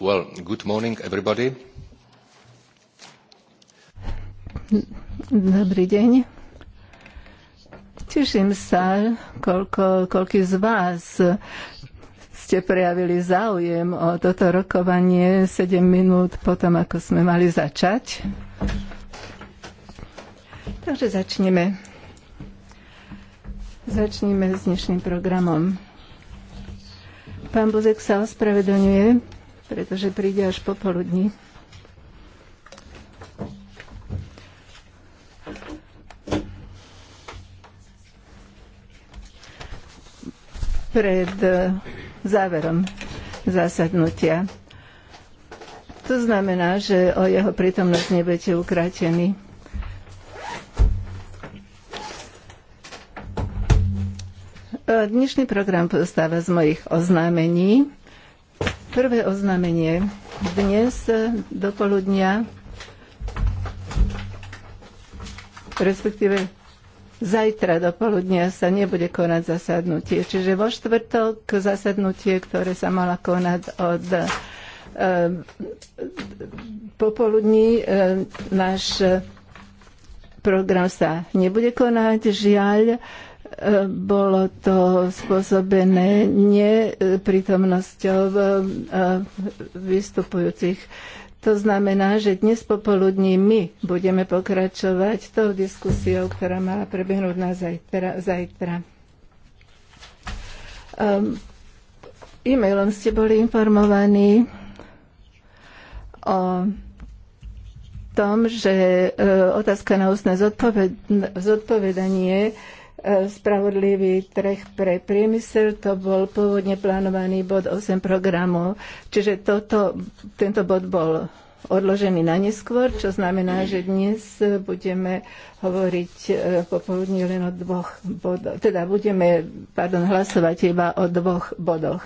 Well, good morning, everybody. Dobrý deň. Teším sa, koľko, koľký z vás ste prejavili záujem o toto rokovanie 7 minút potom, ako sme mali začať. Takže začneme. Začneme s dnešným programom. Pán Buzek sa ospravedlňuje, pretože príde až popoludní. Pred eh, záverom zasadnutia. To znamená, že o jeho prítomnosť nebudete ukrátení. Eh, dnešný program pozostáva z mojich oznámení. Prvé oznámenie. Dnes e, do poludnia, respektíve zajtra do poludnia sa nebude konať zasadnutie. Čiže vo štvrtok zasadnutie, ktoré sa mala konať od e, popoludní, e, náš program sa nebude konať. Žiaľ, bolo to spôsobené neprítomnosťou e, e, vystupujúcich. To znamená, že dnes popoludní my budeme pokračovať tou diskusiou, ktorá mala prebehnúť na zajtra. zajtra. Ehm, e-mailom ste boli informovaní o tom, že e, otázka na ústne zodpovedanie zodpovedanie spravodlivý trh pre priemysel. To bol pôvodne plánovaný bod 8 programu. Čiže toto, tento bod bol odložený na neskôr, čo znamená, že dnes budeme hovoriť e, popoludne len o dvoch bodoch. Teda budeme, pardon, hlasovať iba o dvoch bodoch.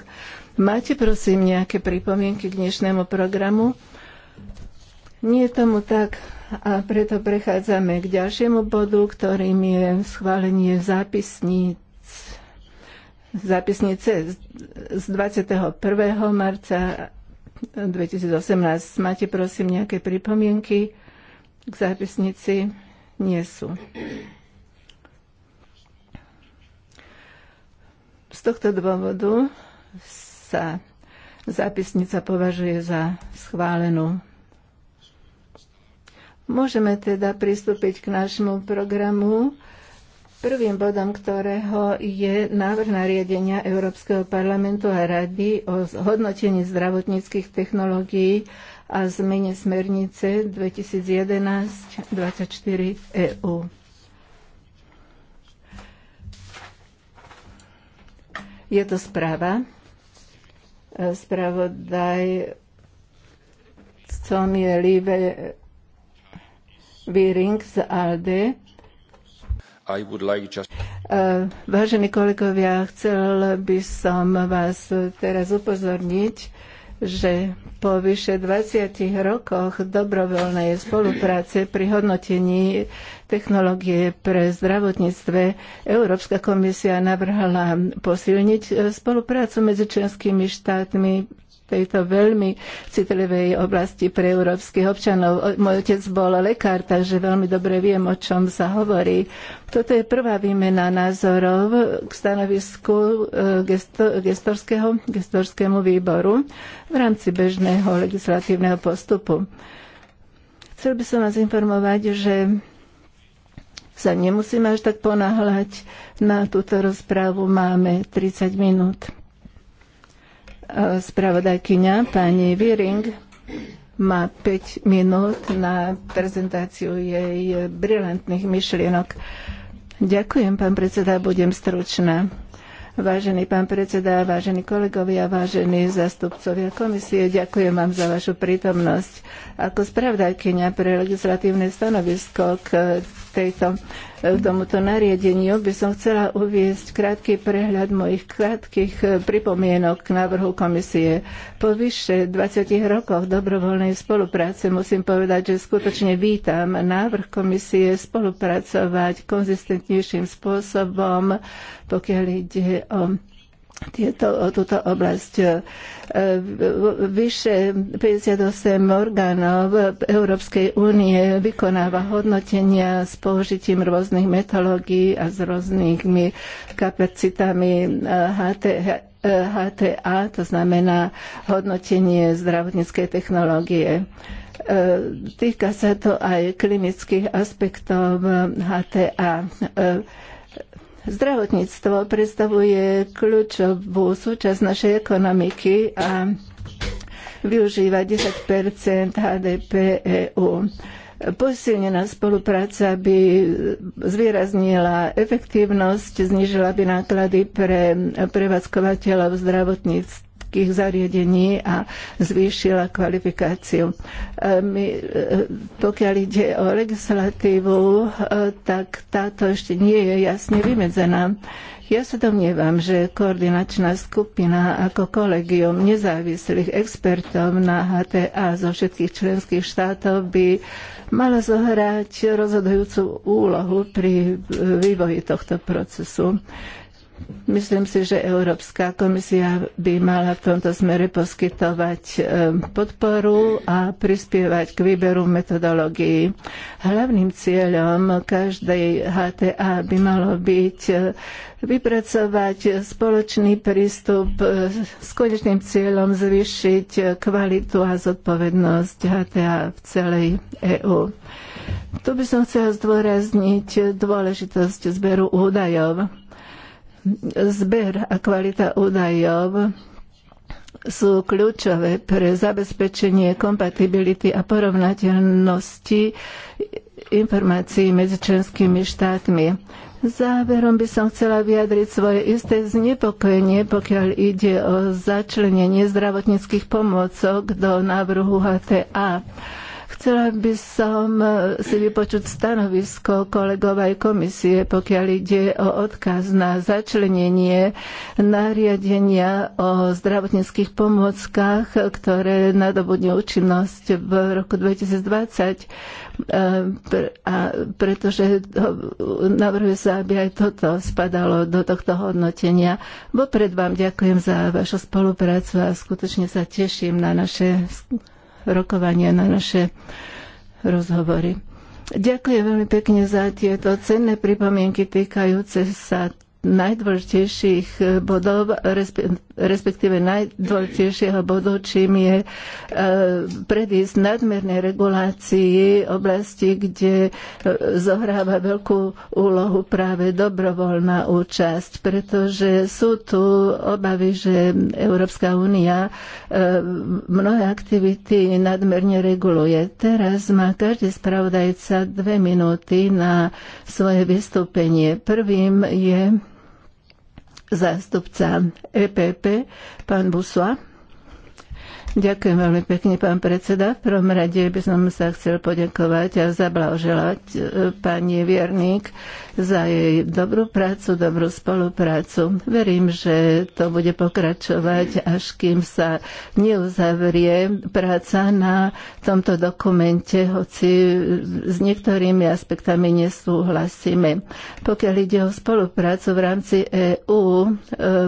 Máte prosím nejaké pripomienky k dnešnému programu? Nie je tomu tak. A preto prechádzame k ďalšiemu bodu, ktorým je schválenie zápisníc zápisnice z 21. marca 2018. Máte prosím nejaké pripomienky k zápisnici? Nie sú. Z tohto dôvodu sa zápisnica považuje za schválenú. Môžeme teda pristúpiť k nášmu programu. Prvým bodom ktorého je návrh nariadenia Európskeho parlamentu a rady o hodnotení zdravotníckých technológií a zmene smernice 2011-24 EU. Je to správa. mi je líbe. Viering z ALDE. Like just... E, vážení kolegovia, chcel by som vás teraz upozorniť, že po vyše 20 rokoch dobrovoľnej spolupráce pri hodnotení technológie pre zdravotníctve Európska komisia navrhala posilniť spoluprácu medzi členskými štátmi tejto veľmi citlivej oblasti pre európskych občanov. Môj otec bol lekár, takže veľmi dobre viem, o čom sa hovorí. Toto je prvá výmena názorov k stanovisku e, gesto, gestorského, gestorskému výboru v rámci bežného legislatívneho postupu. Chcel by som vás informovať, že sa nemusíme až tak ponáhľať. Na túto rozprávu máme 30 minút. Spravodajkyňa pani Viering má 5 minút na prezentáciu jej brilantných myšlienok. Ďakujem, pán predseda, budem stručná. Vážený pán predseda, vážení kolegovia, vážení zastupcovia komisie, ďakujem vám za vašu prítomnosť. Ako spravdajkyňa pre legislatívne stanovisko k tejto k tomuto nariadeniu, by som chcela uviezť krátky prehľad mojich krátkých eh, pripomienok k návrhu komisie. Po vyše 20 rokoch dobrovoľnej spolupráce musím povedať, že skutočne vítam návrh komisie spolupracovať konzistentnejším spôsobom, pokiaľ ide o tieto, túto oblasť. E, Vyše 58 orgánov Európskej únie vykonáva hodnotenia s použitím rôznych metológií a s rôznymi kapacitami e, HT, HTA, e, to znamená hodnotenie zdravotníckej technológie. Týka sa to aj klinických aspektov HTA Zdravotníctvo predstavuje kľúčovú súčasť našej ekonomiky a využíva 10 HDP EU. Posilnená spolupráca by zvýraznila efektívnosť, znižila by náklady pre prevádzkovateľov zdravotníctva školských zariadení a zvýšila kvalifikáciu. E, my, e, pokiaľ ide o legislatívu, e, tak táto ešte nie je jasne vymedzená. Ja sa domnievam, že koordinačná skupina ako kolegium nezávislých expertov na HTA zo všetkých členských štátov by mala zohrať rozhodujúcu úlohu pri vývoji tohto procesu. Myslím si, že Európska komisia by mala v tomto smere poskytovať e, podporu a prispievať k výberu metodológií. Hlavným cieľom každej HTA by malo byť e, vypracovať spoločný prístup e, s konečným cieľom zvýšiť kvalitu a zodpovednosť HTA v celej EÚ. Tu by som chcela zdôrazniť dôležitosť zberu údajov. Zber a kvalita údajov sú kľúčové pre zabezpečenie kompatibility a porovnateľnosti informácií medzi členskými štátmi. Záverom by som chcela vyjadriť svoje isté znepokojenie, pokiaľ ide o začlenenie zdravotníckých pomôcok do návrhu HTA. Chcela by som eh, si vypočuť stanovisko kolegov aj komisie, pokiaľ ide o odkaz na začlenenie nariadenia o zdravotníckých pomôckach, ktoré nadobudne účinnosť v roku 2020. Eh, a pretože navrhuje sa, aby aj toto spadalo do tohto hodnotenia. Vopred vám ďakujem za vašu spoluprácu a skutočne sa teším na naše rokovania, na naše rozhovory. Ďakujem veľmi pekne za tieto cenné pripomienky týkajúce sa najdôležitejších bodov, respektíve najdôležitejšieho bodu, čím je e, predísť nadmernej regulácii oblasti, kde e, zohráva veľkú úlohu práve dobrovoľná účasť, pretože sú tu obavy, že Európska únia e, mnohé aktivity nadmerne reguluje. Teraz má každý spravodajca dve minúty na svoje vystúpenie. Prvým je zástupca EPP, pán Busua. Ďakujem veľmi pekne, pán predseda. V prvom rade by som sa chcel poďakovať a zablažovať e, pani Vierník za jej dobrú prácu, dobrú spoluprácu. Verím, že to bude pokračovať, až kým sa neuzavrie práca na tomto dokumente, hoci s niektorými aspektami nesúhlasíme. Pokiaľ ide o spoluprácu v rámci EÚ e,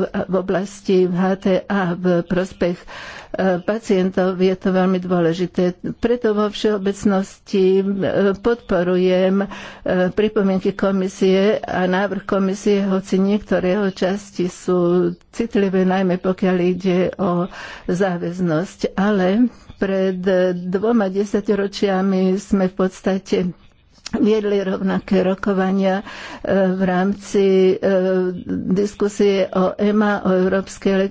v oblasti HTA v prospech pacientov je to veľmi dôležité. Preto vo všeobecnosti e, podporujem e, pripomienky komisie a návrh komisie, hoci niektoré jeho časti sú citlivé, najmä pokiaľ ide o záväznosť. Ale pred dvoma desaťročiami sme v podstate viedli rovnaké rokovania e, v rámci e, diskusie o EMA, o Európskej e,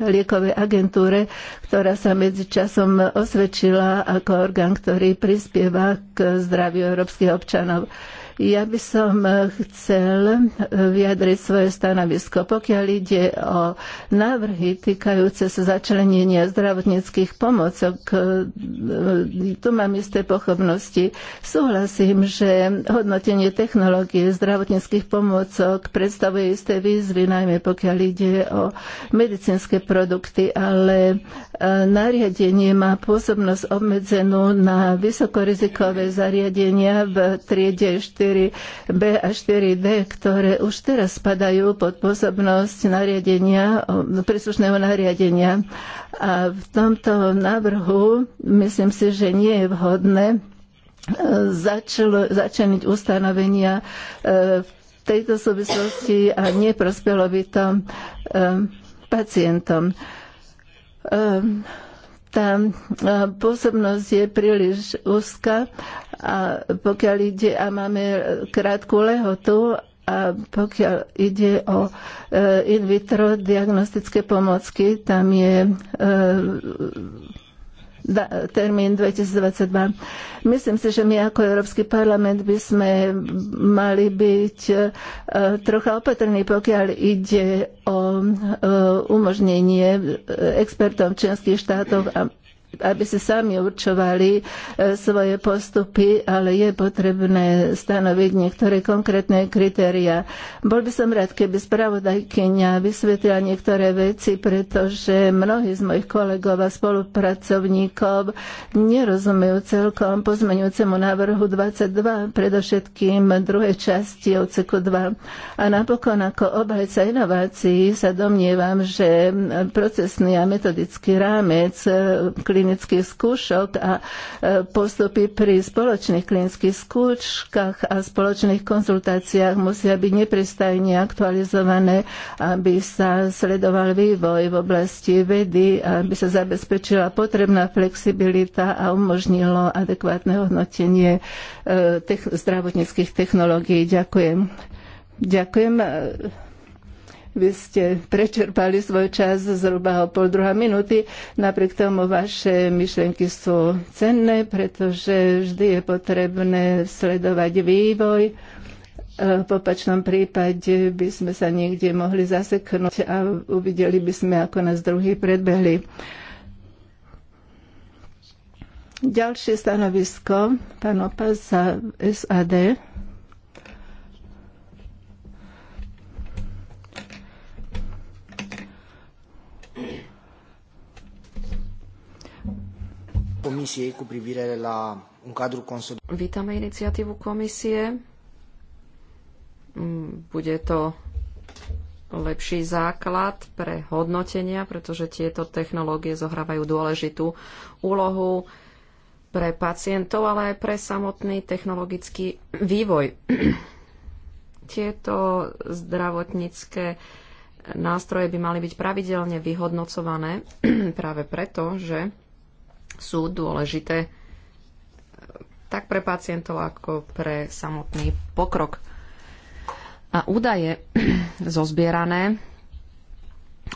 liekovej agentúre, ktorá sa medzi časom osvedčila ako orgán, ktorý prispieva k zdraviu európskych občanov. Ja by som e, chcel e, vyjadriť svoje stanovisko. Pokiaľ ide o návrhy týkajúce sa začlenenia zdravotníckých pomocok, e, tu mám isté pochopnosti. Súhlasím, že hodnotenie technológie zdravotníckých pomocok predstavuje isté výzvy, najmä pokiaľ ide o medicínske produkty, ale nariadenie má pôsobnosť obmedzenú na vysokorizikové zariadenia v triede 4 4B a 4D, ktoré už teraz spadajú pod pôsobnosť nariadenia, príslušného nariadenia. A v tomto návrhu myslím si, že nie je vhodné e, začeniť ustanovenia e, v tejto súvislosti a neprospelo by to e, pacientom tá pôsobnosť je príliš úzka a pokiaľ ide a máme krátku lehotu, a pokiaľ ide o e, in vitro diagnostické pomocky, tam je e, termín 2022. Myslím si, že my ako Európsky parlament by sme mali byť e, trocha opatrní, pokiaľ ide o umožnenie expertom v členských štátoch a aby si sami určovali e, svoje postupy, ale je potrebné stanoviť niektoré konkrétne kritéria. Bol by som rád, keby spravodajkynia vysvetlila niektoré veci, pretože mnohí z mojich kolegov a spolupracovníkov nerozumejú celkom pozmeňujúcemu návrhu 22, predovšetkým druhej časti odseku 2. A napokon ako obhajca inovácií sa domnievam, že procesný a metodický rámec e, klient klinických skúšok a e, postupy pri spoločných klinických skúškach a spoločných konzultáciách musia byť neprestajne aktualizované, aby sa sledoval vývoj v oblasti vedy, aby sa zabezpečila potrebná flexibilita a umožnilo adekvátne hodnotenie e, zdravotníckých technológií. Ďakujem. Ďakujem. E, vy ste prečerpali svoj čas zhruba o pol druhá minúty. Napriek tomu vaše myšlenky sú cenné, pretože vždy je potrebné sledovať vývoj. E, v opačnom prípade by sme sa niekde mohli zaseknúť a uvideli by sme, ako nás druhý predbehli. Ďalšie stanovisko, pán Opas za SAD. Comisiei cu privire la un cadru consolidat. Vítame iniciatívu komisie. Mm, bude to lepší základ pre hodnotenia, pretože tieto technológie zohrávajú dôležitú úlohu pre pacientov, ale aj pre samotný technologický vývoj. Tieto zdravotnícke nástroje by mali byť pravidelne vyhodnocované práve preto, že sú dôležité eh, tak pre pacientov, ako pre samotný pokrok. A údaje zozbierané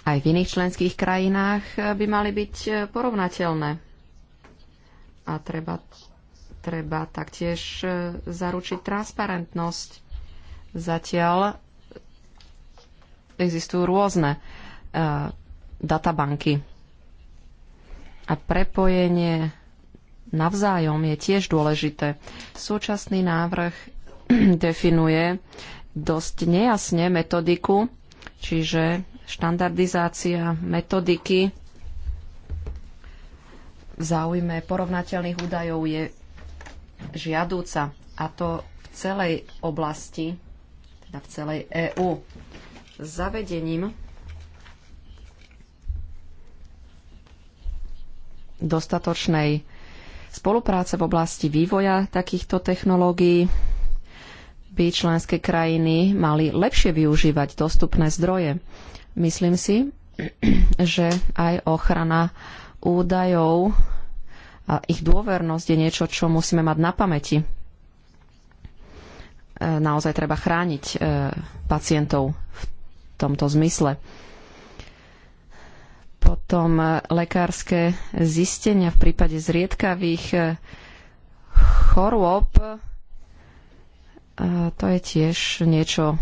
aj v iných členských krajinách eh, by mali byť eh, porovnateľné. A treba, treba taktiež zaručiť transparentnosť. Zatiaľ existujú rôzne databanky a prepojenie navzájom je tiež dôležité. Súčasný návrh definuje dosť nejasne metodiku, čiže štandardizácia metodiky v záujme porovnateľných údajov je žiadúca a to v celej oblasti, teda v celej EÚ. Zavedením dostatočnej spolupráce v oblasti vývoja takýchto technológií by členské krajiny mali lepšie využívať dostupné zdroje. Myslím si, že aj ochrana údajov a ich dôvernosť je niečo, čo musíme mať na pamäti. E, naozaj treba chrániť e, pacientov v tomto zmysle. Potom lekárske zistenia v prípade zriedkavých eh, chorôb. Eh, to je tiež niečo,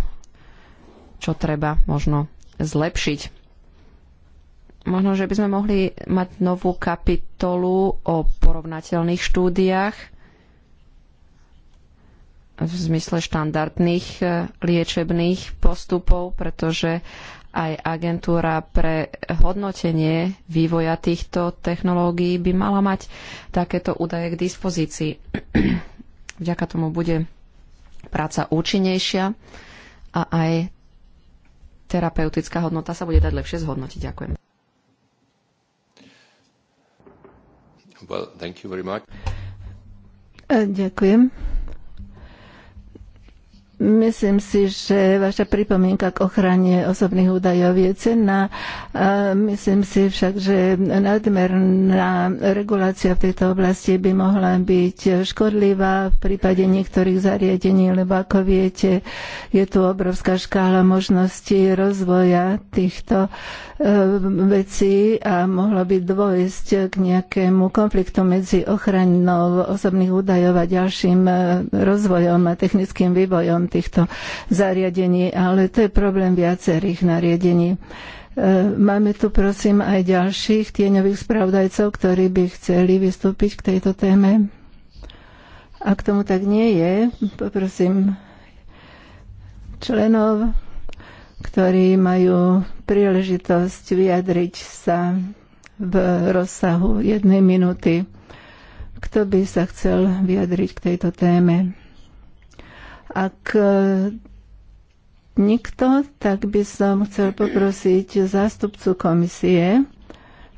čo treba možno zlepšiť. Možno, že by sme mohli mať novú kapitolu o porovnateľných štúdiách v zmysle štandardných eh, liečebných postupov, pretože aj agentúra pre hodnotenie vývoja týchto technológií by mala mať takéto údaje k dispozícii. Vďaka tomu bude práca účinnejšia a aj terapeutická hodnota sa bude dať lepšie zhodnotiť. Ďakujem. Well, thank you very much. E, ďakujem. Myslím si, že vaša pripomienka k ochrane osobných údajov je cenná. Myslím si však, že nadmerná regulácia v tejto oblasti by mohla byť škodlivá v prípade niektorých zariadení, lebo ako viete, je tu obrovská škála možností rozvoja týchto e, vecí a mohlo by dôjsť k nejakému konfliktu medzi ochranou osobných údajov a ďalším e, rozvojom a technickým vývojom týchto zariadení, ale to je problém viacerých nariadení. E, máme tu prosím aj ďalších tieňových spravodajcov, ktorí by chceli vystúpiť k tejto téme. Ak tomu tak nie je, poprosím členov, ktorí majú príležitosť vyjadriť sa v rozsahu jednej minúty. Kto by sa chcel vyjadriť k tejto téme? Ak e, nikto, tak by som chcel poprosiť zástupcu komisie.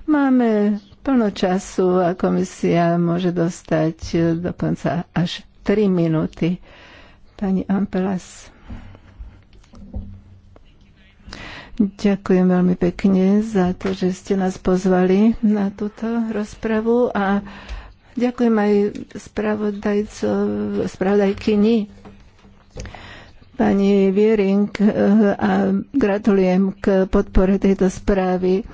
Máme plno času a komisia môže dostať e, dokonca až 3 minúty. Pani Ampelas. Ďakujem veľmi pekne za to, že ste nás pozvali na túto rozpravu a ďakujem aj spravodajcov, spravodajkyni pani Viering eh, a gratulujem k podpore tejto správy.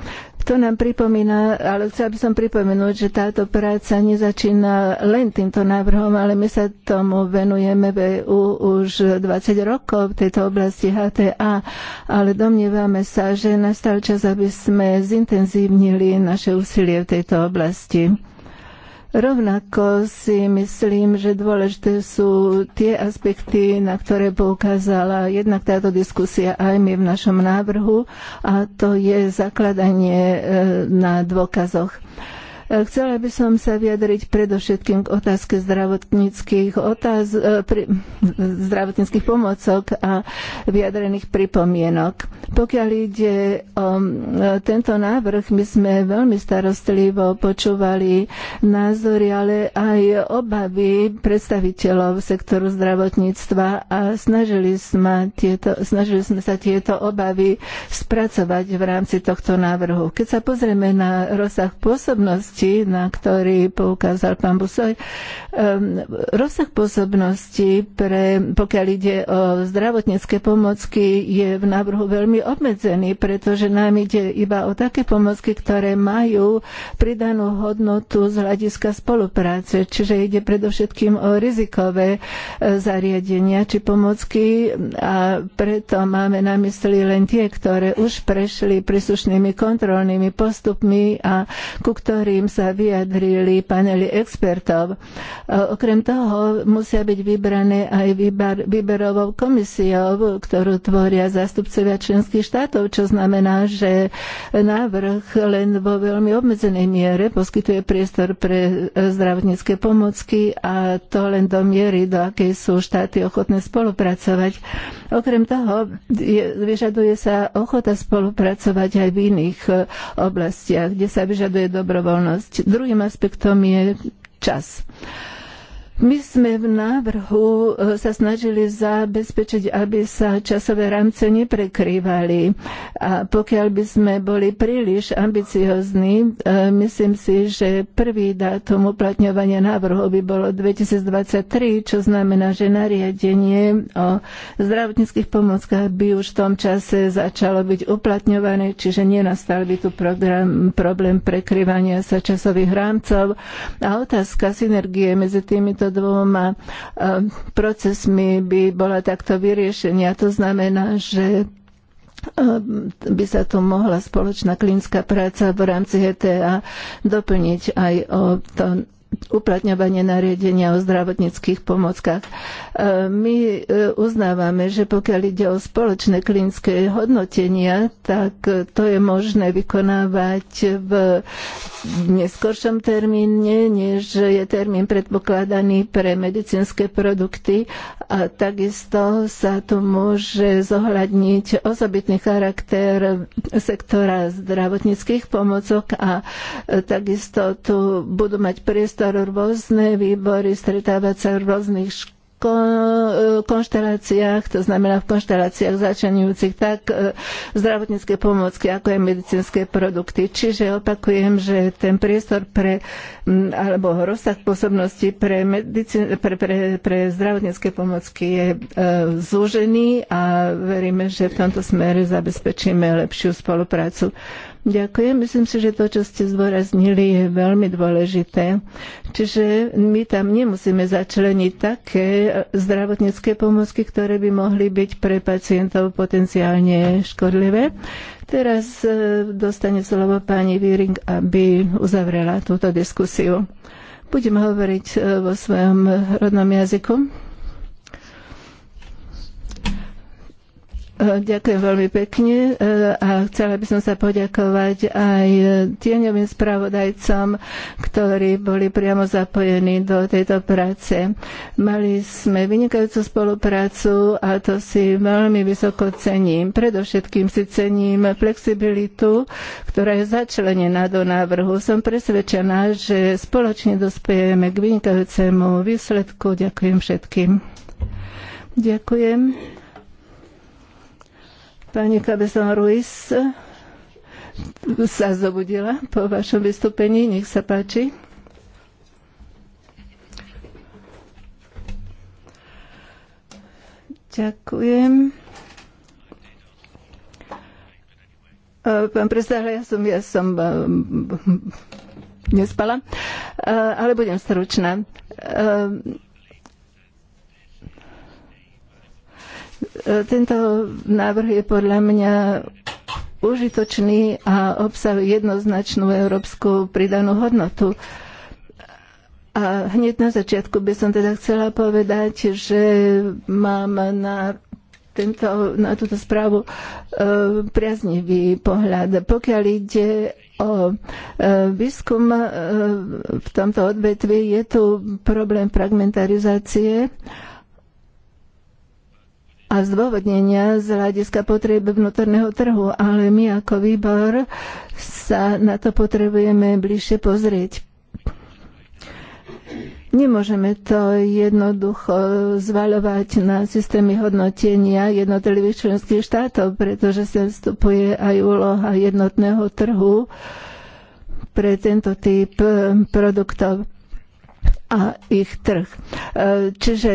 To nám pripomína, ale chcela by som pripomenúť, že táto práca nezačína len týmto návrhom, ale my sa tomu venujeme v EU už 20 rokov v tejto oblasti HTA, ale domnievame sa, že nastal čas, aby sme zintenzívnili naše úsilie v tejto oblasti. Rovnako si myslím, že dôležité sú tie aspekty, na ktoré poukázala jednak táto diskusia aj my v našom návrhu, a to je zakladanie e, na dôkazoch. Chcela by som sa vyjadriť predovšetkým k otázke zdravotníckých, otáz, e, pri, zdravotníckých pomocok a vyjadrených pripomienok. Pokiaľ ide o tento návrh, my sme veľmi starostlivo počúvali názory, ale aj obavy predstaviteľov sektoru zdravotníctva a snažili sme, tieto, snažili sme sa tieto obavy spracovať v rámci tohto návrhu. Keď sa pozrieme na rozsah pôsobnosti, oblasti, na ktorý poukázal pán Busoj. Ehm, rozsah pôsobnosti, pre, pokiaľ ide o zdravotnícke pomocky, je v návrhu veľmi obmedzený, pretože nám ide iba o také pomocky, ktoré majú pridanú hodnotu z hľadiska spolupráce, čiže ide predovšetkým o rizikové e, zariadenia či pomocky a preto máme na mysli len tie, ktoré už prešli príslušnými kontrolnými postupmi a ku ktorým sa vyjadrili panely expertov. E, okrem toho musia byť vybrané aj výber, výberovou komisiou, ktorú tvoria zástupcovia členských štátov, čo znamená, že návrh len vo veľmi obmedzenej miere poskytuje priestor pre zdravotnícke pomocky a to len do miery, do akej sú štáty ochotné spolupracovať. Okrem toho je, vyžaduje sa ochota spolupracovať aj v iných e, oblastiach, kde sa vyžaduje dobrovoľnosť časť. Druhým aspektom je čas. My sme v návrhu e, sa snažili zabezpečiť, aby sa časové rámce neprekrývali. A pokiaľ by sme boli príliš ambiciozní, e, myslím si, že prvý dátum uplatňovania návrhu by bolo 2023, čo znamená, že nariadenie o zdravotníckých pomockách by už v tom čase začalo byť uplatňované, čiže nenastal by tu program, problém prekrývania sa časových rámcov. A otázka synergie medzi týmito dvoma e, procesmi by bola takto vyriešenia. To znamená, že e, by sa tu mohla spoločná klinická práca v rámci HTA e doplniť aj o to uplatňovanie nariadenia o zdravotníckých pomockách. E, my e, uznávame, že pokiaľ ide o spoločné klinické hodnotenia, tak e, to je možné vykonávať v neskoršom termíne, než je termín predpokladaný pre medicínske produkty a takisto sa tu môže zohľadniť osobitný charakter sektora zdravotníckých pomocok a takisto tu budú mať priestor priestor, rôzne výbory, stretávať sa v rôznych e, konšteláciách, to znamená v konšteláciách začaňujúcich tak e, zdravotnícke pomôcky, ako aj medicínske produkty. Čiže opakujem, že ten priestor pre, alebo rozsah pôsobnosti pre, medicín, pre, pre, pre zdravotnícke pomôcky je e, zúžený a veríme, že v tomto smere zabezpečíme lepšiu spoluprácu. Ďakujem. Myslím si, že to, čo ste zdôraznili, je veľmi dôležité. Čiže my tam nemusíme začleniť také zdravotnícke pomôcky, ktoré by mohli byť pre pacientov potenciálne škodlivé. Teraz e, dostane slovo pani Víring, aby uzavrela túto diskusiu. Budem hovoriť e, vo svojom rodnom jazyku. Ďakujem veľmi pekne eh, a chcela by som sa poďakovať aj tieňovým spravodajcom, ktorí boli priamo zapojení do tejto práce. Mali sme vynikajúcu spoluprácu a to si veľmi vysoko cením. Predovšetkým si cením flexibilitu, ktorá je začlenená do návrhu. Som presvedčená, že spoločne dospejeme k vynikajúcemu výsledku. Ďakujem všetkým. Ďakujem. Pani Cabezon Ruiz sa zobudila po vašom vystúpení. Nech sa páči. Ďakujem. E, pán predseda, ja som, ja som e, nespala, e, ale budem stručná E, tento návrh je podľa mňa užitočný a obsahuje jednoznačnú európsku pridanú hodnotu. A hneď na začiatku by som teda chcela povedať, že mám na, tento, na túto správu e, priaznivý pohľad. Pokiaľ ide o e, výskum e, v tomto odvetvi je tu problém fragmentarizácie a zdôvodnenia z hľadiska potrieb vnútorného trhu, ale my ako výbor sa na to potrebujeme bližšie pozrieť. Nemôžeme to jednoducho zvaľovať na systémy hodnotenia jednotlivých členských štátov, pretože sa vstupuje aj úloha jednotného trhu pre tento typ produktov a ich trh. E, čiže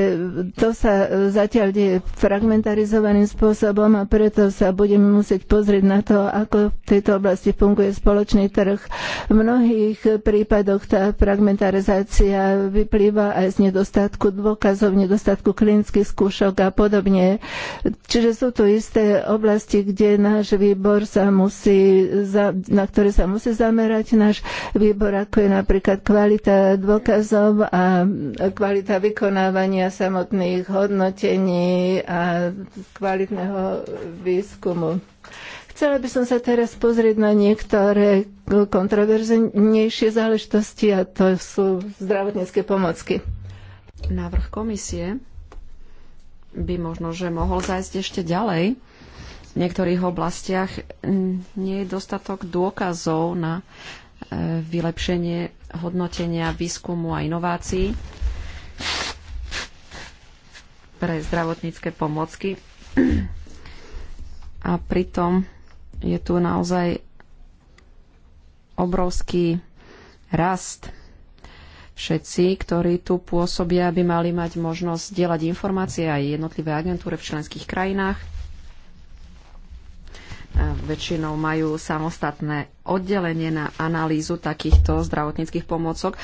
to sa zatiaľ deje fragmentarizovaným spôsobom a preto sa budeme musieť pozrieť na to, ako v tejto oblasti funguje spoločný trh. V mnohých prípadoch tá fragmentarizácia vyplýva aj z nedostatku dôkazov, nedostatku klinických skúšok a podobne. Čiže sú tu isté oblasti, kde náš výbor sa musí, na ktoré sa musí zamerať náš výbor, ako je napríklad kvalita dôkazov a kvalita vykonávania samotných hodnotení a kvalitného výskumu. Chcela by som sa teraz pozrieť na niektoré kontroverznejšie záležitosti a to sú zdravotnícke pomocky. Návrh komisie by možno, že mohol zajsť ešte ďalej. V niektorých oblastiach nie je dostatok dôkazov na e, vylepšenie hodnotenia výskumu a inovácií pre zdravotnícke pomocky. A pritom je tu naozaj obrovský rast. Všetci, ktorí tu pôsobia, by mali mať možnosť dielať informácie aj jednotlivé agentúry v členských krajinách väčšinou majú samostatné oddelenie na analýzu takýchto zdravotníckých pomôcok,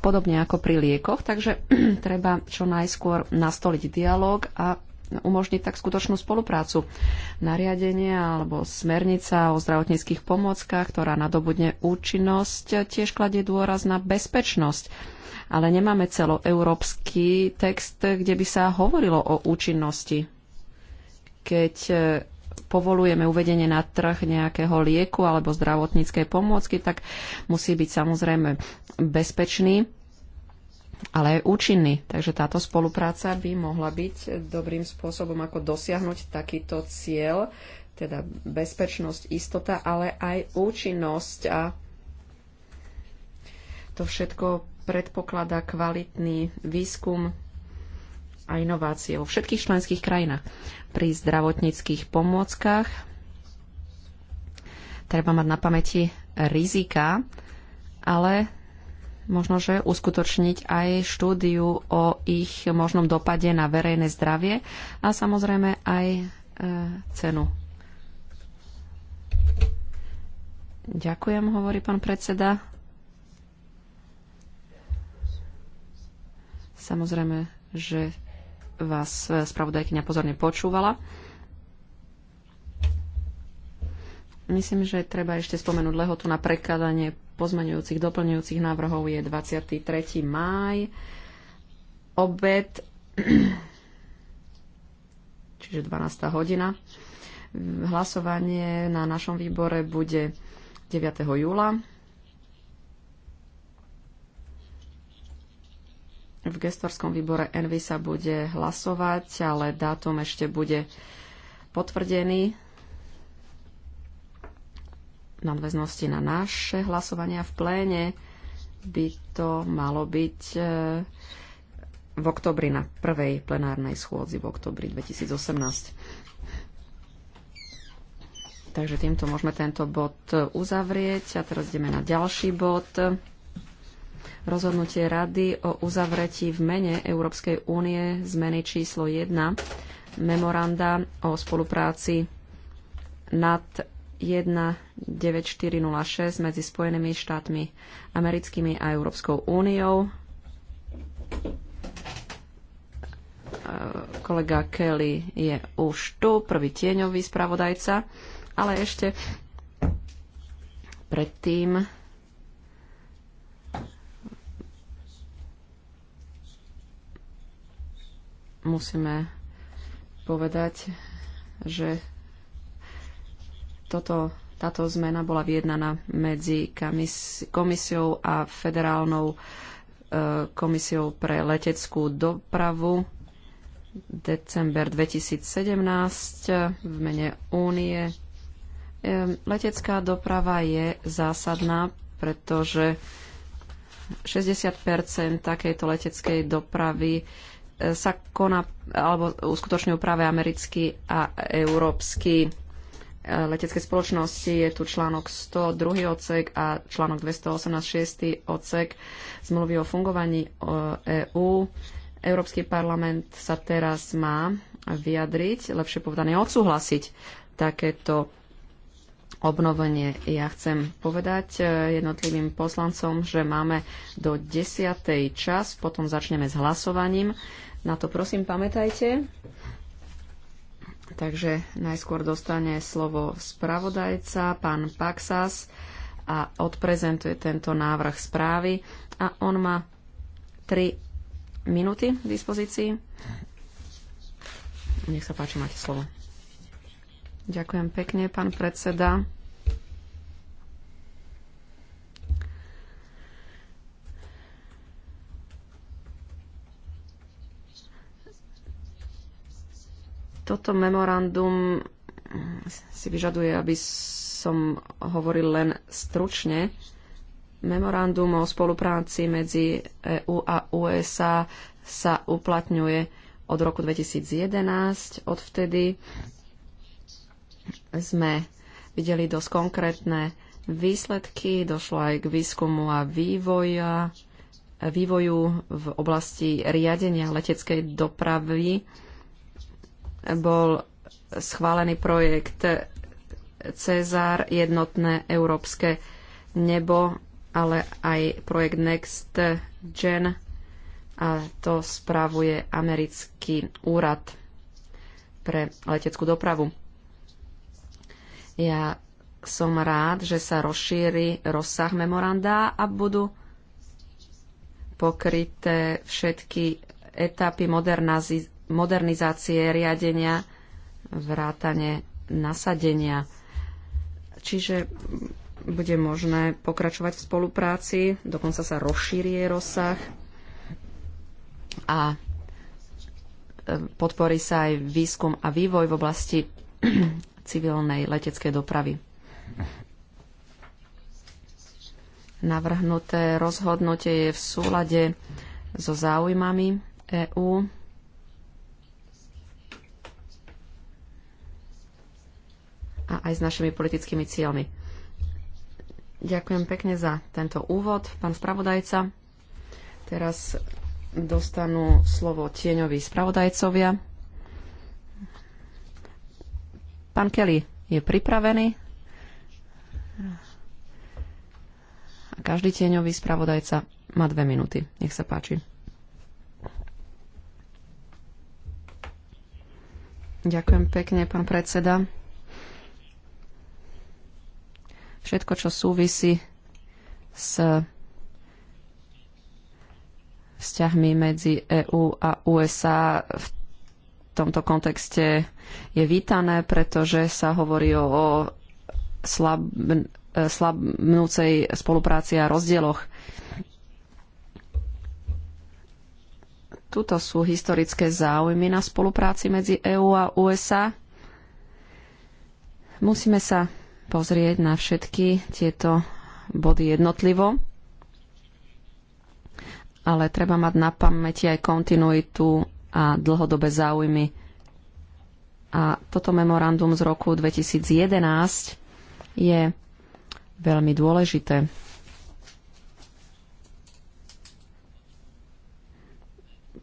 podobne ako pri liekoch. Takže treba čo najskôr nastoliť dialog a umožniť tak skutočnú spoluprácu. Nariadenie alebo smernica o zdravotníckých pomockách, ktorá nadobudne účinnosť, tiež kladie dôraz na bezpečnosť. Ale nemáme celoeurópsky text, kde by sa hovorilo o účinnosti. Keď povolujeme uvedenie na trh nejakého lieku alebo zdravotníckej pomôcky, tak musí byť samozrejme bezpečný ale aj účinný. Takže táto spolupráca by mohla byť dobrým spôsobom, ako dosiahnuť takýto cieľ, teda bezpečnosť, istota, ale aj účinnosť. A to všetko predpokladá kvalitný výskum a inovácie vo všetkých členských krajinách. Pri zdravotníckých pomôckach treba mať na pamäti rizika, ale možno, že uskutočniť aj štúdiu o ich možnom dopade na verejné zdravie a samozrejme aj e, cenu. Ďakujem, hovorí pán predseda. Samozrejme, že vás eh, spravodajkyňa pozorne počúvala. Myslím, že treba ešte spomenúť lehotu na prekladanie pozmeňujúcich, doplňujúcich návrhov je 23. máj, obed, čiže 12. hodina. Hlasovanie na našom výbore bude 9. júla V gestorskom výbore Envy sa bude hlasovať, ale dátum ešte bude potvrdený nadväznosti na naše hlasovania v pléne by to malo byť e, v oktobri na prvej plenárnej schôdzi v oktobri 2018. Takže týmto môžeme tento bod uzavrieť a teraz ideme na ďalší bod rozhodnutie Rady o uzavretí v mene Európskej únie zmeny číslo 1 memoranda o spolupráci nad 19406 medzi Spojenými štátmi americkými a Európskou úniou. E, kolega Kelly je už tu, prvý tieňový spravodajca, ale ešte predtým musíme povedať, že toto, táto zmena bola vyjednaná medzi komisiou a federálnou e, komisiou pre leteckú dopravu december 2017 v mene únie. E, letecká doprava je zásadná, pretože 60 takejto leteckej dopravy sa koná alebo uskutočňujú práve americký a európsky e, letecké spoločnosti. Je tu článok 102 odsek a článok 218.6. 6. odsek zmluvy o fungovaní EÚ. E európsky parlament sa teraz má vyjadriť, lepšie povedané odsúhlasiť takéto obnovenie. Ja chcem povedať e, jednotlivým poslancom, že máme do 10. čas, potom začneme s hlasovaním. Na to prosím pamätajte. Takže najskôr dostane slovo spravodajca, pán Paxas, a odprezentuje tento návrh správy. A on má 3 minúty k dispozícii. Nech sa páči, máte slovo. Ďakujem pekne, pán predseda. Toto memorandum si vyžaduje, aby som hovoril len stručne. Memorandum o spolupráci medzi EU a USA sa uplatňuje od roku 2011. Odvtedy sme videli dosť konkrétne výsledky. Došlo aj k výskumu a vývoja, vývoju v oblasti riadenia leteckej dopravy. Bol schválený projekt Cezar, jednotné európske nebo, ale aj projekt Next Gen a to spravuje americký úrad pre leteckú dopravu. Ja som rád, že sa rozšíri rozsah memoranda a budú pokryté všetky etapy modernizácie riadenia, vrátane nasadenia. Čiže bude možné pokračovať v spolupráci, dokonca sa rozšíri jej rozsah a e, podporí sa aj výskum a vývoj v oblasti civilnej leteckej dopravy. Navrhnuté rozhodnutie je v súlade so záujmami EÚ. a aj s našimi politickými cieľmi. Ďakujem pekne za tento úvod, pán spravodajca. Teraz dostanú slovo tieňoví spravodajcovia. Pán Kelly je pripravený. A každý tieňový spravodajca má dve minúty. Nech sa páči. Ďakujem pekne, pán predseda. Všetko, čo súvisí s vzťahmi medzi EÚ a USA v tomto kontexte je vítané, pretože sa hovorí o, o slab, e, slabnúcej spolupráci a rozdieloch. Tuto sú historické záujmy na spolupráci medzi EÚ a USA. Musíme sa pozrieť na všetky tieto body jednotlivo, ale treba mať na pamäti aj kontinuitu a dlhodobé záujmy. A toto memorandum z roku 2011 je veľmi dôležité.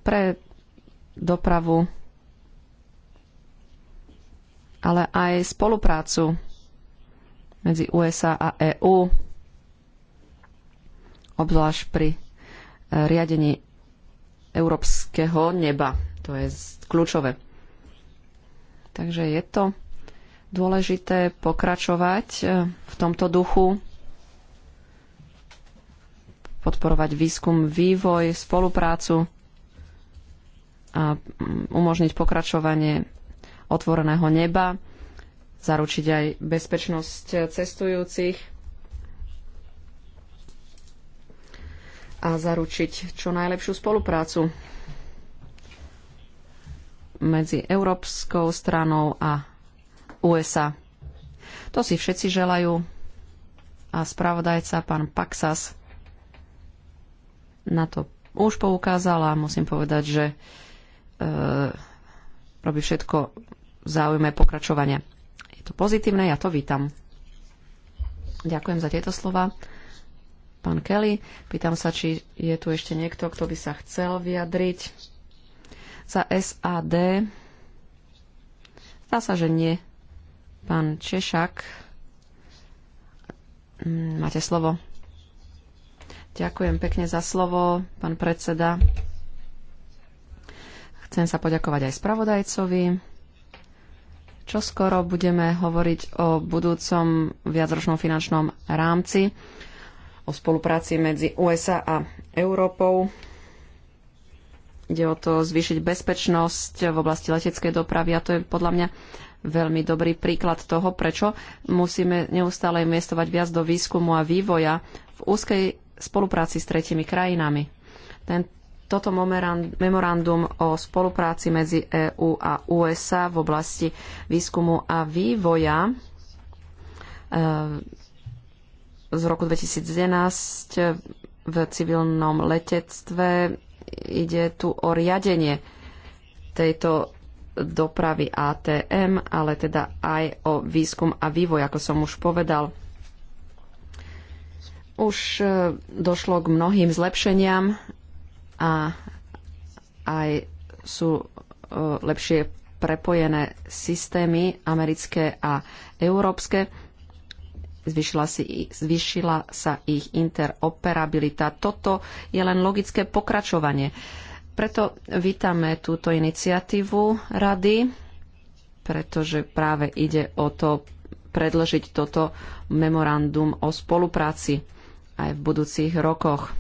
Pre dopravu, ale aj spoluprácu medzi USA a EÚ, obzvlášť pri eh, riadení európskeho neba. To je kľúčové. Takže je to dôležité pokračovať e, v tomto duchu, podporovať výskum, vývoj, spoluprácu a mm, umožniť pokračovanie otvoreného neba, zaručiť aj bezpečnosť e, cestujúcich a zaručiť čo najlepšiu spoluprácu medzi Európskou stranou a USA. To si všetci želajú a spravodajca pán Paxas na to už poukázal a musím povedať, že e, robí všetko v záujme pokračovania. Je to pozitívne, ja to vítam. Ďakujem za tieto slova pán Kelly. Pýtam sa, či je tu ešte niekto, kto by sa chcel vyjadriť za SAD. Zdá sa, že nie. Pán Češak, mm, máte slovo. Ďakujem pekne za slovo, pán predseda. Chcem sa poďakovať aj spravodajcovi. Čo skoro budeme hovoriť o budúcom viacročnom finančnom rámci o spolupráci medzi USA a Európou. Ide o to zvýšiť bezpečnosť v oblasti leteckej dopravy a to je podľa mňa veľmi dobrý príklad toho, prečo musíme neustále investovať viac do výskumu a vývoja v úzkej spolupráci s tretimi krajinami. Ten, toto memorandum o spolupráci medzi EÚ a USA v oblasti výskumu a vývoja e, z roku 2011 v civilnom letectve. Ide tu o riadenie tejto dopravy ATM, ale teda aj o výskum a vývoj, ako som už povedal. Už e, došlo k mnohým zlepšeniam a aj sú e, lepšie prepojené systémy americké a európske Zvyšila, si, zvyšila sa ich interoperabilita. Toto je len logické pokračovanie. Preto vítame túto iniciatívu rady, pretože práve ide o to predložiť toto memorandum o spolupráci aj v budúcich rokoch.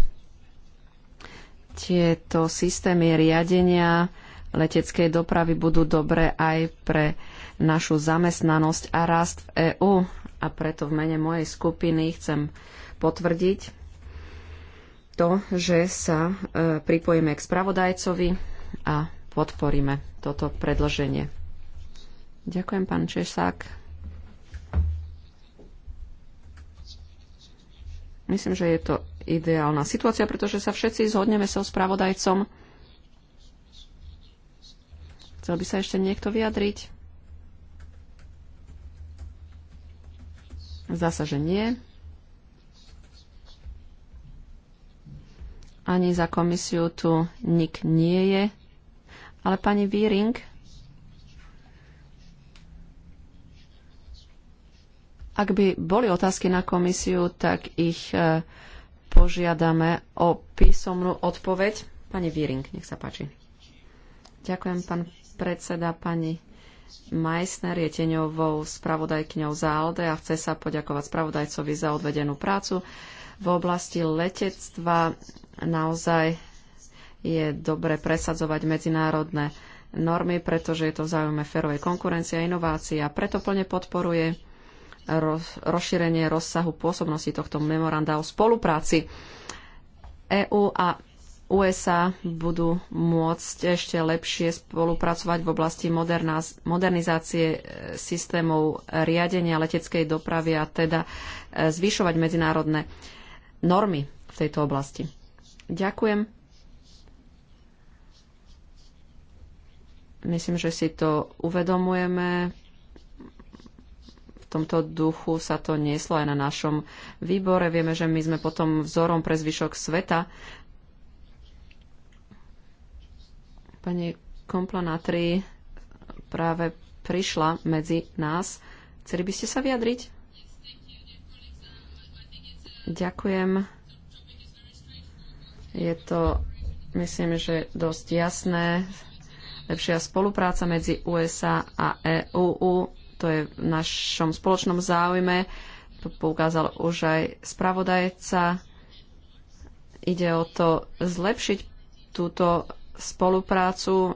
Tieto systémy riadenia leteckej dopravy budú dobré aj pre našu zamestnanosť a rast v EÚ a preto v mene mojej skupiny chcem potvrdiť to, že sa e, pripojíme k spravodajcovi a podporíme toto predloženie. Ďakujem, pán Česák. Myslím, že je to ideálna situácia, pretože sa všetci zhodneme so spravodajcom. Chcel by sa ešte niekto vyjadriť? Zdá sa, že nie. Ani za komisiu tu nik nie je. Ale pani Víring, ak by boli otázky na komisiu, tak ich e, požiadame o písomnú odpoveď. Pani Víring, nech sa páči. Ďakujem, pán predseda, pani Meissner je teňovou spravodajkňou za ALDE a chce sa poďakovať spravodajcovi za odvedenú prácu. V oblasti letectva naozaj je dobre presadzovať medzinárodné normy, pretože je to v záujme férovej konkurencie a inovácií a preto plne podporuje rozšírenie rozsahu pôsobnosti tohto memoranda o spolupráci. EÚ a USA budú môcť ešte lepšie spolupracovať v oblasti modernizácie e, systémov riadenia leteckej dopravy a teda e, zvyšovať medzinárodné normy v tejto oblasti. Ďakujem. Myslím, že si to uvedomujeme. V tomto duchu sa to nieslo aj na našom výbore. Vieme, že my sme potom vzorom pre zvyšok sveta Pani Komplanatri práve prišla medzi nás. Chceli by ste sa vyjadriť? Ďakujem. Je to, myslím, že dosť jasné. Lepšia spolupráca medzi USA a EU. To je v našom spoločnom záujme. To poukázal už aj spravodajca. Ide o to zlepšiť túto spoluprácu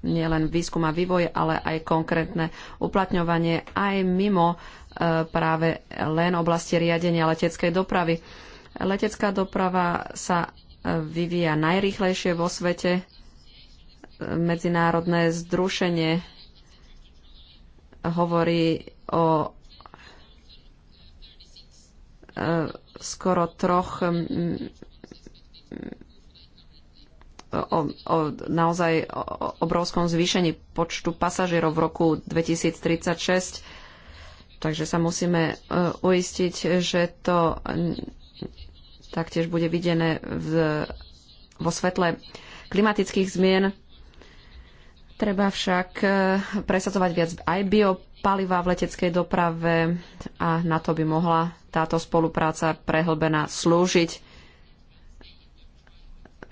nielen výskum a vývoj, ale aj konkrétne uplatňovanie aj mimo e, práve len oblasti riadenia leteckej dopravy. Letecká doprava sa e, vyvíja najrýchlejšie vo svete. E, medzinárodné združenie hovorí o skoro troch o, o naozaj o obrovskom zvýšení počtu pasažierov v roku 2036. Takže sa musíme e, uistiť, že to taktiež bude videné v, vo svetle klimatických zmien. Treba však e, presadzovať viac aj biopaliva v leteckej doprave a na to by mohla táto spolupráca prehlbená slúžiť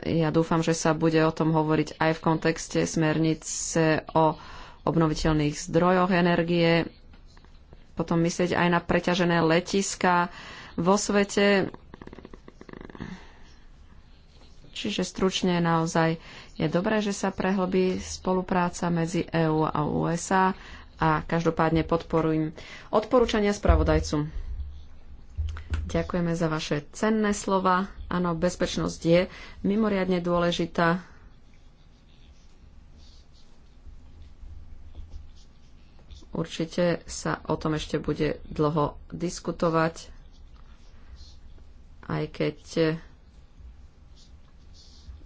ja dúfam, že sa bude o tom hovoriť aj v kontexte smernice o obnoviteľných zdrojoch energie, potom myslieť aj na preťažené letiska vo svete. Čiže stručne naozaj je dobré, že sa prehlbí spolupráca medzi EÚ a USA a každopádne podporujem odporúčania spravodajcu. Ďakujeme za vaše cenné slova. Áno, bezpečnosť je mimoriadne dôležitá. Určite sa o tom ešte bude dlho diskutovať, aj keď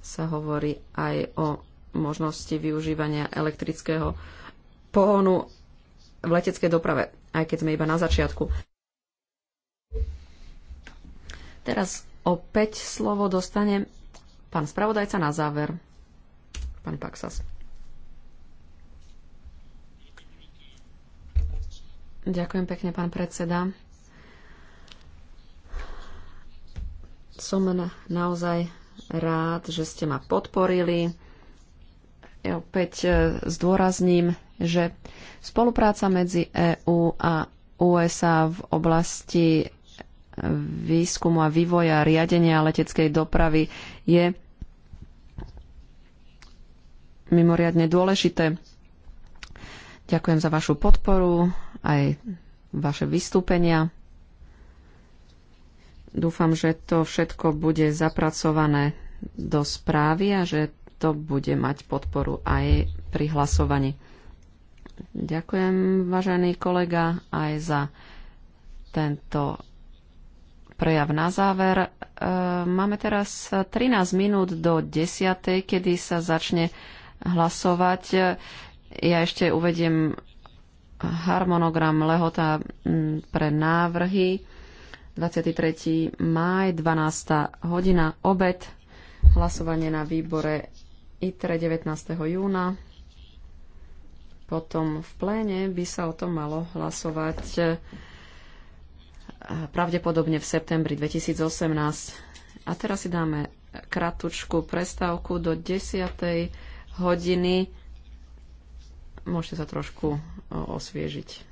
sa hovorí aj o možnosti využívania elektrického pohonu v leteckej doprave, aj keď sme iba na začiatku. Teraz opäť slovo dostane pán spravodajca na záver. Pán Paksas. Ďakujem pekne, pán predseda. Som na, naozaj rád, že ste ma podporili. Ja opäť e, zdôrazním, že spolupráca medzi EÚ a USA v oblasti výskumu a vývoja riadenia leteckej dopravy je mimoriadne dôležité. Ďakujem za vašu podporu, aj vaše vystúpenia. Dúfam, že to všetko bude zapracované do správy a že to bude mať podporu aj pri hlasovaní. Ďakujem, vážený kolega, aj za tento prejav na záver. E, máme teraz 13 minút do 10, kedy sa začne hlasovať. Ja ešte uvediem harmonogram lehota pre návrhy. 23. maj, 12. hodina, obed, hlasovanie na výbore ITRE 19. júna. Potom v pléne by sa o tom malo hlasovať pravdepodobne v septembri 2018. A teraz si dáme kratučku prestávku do 10. hodiny. Môžete sa trošku osviežiť.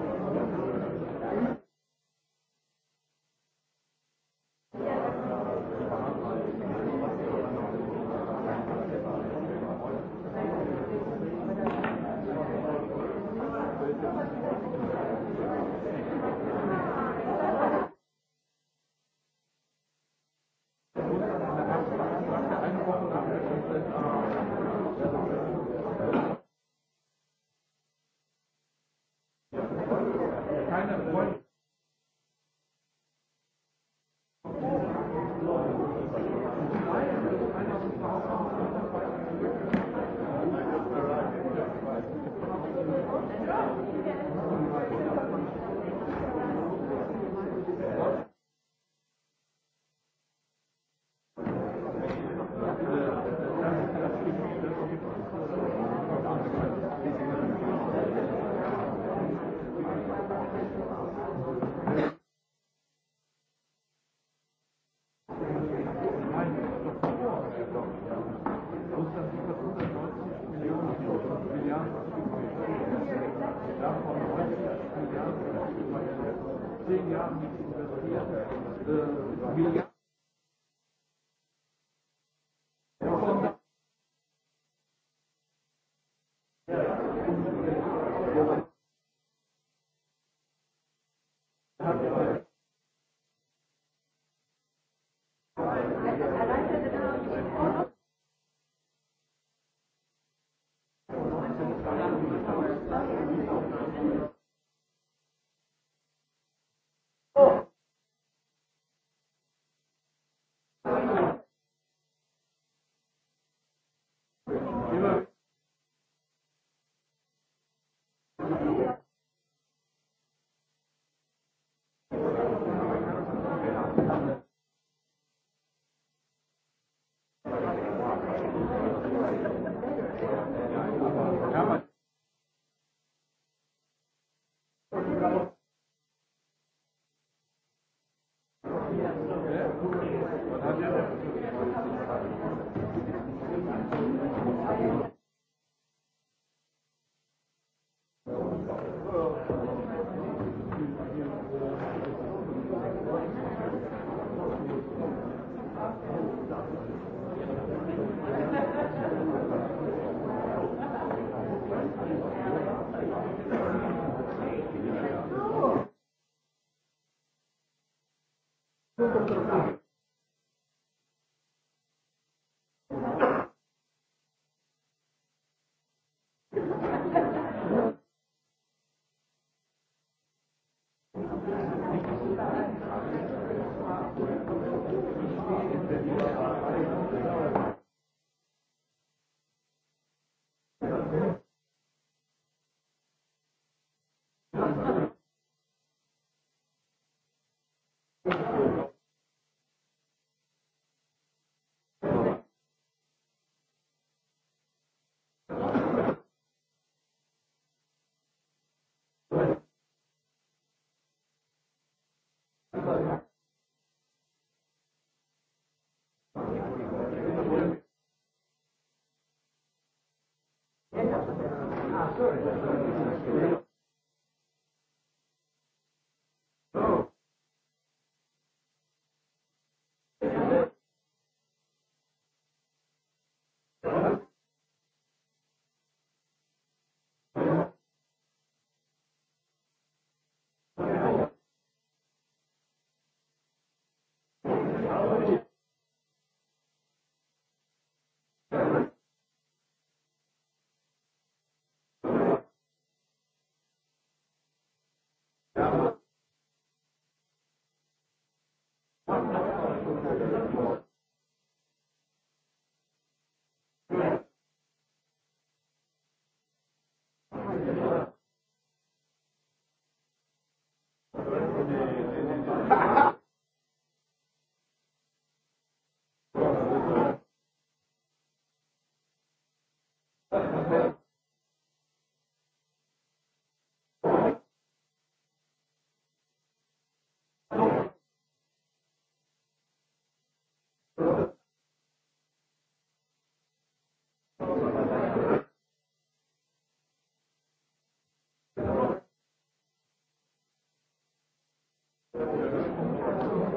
Thank you. Thank you. Sorry.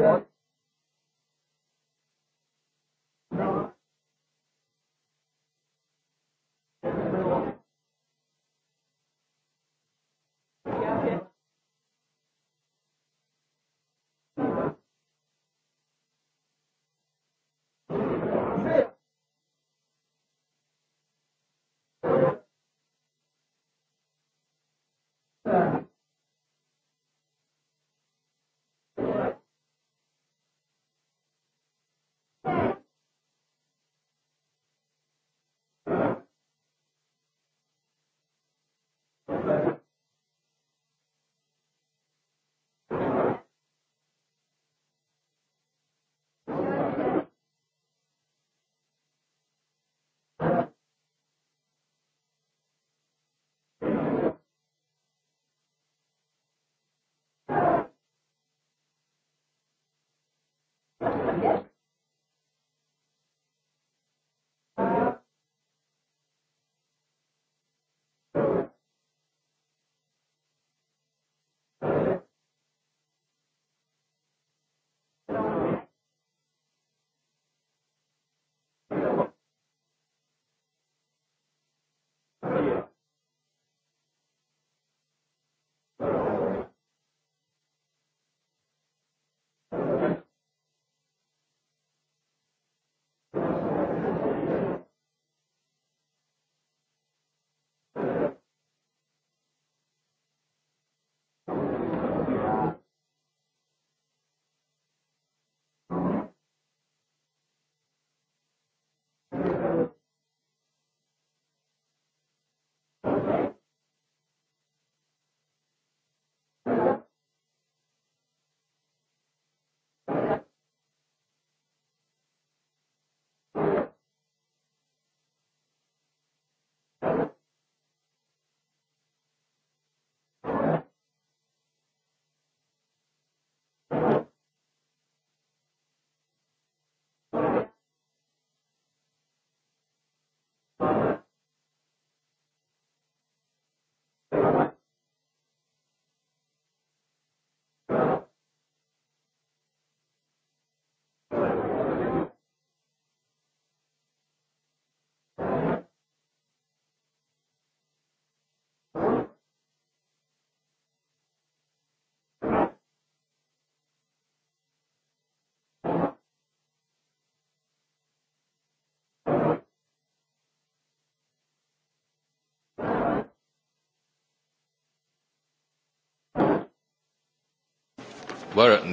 Yeah. Uh -huh.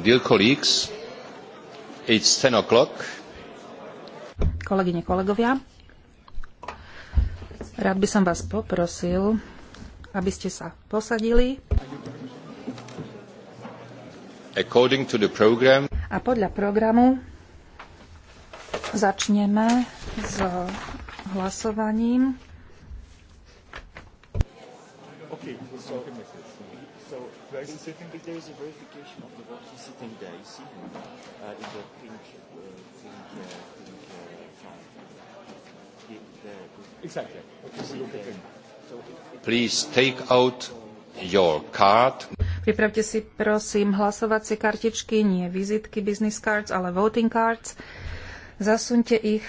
dear colleagues, it's 10 o'clock. Kolegyne, kolegovia, rád by som vás poprosil, aby ste sa posadili. According to the program, a podľa programu začneme s hlasovaním. very verification of the sitting there. You see him uh, in the pink, uh, pink, uh, pink uh, exactly. Okay, look at him. So Please take out your card. Pripravte si prosím hlasovacie kartičky, nie vizitky business cards, ale voting cards. Zasunte ich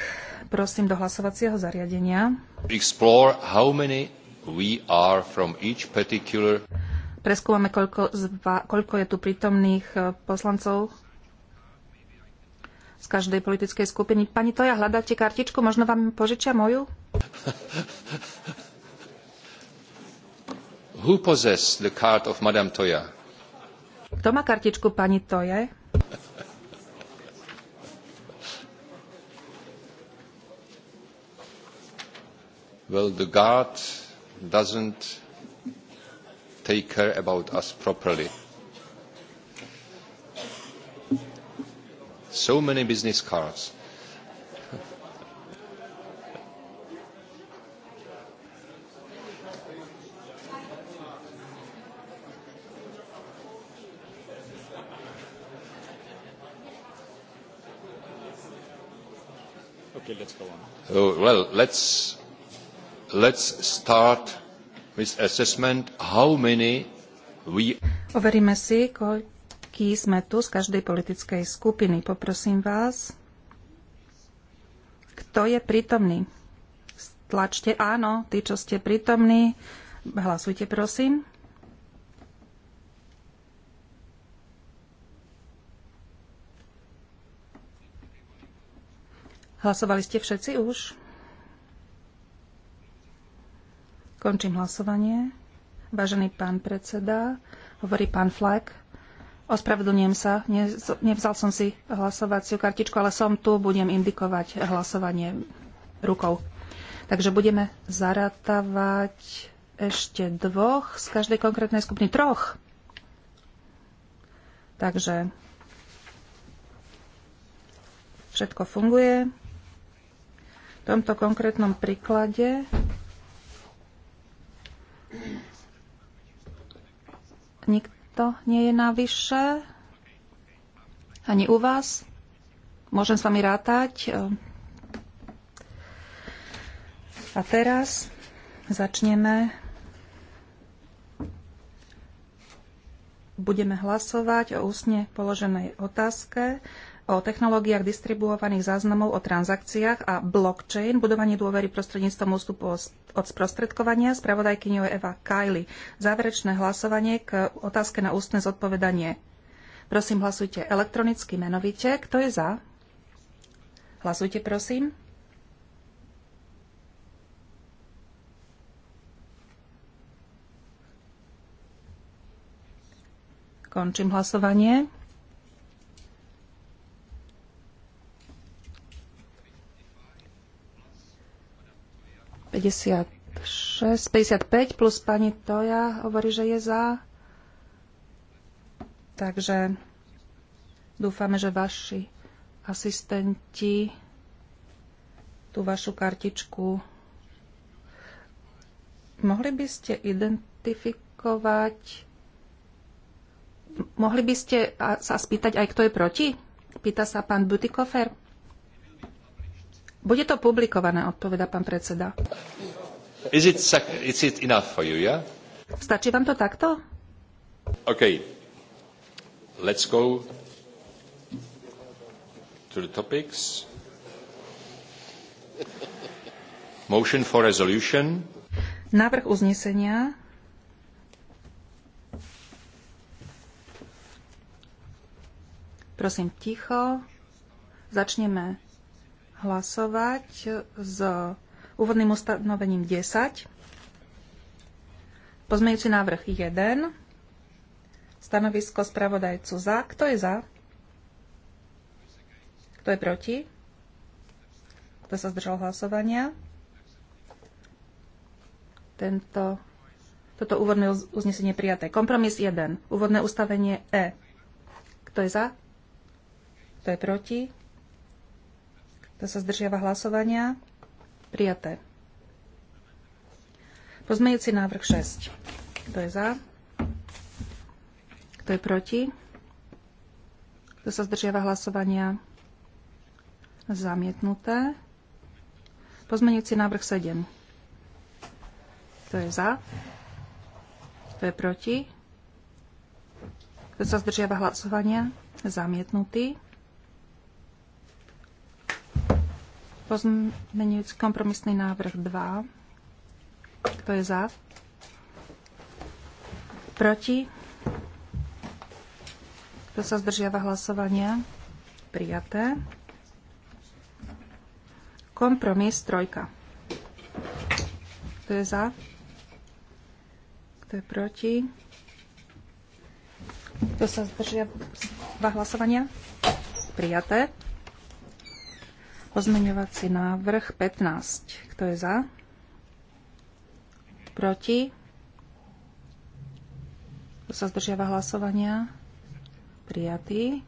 prosím do hlasovacieho zariadenia. Explore how many we are from each particular preskúmame, koľko, zva, koľko je tu prítomných eh, poslancov z každej politickej skupiny. Pani Toja, hľadáte kartičku? Možno vám požičia moju? Who possess the card of Madame Toya? Kto má kartičku pani Toje? Well, the guard doesn't take care about us properly. So many business cards. Okay, let's go on. Oh, well, let's, let's start with assessment how many we... Overíme si, koľký sme tu z každej politickej skupiny. Poprosím vás, kto je prítomný? Tlačte áno, tí, čo ste prítomní, hlasujte prosím. Hlasovali ste všetci už? Končím hlasovanie. Vážený pán predseda, hovorí pán Flek. Ospravedlňujem sa, nevzal som si hlasovaciu kartičku, ale som tu, budem indikovať hlasovanie rukou. Takže budeme zaratávať ešte dvoch z každej konkrétnej skupiny. Troch. Takže všetko funguje. V tomto konkrétnom príklade Nikto nie je navyše? Ani u vás? Môžem s vami rátať? Ehm. A teraz začneme. Budeme hlasovať o ústne položenej otázke o technológiách distribuovaných záznamov o transakciách a blockchain, budovanie dôvery prostredníctvom ústupu od sprostredkovania, spravodajkyňou Eva Kajli. Záverečné hlasovanie k otázke na ústne zodpovedanie. Prosím, hlasujte elektronicky menovite. Kto je za? Hlasujte, prosím. Končím hlasovanie. 56, 55 plus pani Toja hovorí, že je za. Takže dúfame, že vaši asistenti tú vašu kartičku mohli by ste identifikovať mohli by ste sa spýtať aj kto je proti? Pýta sa pán Butikofer. Bude to publikované, odpoveda pán predseda. Is it, is it enough for you, yeah? Stačí vám to takto? OK. Let's go to the topics. Motion for resolution. Návrh uznesenia. Prosím, ticho. Začneme hlasovať s úvodným ustanovením 10, pozmejúci návrh 1, stanovisko spravodajcu za. Kto je za? Kto je proti? Kto sa zdržal hlasovania? Tento, toto úvodné uznesenie prijaté. Kompromis 1. Úvodné ustavenie E. Kto je za? Kto je proti? Kto sa zdržiava hlasovania? Prijaté. Pozmejúci návrh 6. Kto je za? Kto je proti? Kto sa zdržiava hlasovania? Zamietnuté. Pozmeňujúci návrh 7. Kto je za? Kto je proti? Kto sa zdržiava hlasovania? Zamietnutý. pozmeňujúci kompromisný návrh 2. Kto je za? Proti? Kto sa zdržiava hlasovania? Prijaté. Kompromis trojka. Kto je za? Kto je proti? Kto sa zdržiava hlasovania? Prijaté. Pozmeňovací návrh 15. Kto je za? Proti? Kto sa zdržiava hlasovania? Prijatý.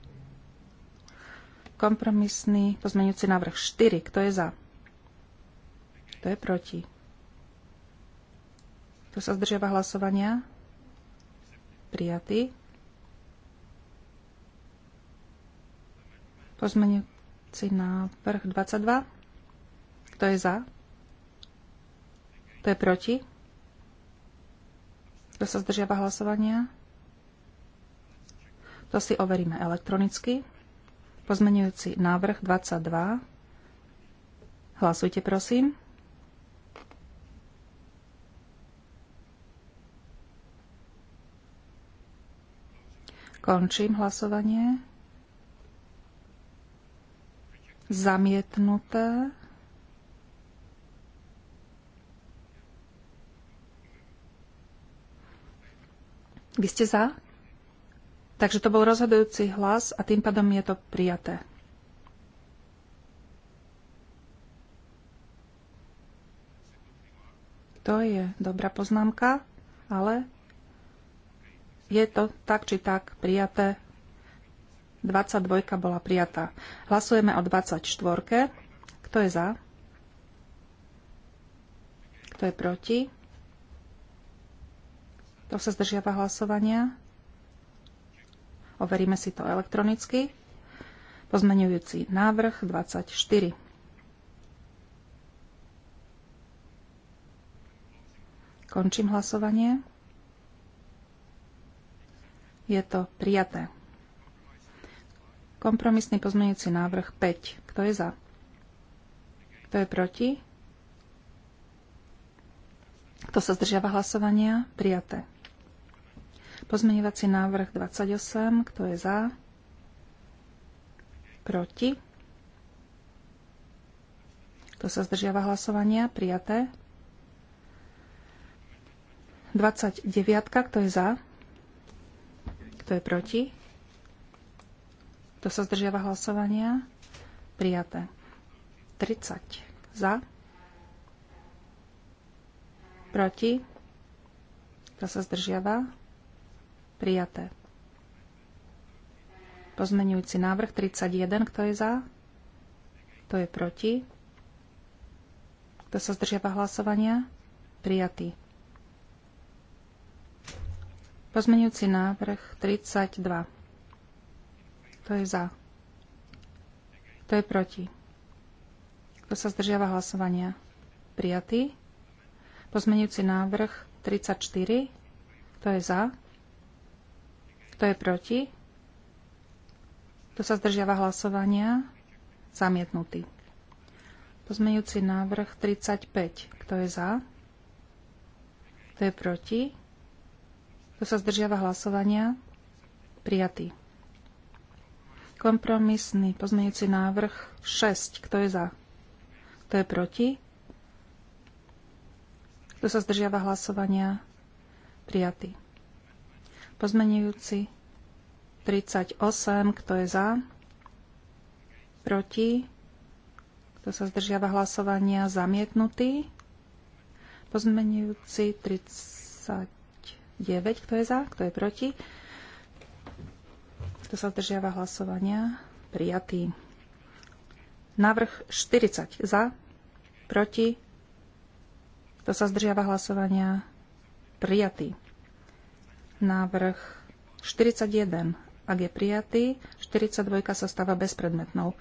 Kompromisný pozmeňujúci návrh 4. Kto je za? Kto je proti? Kto sa zdržiava hlasovania? Prijatý. Pozmeňujúci na návrh 22. Kto je za? Kto je proti? Kto sa zdržiava hlasovania? To si overíme elektronicky. Pozmenujúci návrh 22. Hlasujte, prosím. Končím hlasovanie zamietnuté. Vy ste za? Takže to bol rozhodujúci hlas a tým pádom je to prijaté. To je dobrá poznámka, ale je to tak či tak prijaté 22 bola prijatá. Hlasujeme o 24. Kto je za? Kto je proti? Kto sa zdržiava hlasovania? Overíme si to elektronicky. Pozmenujúci návrh 24. Končím hlasovanie. Je to prijaté. Kompromisný pozmeňujúci návrh 5. Kto je za? Kto je proti? Kto sa zdržiava hlasovania? Prijaté. Pozmeňovací návrh 28. Kto je za? Proti? Kto sa zdržiava hlasovania? Prijaté. 29. Kto je za? Kto je proti? Kto sa zdržiava hlasovania? Prijaté. 30 za. Proti. Kto sa zdržiava? Prijaté. Pozmeňujúci návrh 31. Kto je za? Kto je proti? Kto sa zdržiava hlasovania? Prijatý. Pozmeňujúci návrh 32. Kto je za? Kto je proti? Kto sa zdržiava hlasovania? Prijatý. Pozmenujúci návrh 34. Kto je za? Kto je proti? Kto sa zdržiava hlasovania? Zamietnutý. Pozmenujúci návrh 35. Kto je za? Kto je proti? Kto sa zdržiava hlasovania? Prijatý. Kompromisný pozmeňujúci návrh 6. Kto je za? Kto je proti? Kto sa zdržiava hlasovania? Prijatý. Pozmeňujúci 38. Kto je za? Proti? Kto sa zdržiava hlasovania? Zamietnutý. Pozmeňujúci 39. Kto je za? Kto je proti? Kto sa zdržiava hlasovania? Prijatý. Návrh 40 za, proti, kto sa zdržiava hlasovania? Prijatý. Návrh 41. Ak je prijatý, 42 sa stáva bezpredmetnou.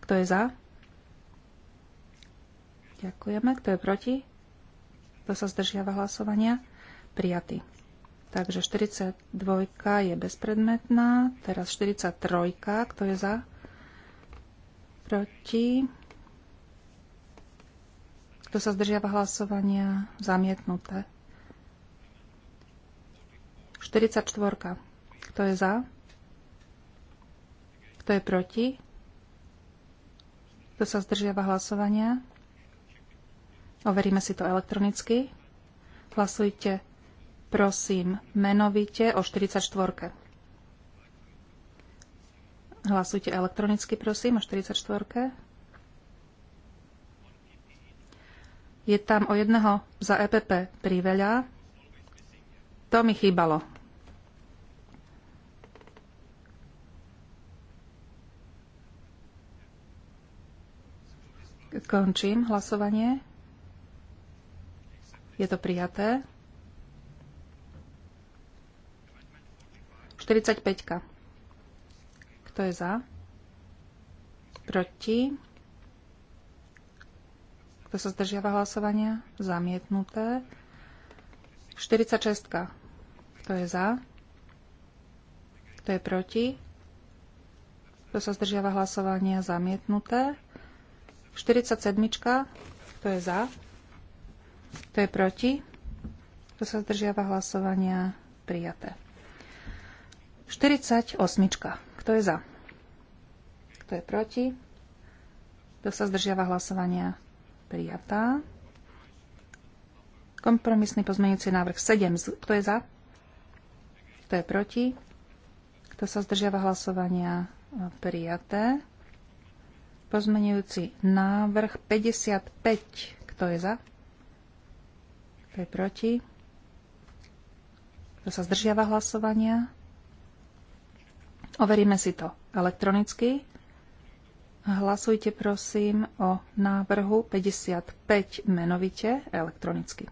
Kto je za? Ďakujeme. Kto je proti? Kto sa zdržiava hlasovania? Prijatý. Takže 42 je bezpredmetná. Teraz 43, kto je za? Proti. Kto sa zdržiava hlasovania? Zamietnuté. 44. Kto je za? Kto je proti? Kto sa zdržiava hlasovania? Overíme si to elektronicky. Hlasujte Prosím, menovite o 44. Hlasujte elektronicky, prosím, o 44. Je tam o jedného za EPP priveľa. To mi chýbalo. Končím hlasovanie. Je to prijaté. 45. Kto je za? Proti? Kto sa zdržiava hlasovania? Zamietnuté. 46. Kto je za? Kto je proti? Kto sa zdržiava hlasovania? Zamietnuté. 47. Kto je za? Kto je proti? Kto sa zdržiava hlasovania? Prijaté. 48. Kto je za? Kto je proti? Kto sa zdržiava hlasovania? Prijatá. Kompromisný pozmeňujúci návrh 7. Kto je za? Kto je proti? Kto sa zdržiava hlasovania? Prijaté. Pozmenujúci návrh 55. Kto je za? Kto je proti? Kto sa zdržiava hlasovania? Overíme si to elektronicky. Hlasujte prosím o návrhu 55 menovite elektronicky.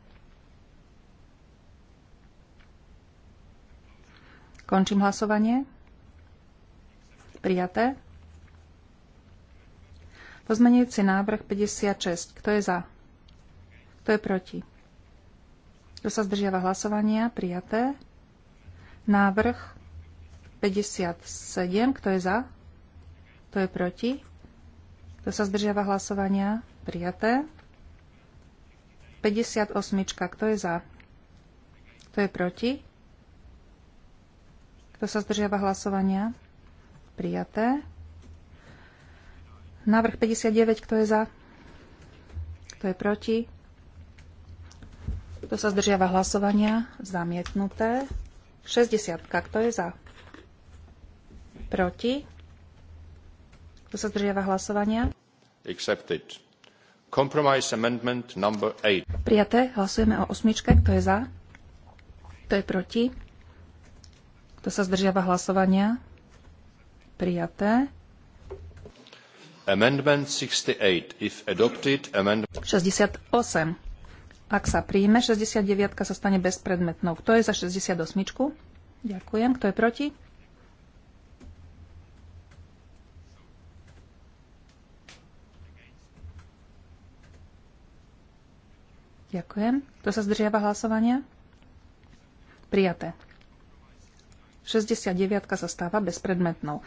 Končím hlasovanie. Prijaté. Pozmenujúci návrh 56. Kto je za? Kto je proti? Kto sa zdržiava hlasovania? Prijaté. Návrh 57. Kto je za? Kto je proti? Kto sa zdržiava hlasovania? Prijaté. 58. Kto je za? Kto je proti? Kto sa zdržiava hlasovania? Prijaté. Návrh 59. Kto je za? Kto je proti? Kto sa zdržiava hlasovania? Zamietnuté. 60. Kto je za? Proti? Kto sa zdržiava hlasovania? Accepted. Compromise amendment number 8. Prijaté. Hlasujeme o osmičke. Kto je za? Kto je proti? Kto sa zdržiava hlasovania? Prijaté. Amendment 68. If adopted, amendment... 68. Ak sa príjme, 69 sa stane bezpredmetnou. Kto je za 68? Ďakujem. Kto je proti? Ďakujem. Kto sa zdržiava hlasovania? Prijaté. 69 sa stáva bezpredmetnou.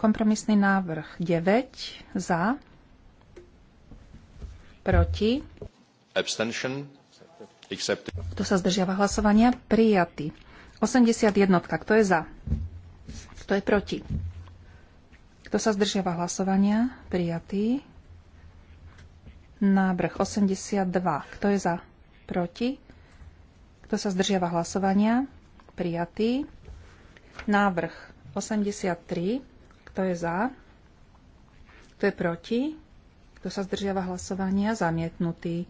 Kompromisný návrh 9 za, proti. Abstention. Accepted. Kto sa zdržiava hlasovania? Prijatý. 81. Kto je za? Kto je proti? Kto sa zdržiava hlasovania? Prijatý. Návrh 82. Kto je za? Proti? Kto sa zdržiava hlasovania? Prijatý. Návrh 83. Kto je za? Kto je proti? Kto sa zdržiava hlasovania? Zamietnutý.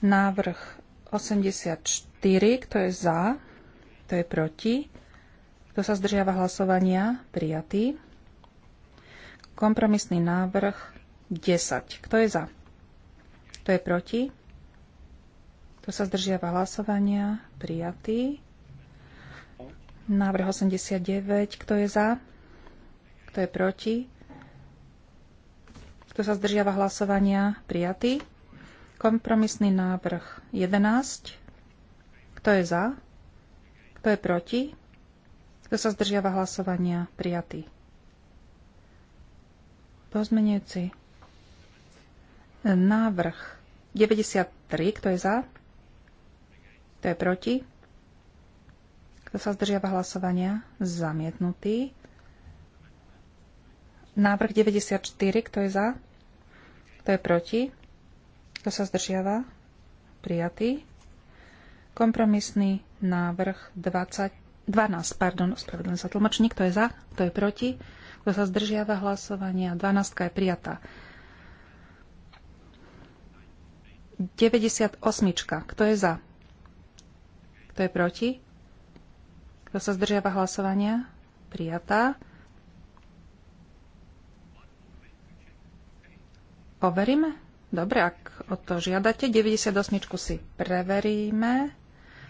Návrh 84. Kto je za? Kto je proti? Kto sa zdržiava hlasovania? Prijatý. Kompromisný návrh 10. Kto je za? Kto je proti? Kto sa zdržiava hlasovania? Prijatý. Návrh 89. Kto je za? Kto je proti? Kto sa zdržiava hlasovania? Prijatý. Kompromisný návrh 11. Kto je za? Kto je proti? Kto sa zdržiava hlasovania? Prijatý. Pozmenujúci Návrh 93, kto je za? Kto je proti? Kto sa zdržiava hlasovania? Zamietnutý. Návrh 94, kto je za? Kto je proti? Kto sa zdržiava? Prijatý. Kompromisný návrh 20, 12, pardon, spravedlňujem sa tlmočník, kto je za, kto je proti, kto sa zdržiava hlasovania, 12 je prijatá. 98. Kto je za? Kto je proti? Kto sa zdržiava hlasovania? Prijatá. Overíme? Dobre, ak o to žiadate, 98 si preveríme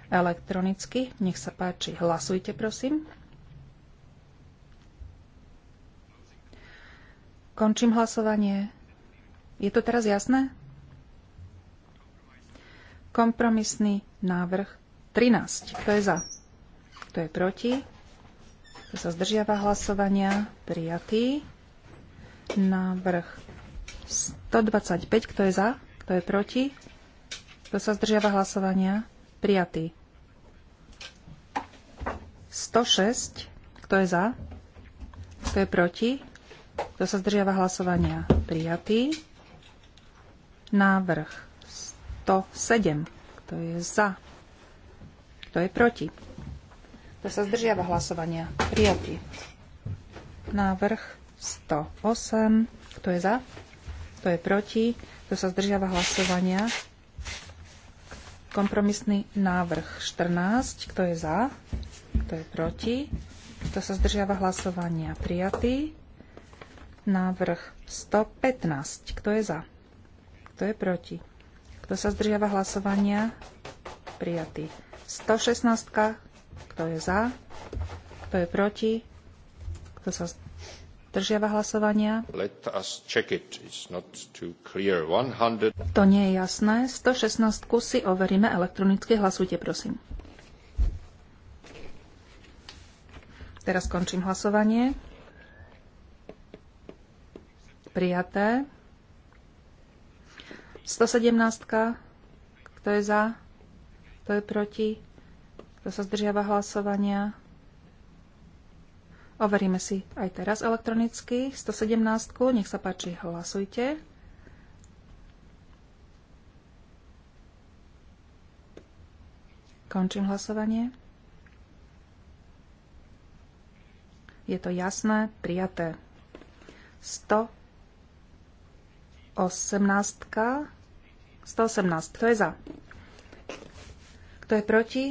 elektronicky. Nech sa páči, hlasujte prosím. Končím hlasovanie. Je to teraz jasné? Kompromisný návrh 13. Kto je za? Kto je proti? Kto sa zdržiava hlasovania? Prijatý. Návrh 125. Kto je za? Kto je proti? Kto sa zdržiava hlasovania? Prijatý. 106. Kto je za? Kto je proti? Kto sa zdržiava hlasovania? Prijatý. Návrh 107. Kto je za? Kto je proti? Kto sa zdržiava hlasovania? Prijatý. Návrh 108. Kto je za? Kto je proti? Kto sa zdržiava hlasovania? Kompromisný návrh 14. Kto je za? Kto je proti? Kto sa zdržiava hlasovania? Prijatý. Návrh 115. Kto je za? Kto je proti? Kto sa zdržiava hlasovania? Prijatý. 116. Kto je za? Kto je proti? Kto sa zdržiava hlasovania? Let us check it. It's not too clear. 100... To nie je jasné. 116 si overíme elektronicky. Hlasujte, prosím. Teraz končím hlasovanie. Prijaté. 117. Kto je za? Kto je proti? Kto sa zdržiava hlasovania? Overíme si aj teraz elektronicky. 117. Nech sa páči, hlasujte. Končím hlasovanie. Je to jasné, prijaté. 100. 18 118. Kto je za? Kto je proti?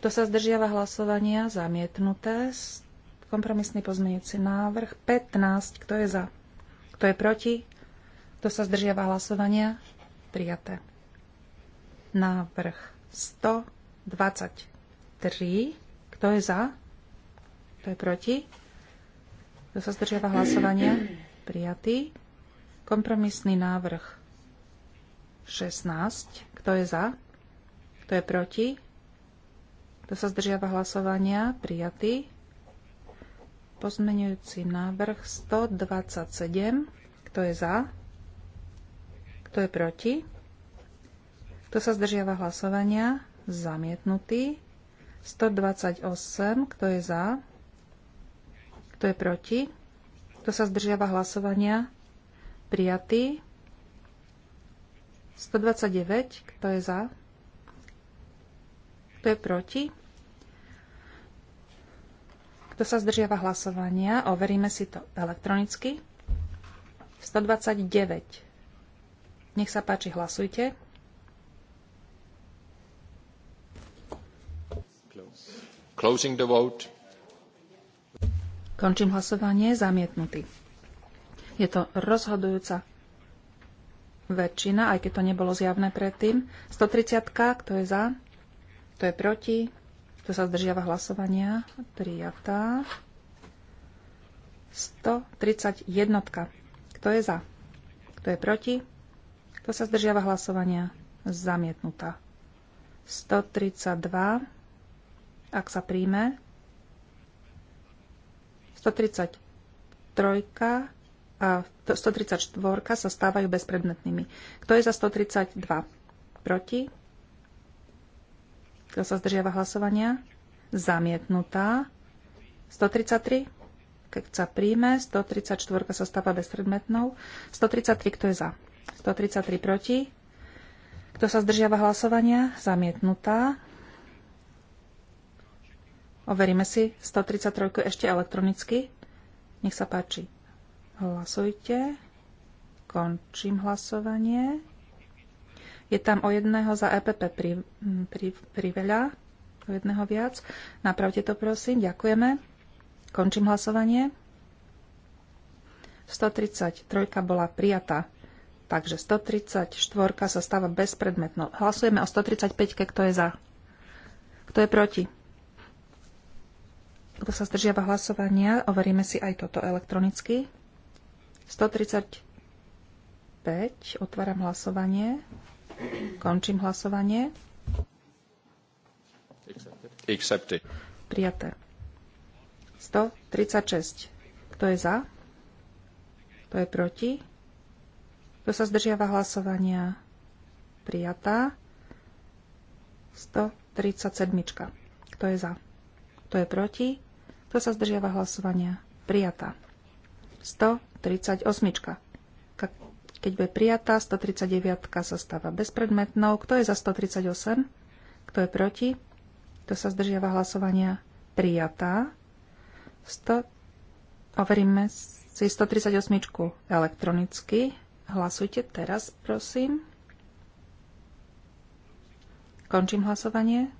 Kto sa zdržiava hlasovania? Zamietnuté. Kompromisný pozmeňujúci návrh 15. Kto je za? Kto je proti? Kto sa zdržiava hlasovania? Prijaté. Návrh 123. Kto je za? Kto je proti? Kto sa zdržiava hlasovania? prijatý. Kompromisný návrh 16. Kto je za? Kto je proti? Kto sa zdržiava hlasovania? Prijatý. Pozmenujúci návrh 127. Kto je za? Kto je proti? Kto sa zdržiava hlasovania? Zamietnutý. 128. Kto je za? Kto je proti? Kto sa zdržiava hlasovania? Prijatý. 129. Kto je za? Kto je proti? Kto sa zdržiava hlasovania? Overíme si to elektronicky. 129. Nech sa páči, hlasujte. Closing the vote. Končím hlasovanie. Zamietnutý. Je to rozhodujúca väčšina, aj keď to nebolo zjavné predtým. 130, kto je za, kto je proti, kto sa zdržiava hlasovania, prijatá. 131, kto je za, kto je proti, kto sa zdržiava hlasovania, zamietnutá. 132, ak sa príjme, 133 a 134 sa stávajú bezpredmetnými. Kto je za 132? Proti? Kto sa zdržiava hlasovania? Zamietnutá. 133? Keď sa príjme, 134 sa stáva bezpredmetnou. 133, kto je za? 133 proti. Kto sa zdržiava hlasovania? Zamietnutá. Overíme si 133 ešte elektronicky. Nech sa páči. Hlasujte. Končím hlasovanie. Je tam o jedného za EPP pri, pri, pri veľa, o jedného viac. Napravte to prosím, ďakujeme. Končím hlasovanie. 133 bola prijatá. Takže 134 sa stáva bezpredmetnou. Hlasujeme o 135, kto je za. Kto je proti? Kto sa zdržiava hlasovania, overíme si aj toto elektronicky. 135. Otváram hlasovanie. Končím hlasovanie. Accepted. Prijaté. 136. Kto je za? Kto je proti? Kto sa zdržiava hlasovania? Prijatá. 137. Kto je za? Kto je proti? Kto sa zdržiava hlasovania? Prijatá. 138. Keď bude prijatá, 139 sa stáva bezpredmetnou. Kto je za 138? Kto je proti? Kto sa zdržiava hlasovania? Prijatá. 100... Overíme si 138 elektronicky. Hlasujte teraz, prosím. Končím hlasovanie.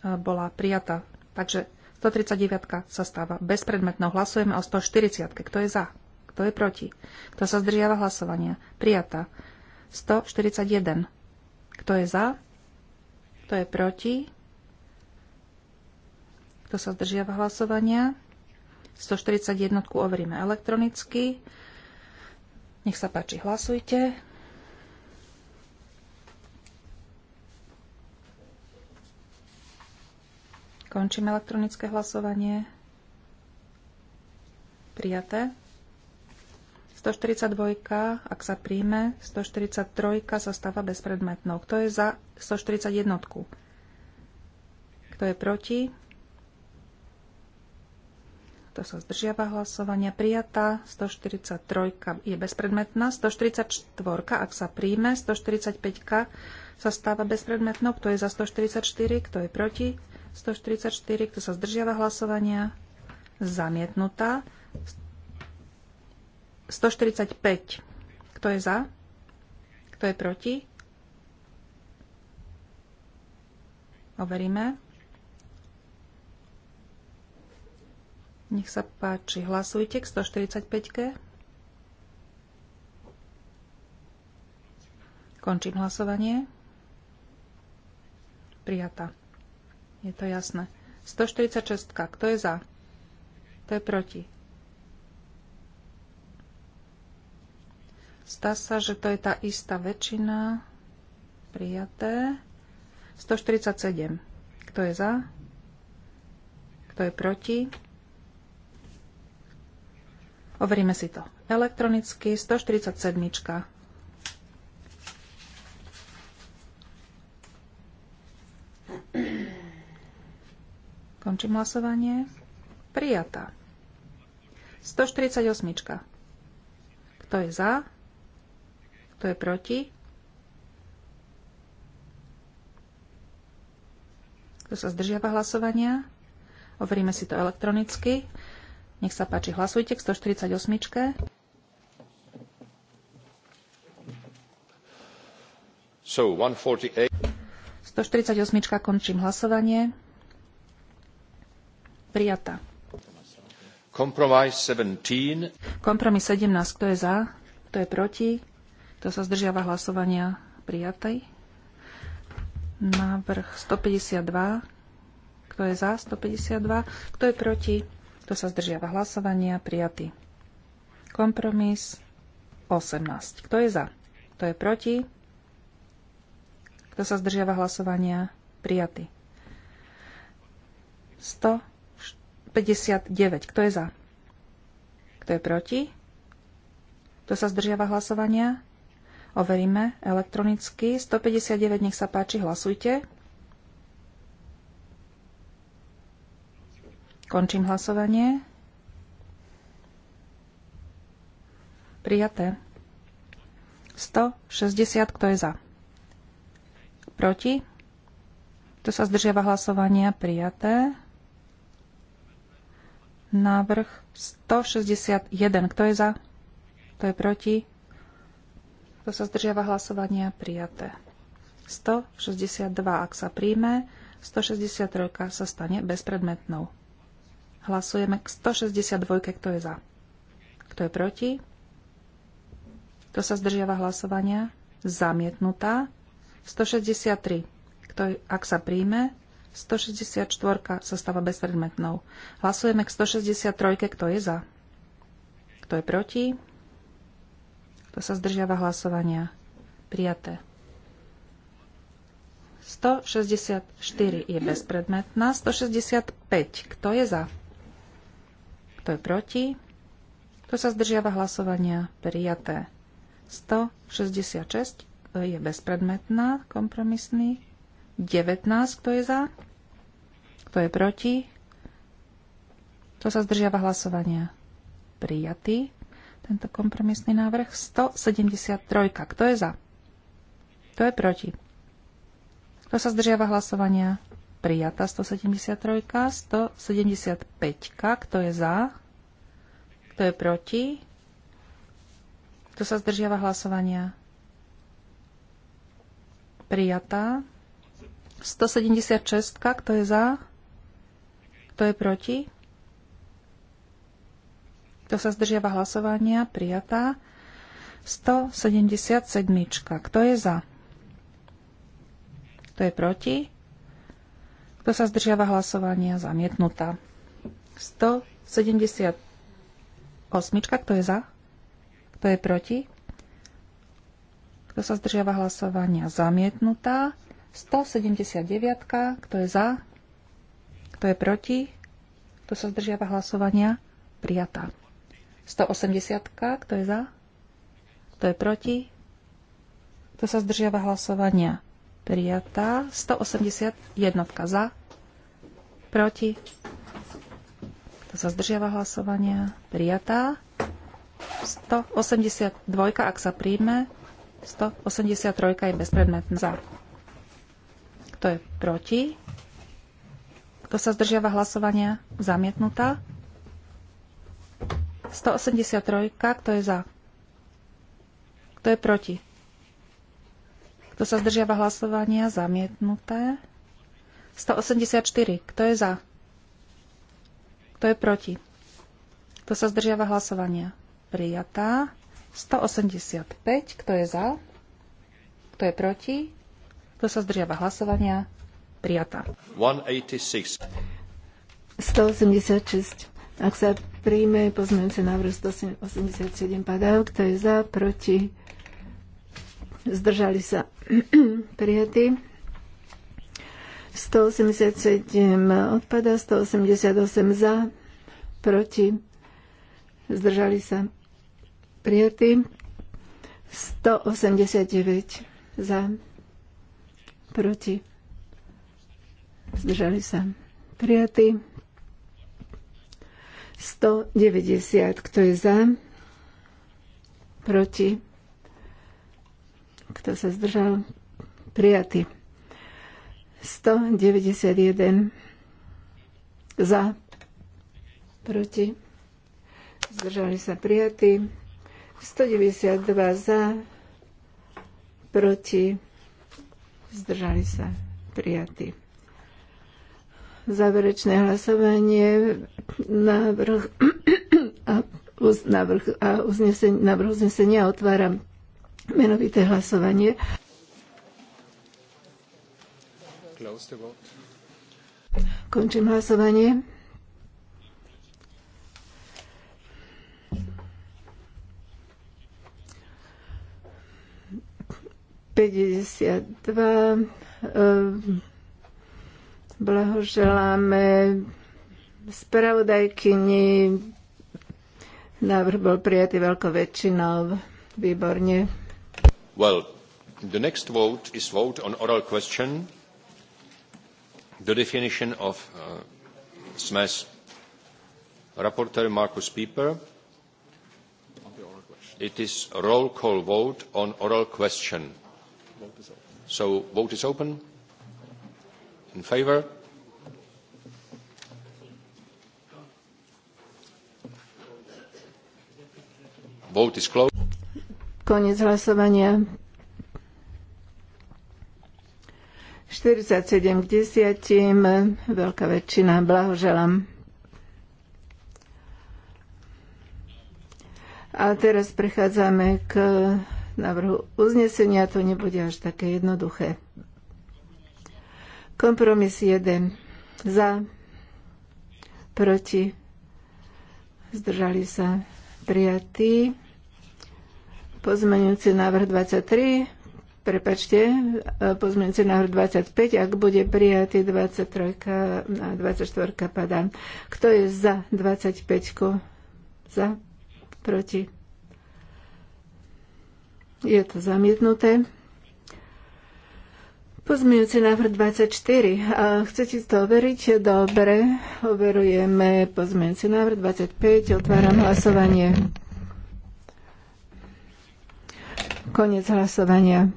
Bola prijatá Takže 139 sa stáva bezpredmetnou. Hlasujeme o 140. Kto je za? Kto je proti? Kto sa zdržiava hlasovania? Prijatá. 141. Kto je za? Kto je proti? Kto sa zdržiava hlasovania? 141 overíme elektronicky. Nech sa páči, hlasujte. Končím elektronické hlasovanie. Prijaté. 142, ak sa príjme, 143 sa stáva bezpredmetnou. Kto je za 141? Kto je proti? Kto sa zdržiava hlasovania? Prijatá. 143 je bezpredmetná. 144, ak sa príjme, 145 sa stáva bezpredmetnou. Kto je za 144? Kto je proti? 144, kto sa zdržiava hlasovania, zamietnutá. 145, kto je za? Kto je proti? Overíme. Nech sa páči, hlasujte k 145 Končím hlasovanie. Prijatá. Je to jasné. 146. Kto je za? Kto je proti? Stá sa, že to je tá istá väčšina. Prijaté. 147. Kto je za? Kto je proti? Overíme si to. Elektronicky 147. Končím hlasovanie. Prijatá. 148. Kto je za? Kto je proti? Kto sa zdržiava hlasovania? Overíme si to elektronicky. Nech sa páči, hlasujte k 148. So, 148. 148. končím hlasovanie. Prijatá. Kompromis 17. Kto je za? Kto je proti? Kto sa zdržiava hlasovania? Prijatý. Návrh 152. Kto je za? 152. Kto je proti? Kto sa zdržiava hlasovania? Prijatý. Kompromis 18. Kto je za? Kto je proti? Kto sa zdržiava hlasovania? Prijatý. 100. 59. Kto je za? Kto je proti? Kto sa zdržiava hlasovania? Overíme elektronicky. 159, nech sa páči, hlasujte. Končím hlasovanie. Prijaté. 160, kto je za? Proti? Kto sa zdržiava hlasovania? Prijaté. Návrh 161. Kto je za? Kto je proti? Kto sa zdržiava hlasovania? Prijaté. 162. Ak sa príjme, 163 sa stane bezpredmetnou. Hlasujeme k 162. Kto je za? Kto je proti? Kto sa zdržiava hlasovania? Zamietnutá. 163. Kto ak sa príjme, 164 sa stáva bezpredmetnou. Hlasujeme k 163, kto je za. Kto je proti? Kto sa zdržiava hlasovania? Prijaté. 164 je bezpredmetná. 165. Kto je za? Kto je proti? Kto sa zdržiava hlasovania? Prijaté. 166 je bezpredmetná. Kompromisný 19. Kto je za? Kto je proti? Kto sa zdržiava hlasovania? Prijatý. Tento kompromisný návrh 173. Kto je za? Kto je proti? Kto sa zdržiava hlasovania? Prijatá 173. 175. Kto je za? Kto je proti? Kto sa zdržiava hlasovania? Prijatá 176, kto je za? Kto je proti? Kto sa zdržiava hlasovania? Prijatá. 177. Kto je za? Kto je proti? Kto sa zdržiava hlasovania? Zamietnutá. 178. Kto je za? Kto je proti? Kto sa zdržiava hlasovania? Zamietnutá. 179. Kto je za? Kto je proti? Kto sa zdržiava hlasovania? Prijatá. 180. Kto je za? Kto je proti? Kto sa zdržiava hlasovania? Prijatá. 181. Za? Proti? Kto sa zdržiava hlasovania? Prijatá. 182, ak sa príjme. 183 je bezpredmetná. Za. Kto je proti? Kto sa zdržiava hlasovania? Zamietnutá. 183. Kto je za? Kto je proti? Kto sa zdržiava hlasovania? Zamietnuté. 184. Kto je za? Kto je proti? Kto sa zdržiava hlasovania? Prijatá. 185. Kto je za? Kto je proti? Kto sa zdržiava hlasovania? Prijatá. 186. 186. Ak sa príjme pozmeňujúci návrh 187 padá, kto je za, proti, zdržali sa prijatí. 187 odpada, 188 za, proti, zdržali sa prijatí. 189 za, proti, zdržali sa prijatí. 190, kto je za, proti, kto sa zdržal, Prijatí. 191 za, proti, zdržali sa prijatí. 192 za, proti, zdržali sa prijatí. Záverečné hlasovanie, návrh a, uz, návrh, a uznesen, návrh uznesenia otváram menovité hlasovanie. Končím hlasovanie. 52. E, blahoželáme spravodajkyni. Návrh bol prijatý veľkou väčšinou. Výborne. Well, the next vote is vote on oral question. The definition of uh, SMES. Rapporteur Markus Pieper. It is a roll call vote on oral question Vote is open. So vote is open. In favor? Vote is closed. Koniec hlasovania. 47 k 10, veľká väčšina, blahoželám. A teraz prechádzame k návrhu uznesenia. To nebude až také jednoduché. Kompromis 1. Za, proti, zdržali sa prijatí. Pozmeňujúci návrh 23, prepačte, e, pozmeňujúci návrh 25, ak bude prijatý 23 a 24 padá. Kto je za 25? Za? Proti? Je to zamietnuté. Pozmejúci návrh 24. A chcete to overiť? Dobre, overujeme pozmejúci návrh 25. Otváram hlasovanie. Konec hlasovania.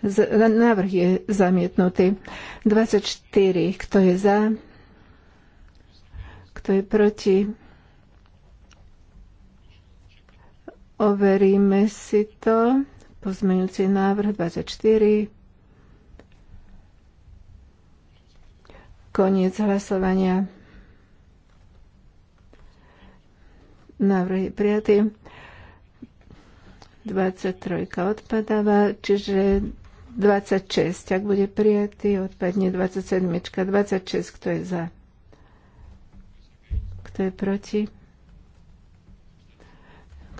Z, návrh je zamietnutý. 24. Kto je za? Kto je proti? Overíme si to. Pozmeňujúci návrh 24. Koniec hlasovania. Návrh je prijatý. 23 odpadáva, čiže 26, ak bude prijatý, odpadne 27. 26, kto je za? Kto je proti?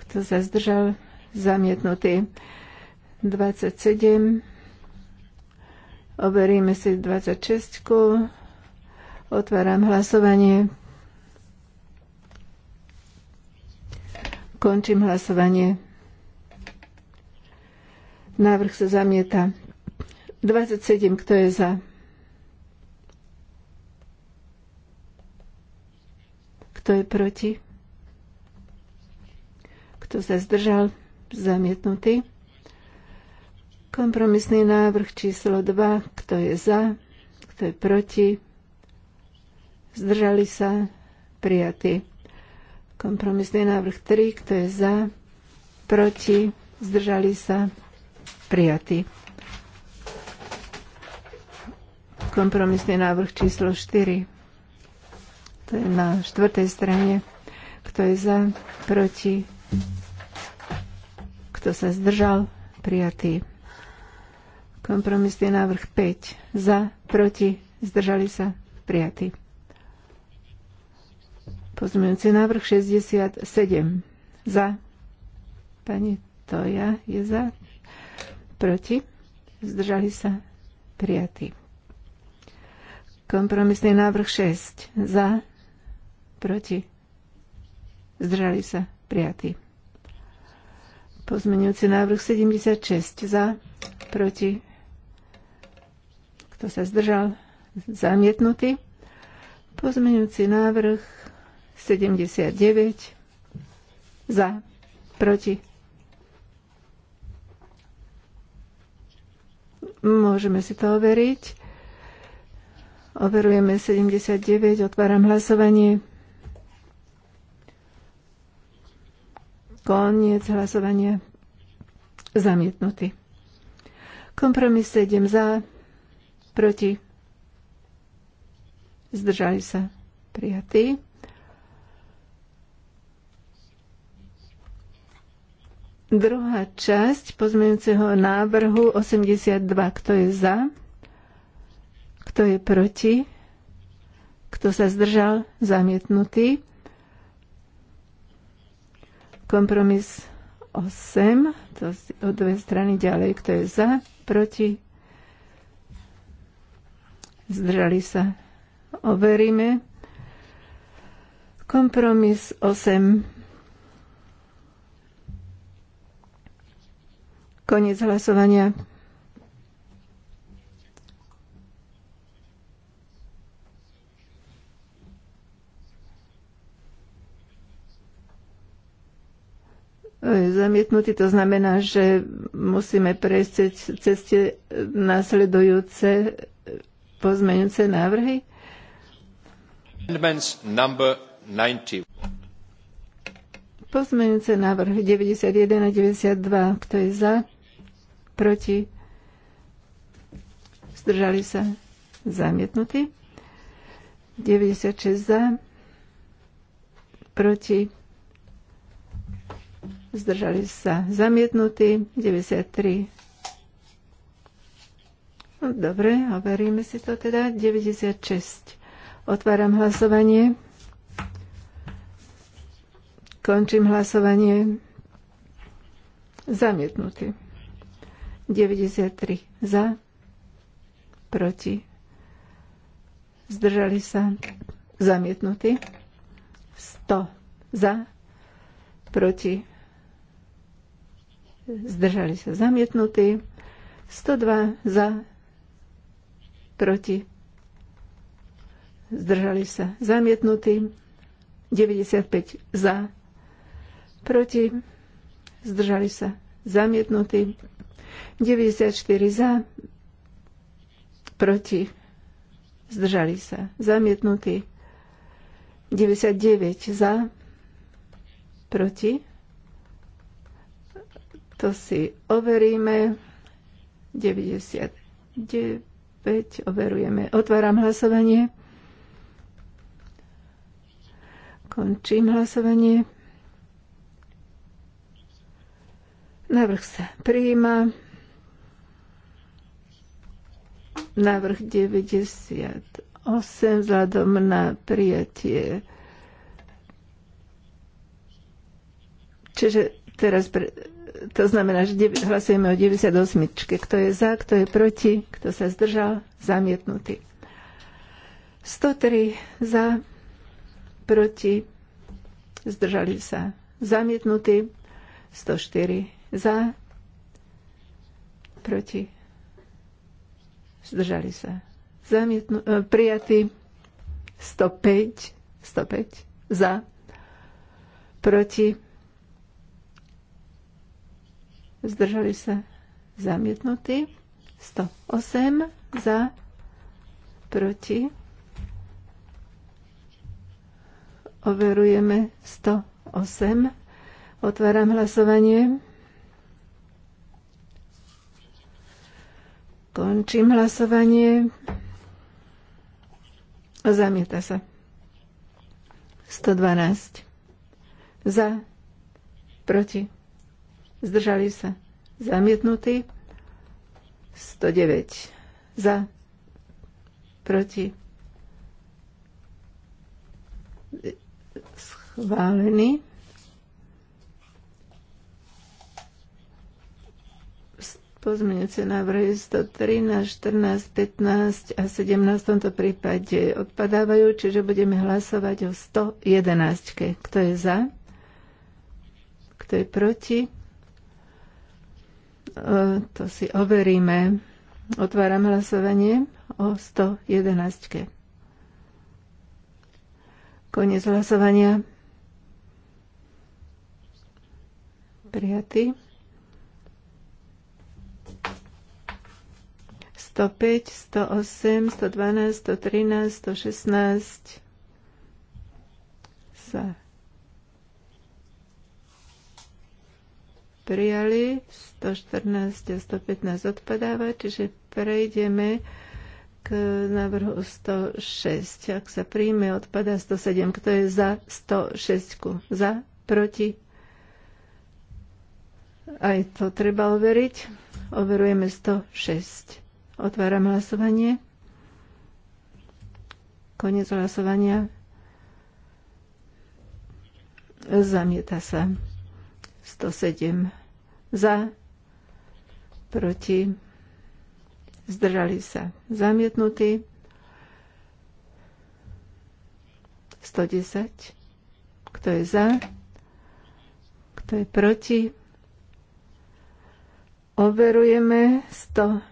kto sa zdržal, zamietnutý. 27. Overíme si 26. Otváram hlasovanie. Končím hlasovanie. Návrh sa zamieta. 27. Kto je za? Kto je proti? Kto sa zdržal? Zamietnutý. Kompromisný návrh číslo 2. Kto je za? Kto je proti? Zdržali sa? Prijatý. Kompromisný návrh 3. Kto je za? Proti? Zdržali sa? Prijatý. Kompromisný návrh číslo 4. To je na štvrtej strane. Kto je za? Proti? Kto sa zdržal? Prijatý. Kompromisný návrh 5. Za, proti, zdržali sa? Prijatý. Pozmeňujúci návrh 67. Za. Pani Toja je za. Proti. Zdržali sa. Prijatý. Kompromisný návrh 6. Za. Proti. Zdržali sa. Prijatý. Pozmenujúci návrh 76 za, proti. Kto sa zdržal? Zamietnutý. Pozmenujúci návrh 79 za, proti. Môžeme si to overiť. Overujeme 79, otváram hlasovanie. Koniec hlasovania. Zamietnutý. Kompromis 7 za, proti. Zdržali sa. prijatí. Druhá časť pozmeňujúceho návrhu 82. Kto je za? Kto je proti? Kto sa zdržal? Zamietnutý. Kompromis 8, to o dve strany ďalej, kto je za, proti, zdržali sa. Overíme. Kompromis 8. Koniec hlasovania. zamietnutý. To znamená, že musíme prejsť cez, cez tie nasledujúce pozmeňujúce návrhy. Pozmeňujúce návrhy. 91 a 92. Kto je za? Proti? Zdržali sa? Zamietnutí. 96 za? Proti? zdržali sa zamietnutí, 93. No, dobre, overíme si to teda, 96. Otváram hlasovanie. Končím hlasovanie. Zamietnutý. 93 za, proti, zdržali sa, zamietnutý. 100 za, proti, zdržali sa zamietnutí, 102 za, proti, zdržali sa zamietnutí, 95 za, proti, zdržali sa zamietnutí, 94 za, proti, zdržali sa zamietnutí, 99 za, proti, to si overíme. 99 overujeme. Otváram hlasovanie. Končím hlasovanie. Návrh sa prijíma. Návrh 98 vzhľadom na prijatie. Čiže teraz pre, to znamená, že hlasujeme o 98. Kto je za, kto je proti, kto sa zdržal, zamietnutý. 103 za, proti, zdržali sa, zamietnutý. 104 za, proti, zdržali sa, zamietnú, e, prijatý. 105, 105 za, proti, zdržali sa zamietnutí, 108 za, proti, overujeme 108, otváram hlasovanie, končím hlasovanie, zamieta sa. 112 za, proti, zdržali sa zamietnutí, 109 za, proti, schválený. pozmeňujúce návrhy 113, 14, 15 a 17 v tomto prípade odpadávajú, čiže budeme hlasovať o 111. Kto je za? Kto je proti? E, to si overíme. Otváram hlasovanie o 111. -ke. Konec hlasovania. Prijatý. 105, 108, 112, 113, 116 sa prijali, 114 a 115 odpadáva, čiže prejdeme k návrhu 106. Ak sa príjme, odpadá 107. Kto je za 106? Za? Proti? Aj to treba overiť. Overujeme 106. Otváram hlasovanie. Konec hlasovania. Zamieta sa. 107 za, proti, zdržali sa zamietnutí, 110, kto je za, kto je proti. Overujeme 110,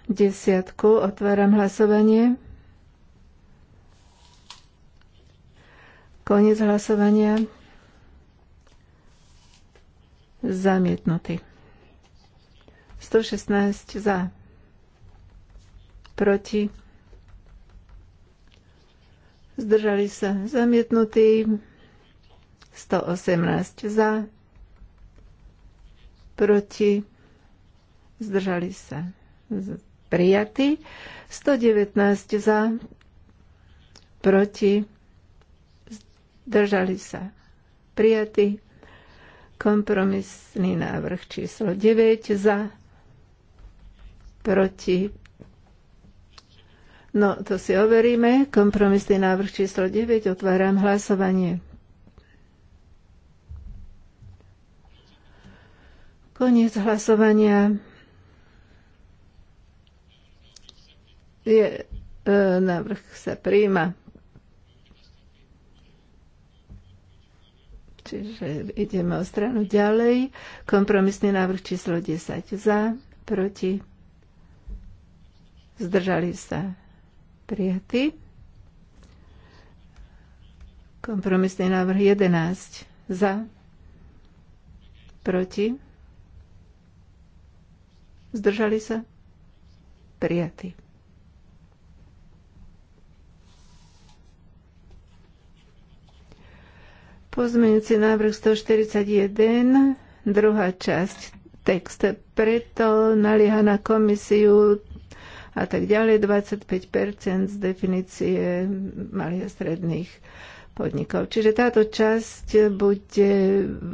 otváram hlasovanie. Koniec hlasovania. Zamietnutý. 116 za. Proti. Zdržali sa. Zamietnutý. 118 za. Proti. Zdržali sa. Prijatý. 119 za. Proti. Zdržali sa. Prijatý. Kompromisný návrh číslo 9 za, proti. No, to si overíme. Kompromisný návrh číslo 9. Otváram hlasovanie. Koniec hlasovania. Je, e, návrh sa príjma. Čiže ideme o stranu ďalej. Kompromisný návrh číslo 10 za, proti, zdržali sa prijatí. Kompromisný návrh 11 za, proti, zdržali sa prijatí. Pozmeňujúci návrh 141, druhá časť text. Preto nalieha na komisiu a tak ďalej 25% z definície malých a stredných podnikov. Čiže táto časť bude,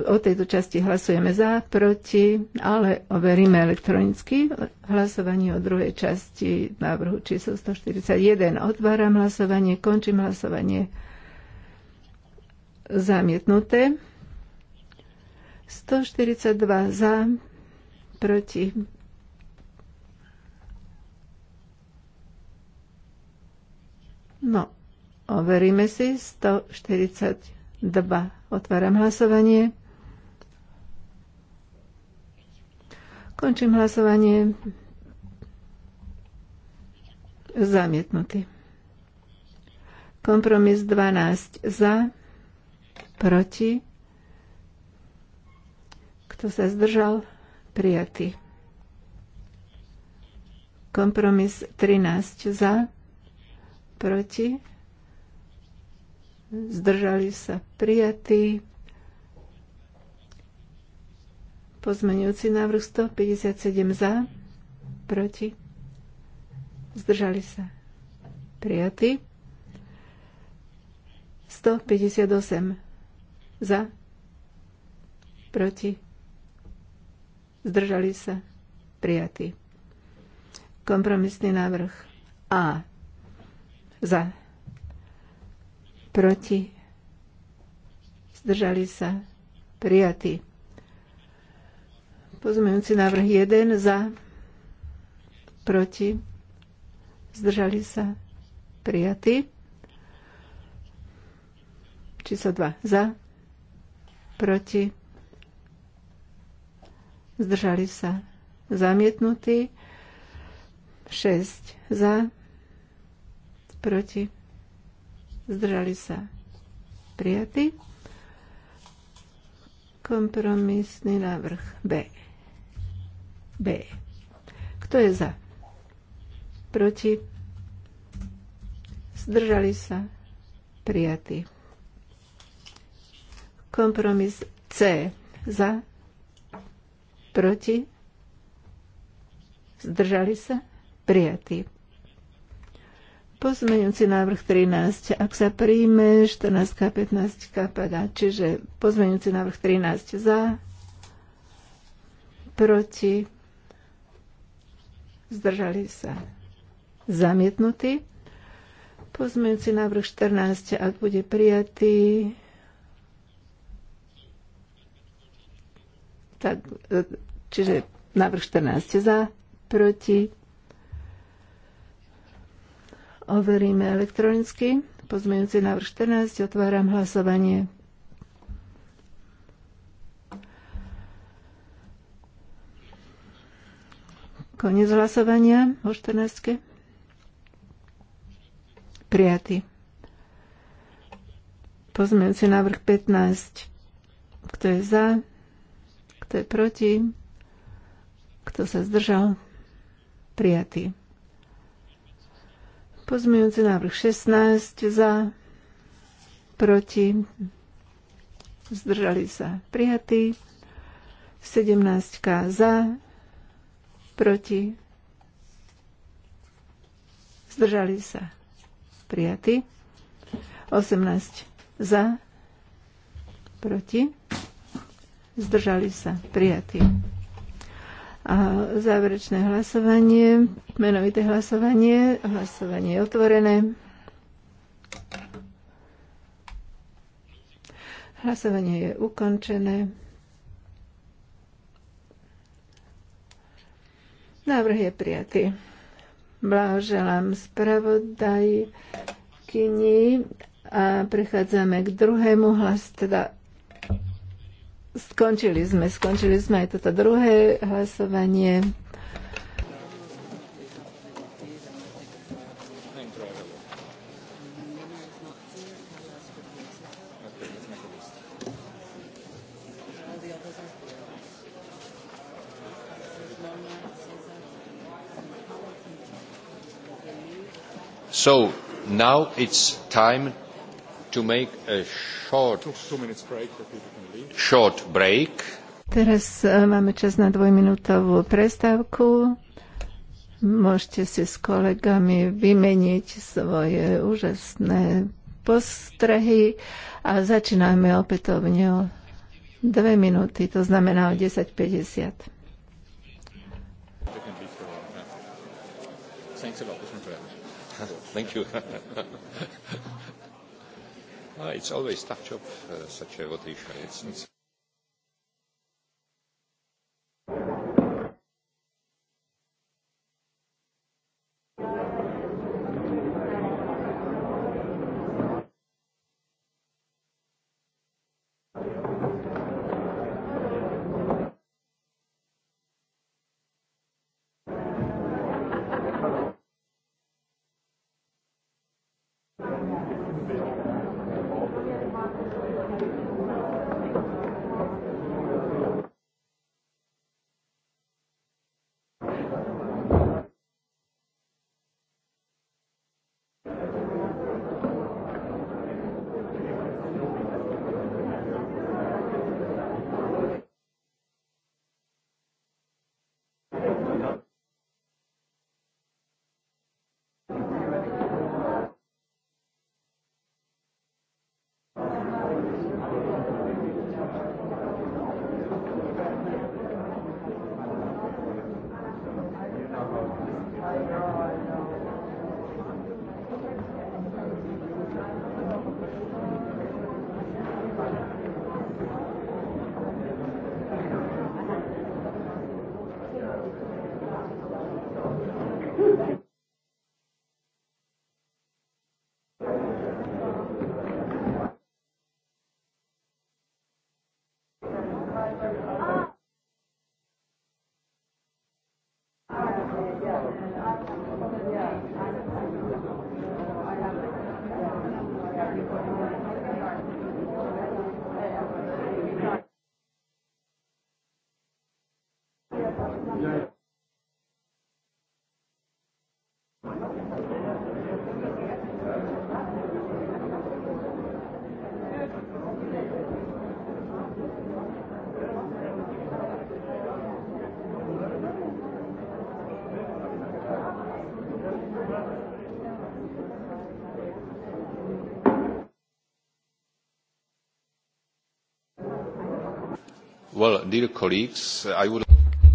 o tejto časti hlasujeme za, proti, ale overíme elektronicky hlasovanie o druhej časti návrhu číslo 141. Otváram hlasovanie, končím hlasovanie zamietnuté. 142 za, proti. No, overíme si 142. Otváram hlasovanie. Končím hlasovanie. Zamietnutý. Kompromis 12 za proti, kto sa zdržal, prijatý. Kompromis 13 za, proti, zdržali sa prijatí. Pozmenujúci návrh 157 za, proti, zdržali sa prijatí. 158 za. Proti. Zdržali sa. Prijatý. Kompromisný návrh A. Za. Proti. Zdržali sa. Prijatý. Pozumujúci návrh 1 za. Proti. Zdržali sa. Prijatý. Číslo 2 za proti, zdržali sa zamietnutí, 6 za, proti, zdržali sa prijatí. Kompromisný návrh B. B. Kto je za? Proti? Zdržali sa? Prijatí. Kompromis C za, proti, zdržali sa, prijatý. Pozmeňujúci návrh 13, ak sa príjme, 14 15 padá. Čiže pozmeňujúci návrh 13 za, proti, zdržali sa, zamietnutý. Pozmeňujúci návrh 14, ak bude prijatý, tak, e, čiže návrh 14 za, proti. Overíme elektronicky. Pozmeňujúci návrh 14. Otváram hlasovanie. Konec hlasovania o 14. Prijatý. Pozmeňujúci návrh 15. Kto je za? Kto je proti? Kto sa zdržal? Prijatý. Pozmejúci návrh 16 za, proti, zdržali sa prijatí, 17 za, proti, zdržali sa prijatí, 18 za, proti, zdržali sa, prijatí. A záverečné hlasovanie, menovité hlasovanie, hlasovanie je otvorené. Hlasovanie je ukončené. Návrh je prijatý. Blahoželám spravodajkyni a prechádzame k druhému hlasu teda Skončili sme, skončili sme aj toto druhé hlasovanie. So now it's time to make a short, short break. Teraz eh, máme čas na dvojminútovú prestávku. Môžete si s kolegami vymeniť svoje úžasné postrehy a začíname opätovne o dve minúty, to znamená o 10.50. Thanks a lot. Thank you. Uh, it's always a tough job, uh, such a rotation.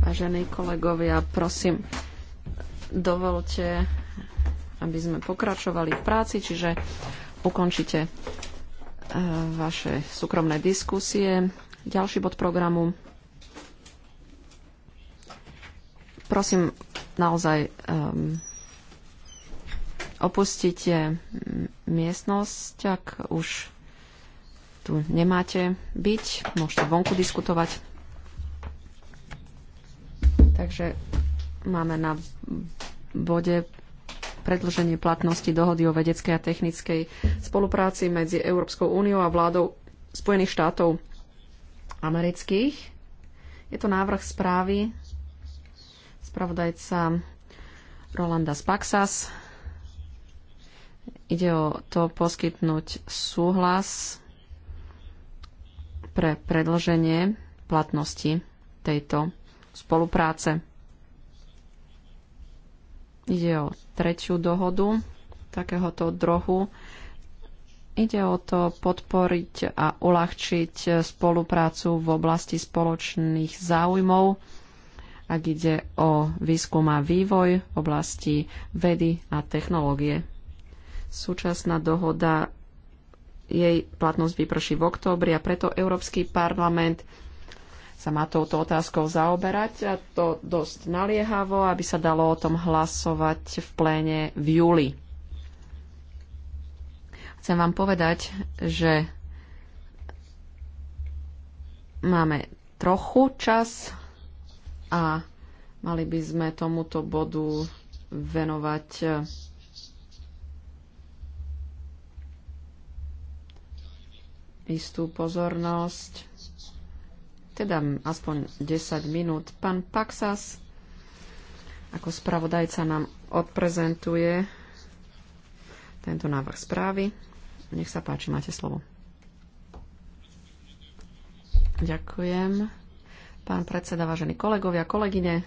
Vážení kolegovia, prosím, dovolte, aby sme pokračovali v práci, čiže ukončite e, vaše súkromné diskusie. Ďalší bod programu. Prosím, naozaj um, opustite miestnosť, ak už tu nemáte byť, môžete vonku diskutovať. Takže máme na bode predlženie platnosti dohody o vedeckej a technickej spolupráci medzi Európskou úniou a vládou Spojených štátov amerických. Je to návrh správy spravodajca Rolanda Spaxas. Ide o to poskytnúť súhlas pre predlženie platnosti tejto spolupráce. Ide o tretiu dohodu takéhoto druhu. Ide o to podporiť a uľahčiť spoluprácu v oblasti spoločných záujmov, ak ide o výskum a vývoj v oblasti vedy a technológie. Súčasná dohoda jej platnosť vyprší v októbri a preto Európsky parlament sa má touto otázkou zaoberať a to dosť naliehavo, aby sa dalo o tom hlasovať v pléne v júli. Chcem vám povedať, že máme trochu čas a mali by sme tomuto bodu venovať istú pozornosť, teda aspoň 10 minút. Pán Paxas ako spravodajca nám odprezentuje tento návrh správy. Nech sa páči, máte slovo. Ďakujem. Pán predseda, vážení kolegovia, kolegyne,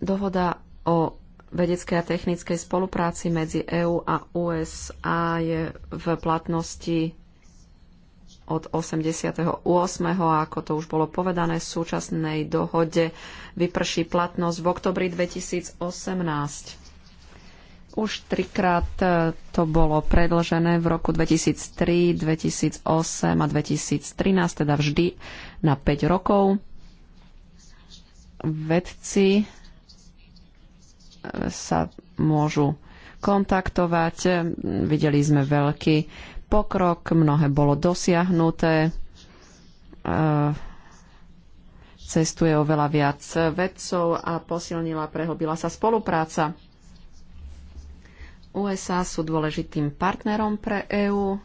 Dohoda o vedeckej a technickej spolupráci medzi EÚ a USA je v platnosti od 88. ako to už bolo povedané, v súčasnej dohode vyprší platnosť v oktobri 2018. Už trikrát e, to bolo predlžené v roku 2003, 2008 a 2013, teda vždy na 5 rokov. Vedci sa môžu kontaktovať. Videli sme veľký pokrok, mnohé bolo dosiahnuté. E, cestuje oveľa viac vedcov a posilnila, prehobila sa spolupráca. USA sú dôležitým partnerom pre EÚ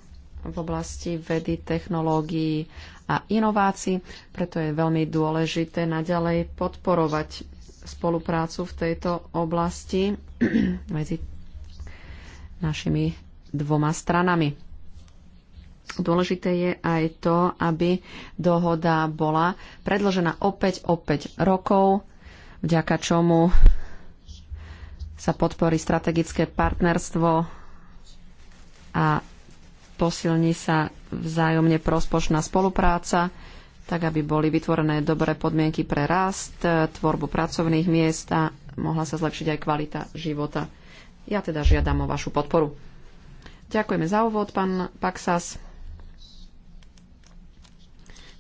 v oblasti vedy, technológií a inovácií, preto je veľmi dôležité naďalej podporovať spoluprácu v tejto oblasti medzi našimi dvoma stranami. Dôležité je aj to, aby dohoda bola predložená opäť o 5 rokov, vďaka čomu sa podporí strategické partnerstvo a posilní sa vzájomne prospočná spolupráca tak aby boli vytvorené dobré podmienky pre rast, tvorbu pracovných miest a mohla sa zlepšiť aj kvalita života. Ja teda žiadam o vašu podporu. Ďakujeme za úvod, pán Paxas.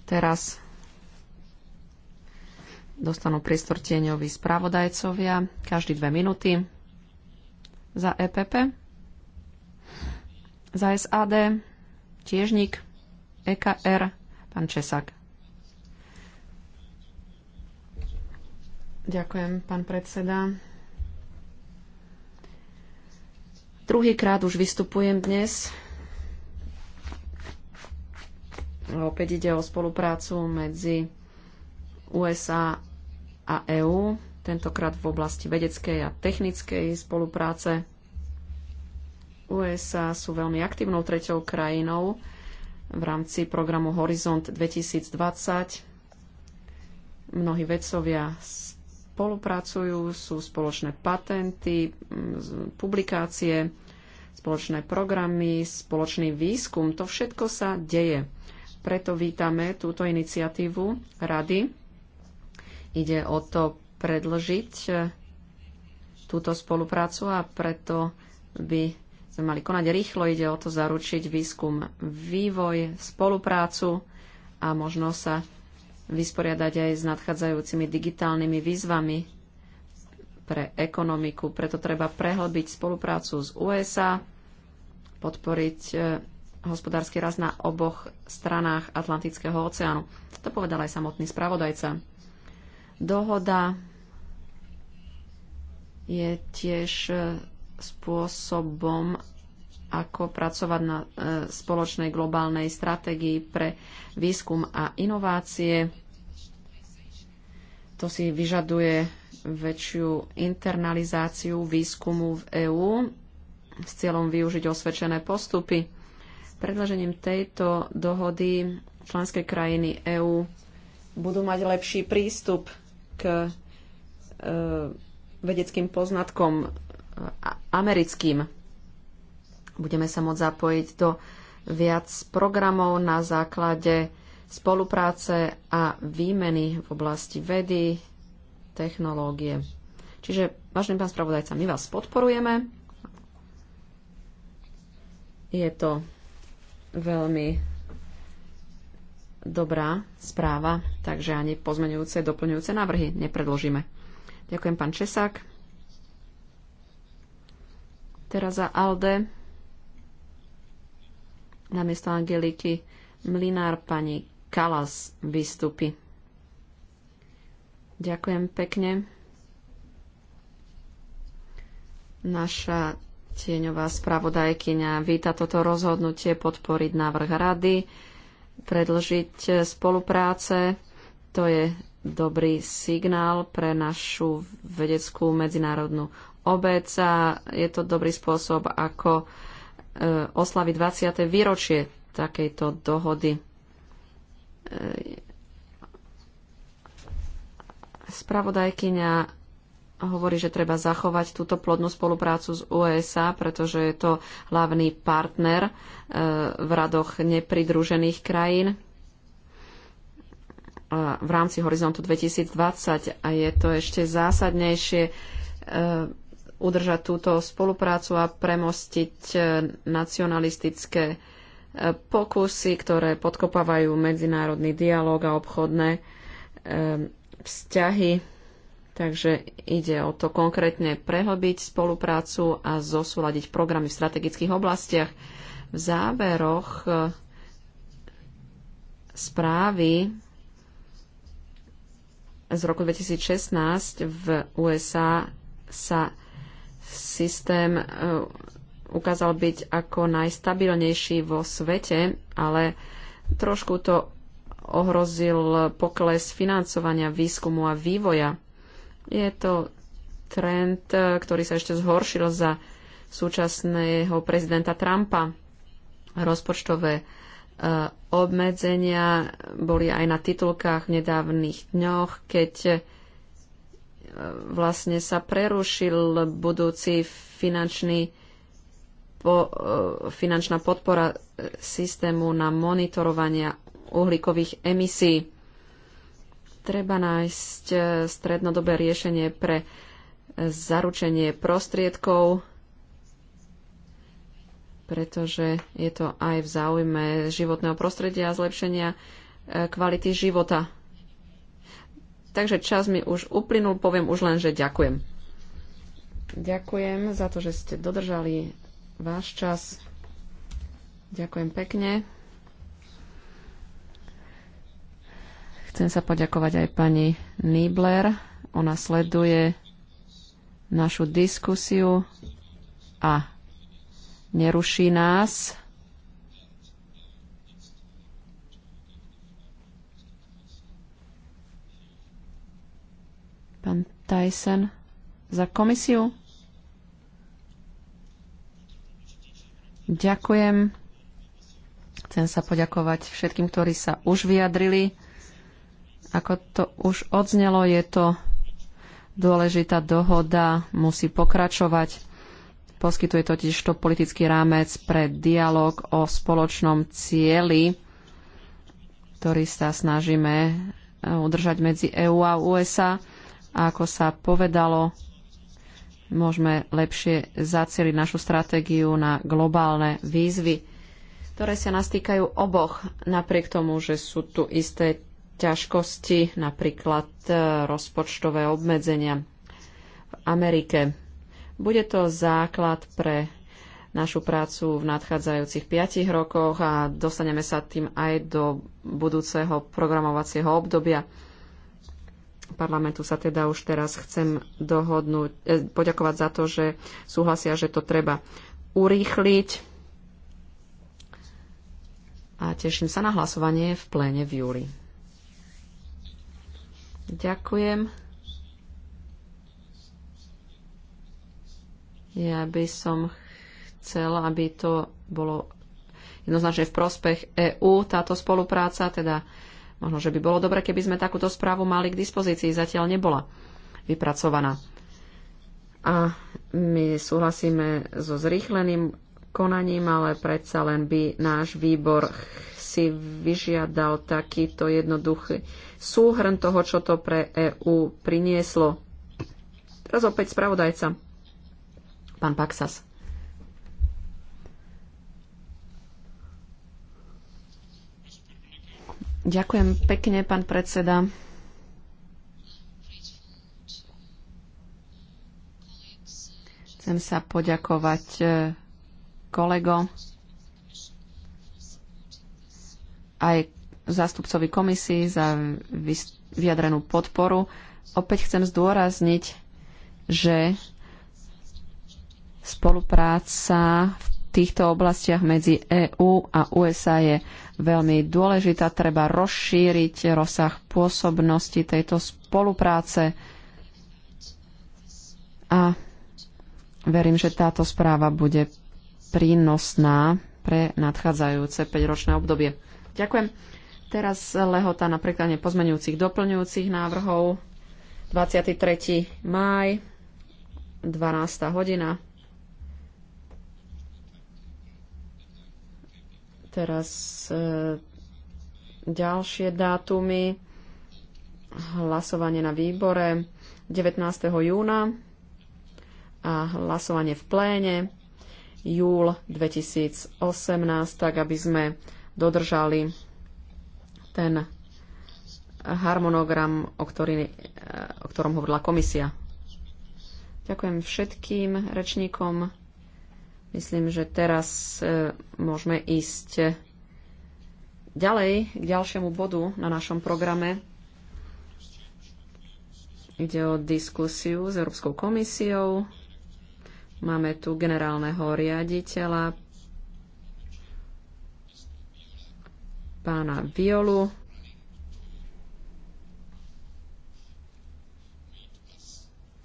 Teraz dostanú priestor tieňoví spravodajcovia, každý dve minúty za EPP, za SAD, tiežnik, EKR, pán Česak. Ďakujem, pán predseda. Druhýkrát už vystupujem dnes. Opäť ide o spoluprácu medzi USA a EÚ, tentokrát v oblasti vedeckej a technickej spolupráce. USA sú veľmi aktívnou treťou krajinou v rámci programu Horizont 2020. Mnohí vedcovia z spolupracujú, sú spoločné patenty, mm, publikácie, spoločné programy, spoločný výskum. To všetko sa deje. Preto vítame túto iniciatívu Rady. Ide o to predlžiť e, túto spoluprácu a preto by sme mali konať rýchlo. Ide o to zaručiť výskum, vývoj, spoluprácu a možno sa vysporiadať aj s nadchádzajúcimi digitálnymi výzvami pre ekonomiku. Preto treba prehlbiť spoluprácu s USA, podporiť e, hospodársky rast na oboch stranách Atlantického oceánu. To povedal aj samotný spravodajca. Dohoda je tiež e, spôsobom, ako pracovať na e, spoločnej globálnej stratégii pre výskum a inovácie. To si vyžaduje väčšiu internalizáciu výskumu v EÚ s cieľom využiť osvedčené postupy. Predložením tejto dohody členské krajiny EÚ budú mať lepší prístup k e, vedeckým poznatkom americkým Budeme sa môcť zapojiť do viac programov na základe spolupráce a výmeny v oblasti vedy, technológie. Čiže, vážený pán spravodajca, my vás podporujeme. Je to veľmi dobrá správa, takže ani pozmeňujúce, doplňujúce návrhy nepredložíme. Ďakujem, pán Česák. Teraz za Alde. Namiesto Angeliky Mlinár pani Kalas vystupy. Ďakujem pekne. Naša tieňová spravodajkyňa víta toto rozhodnutie podporiť návrh rady, predlžiť spolupráce. To je dobrý signál pre našu vedeckú medzinárodnú obec a je to dobrý spôsob, ako E, oslavy 20. výročie takejto dohody. E, spravodajkyňa hovorí, že treba zachovať túto plodnú spoluprácu s USA, e pretože je to hlavný partner v radoch nepridružených krajín v rámci horizontu 2020 a je to ešte zásadnejšie udržať túto spoluprácu a premostiť e, nacionalistické e, pokusy, ktoré podkopávajú medzinárodný dialog a obchodné e, vzťahy. Takže ide o to konkrétne prehlbiť spoluprácu a zosúľadiť programy v strategických oblastiach. V záveroch správy z roku 2016 v USA sa systém e, ukázal byť ako najstabilnejší vo svete, ale trošku to ohrozil pokles financovania výskumu a vývoja. Je to trend, e, ktorý sa ešte zhoršil za súčasného prezidenta Trumpa. Rozpočtové e, obmedzenia boli aj na titulkách v nedávnych dňoch, keď vlastne sa prerušil budúci finančný po, e, finančná podpora systému na monitorovania uhlíkových emisí. Treba nájsť e, strednodobé riešenie pre zaručenie prostriedkov, pretože je to aj v záujme životného prostredia a zlepšenia e, kvality života Takže čas mi už uplynul, poviem už len, že ďakujem. Ďakujem za to, že ste dodržali váš čas. Ďakujem pekne. Chcem sa poďakovať aj pani Nibler. Ona sleduje našu diskusiu a neruší nás. Pán Tyson za komisiu. Ďakujem. Chcem sa poďakovať všetkým, ktorí sa už vyjadrili. Ako to už odznelo, je to dôležitá dohoda, musí pokračovať. Poskytuje totiž to politický rámec pre dialog o spoločnom cieli, ktorý sa snažíme eh, udržať medzi EÚ a USA. A ako sa povedalo, môžeme lepšie zacieliť našu stratégiu na globálne výzvy, ktoré sa nás týkajú oboch, napriek tomu, že sú tu isté ťažkosti, napríklad e, rozpočtové obmedzenia v Amerike. Bude to základ pre našu prácu v nadchádzajúcich piatich rokoch a dostaneme sa tým aj do budúceho programovacieho obdobia parlamentu sa teda už teraz chcem dohodnúť, e, poďakovať za to, že súhlasia, že to treba urýchliť. A teším sa na hlasovanie v pléne v júli. Ďakujem. Ja by som chcela, aby to bolo jednoznačne v prospech EÚ, táto spolupráca, teda Možno, že by bolo dobre, keby sme takúto správu mali k dispozícii, zatiaľ nebola vypracovaná. A my súhlasíme so zrýchleným konaním, ale predsa len by náš výbor si vyžiadal takýto jednoduchý súhrn toho, čo to pre EÚ prinieslo. Teraz opäť spravodajca, pán Paksas. Ďakujem pekne, pán predseda. Chcem sa poďakovať e, kolego aj zástupcovi komisii za vyjadrenú podporu. Opäť chcem zdôrazniť, že spolupráca v týchto oblastiach medzi EÚ a USA je veľmi dôležitá. Treba rozšíriť rozsah pôsobnosti tejto spolupráce. A verím, že táto správa bude prínosná pre nadchádzajúce 5-ročné obdobie. Ďakujem. Teraz lehota na prekladanie pozmenujúcich doplňujúcich návrhov. 23. máj, 12. hodina. Teraz e, ďalšie dátumy. Hlasovanie na výbore 19. júna a hlasovanie v pléne júl 2018, tak aby sme dodržali ten harmonogram, o, ktorý, e, o ktorom hovorila komisia. Ďakujem všetkým rečníkom. Myslím, že teraz e, môžeme ísť ďalej k ďalšiemu bodu na našom programe. Ide o diskusiu s Európskou komisiou. Máme tu generálneho riaditeľa pána Violu.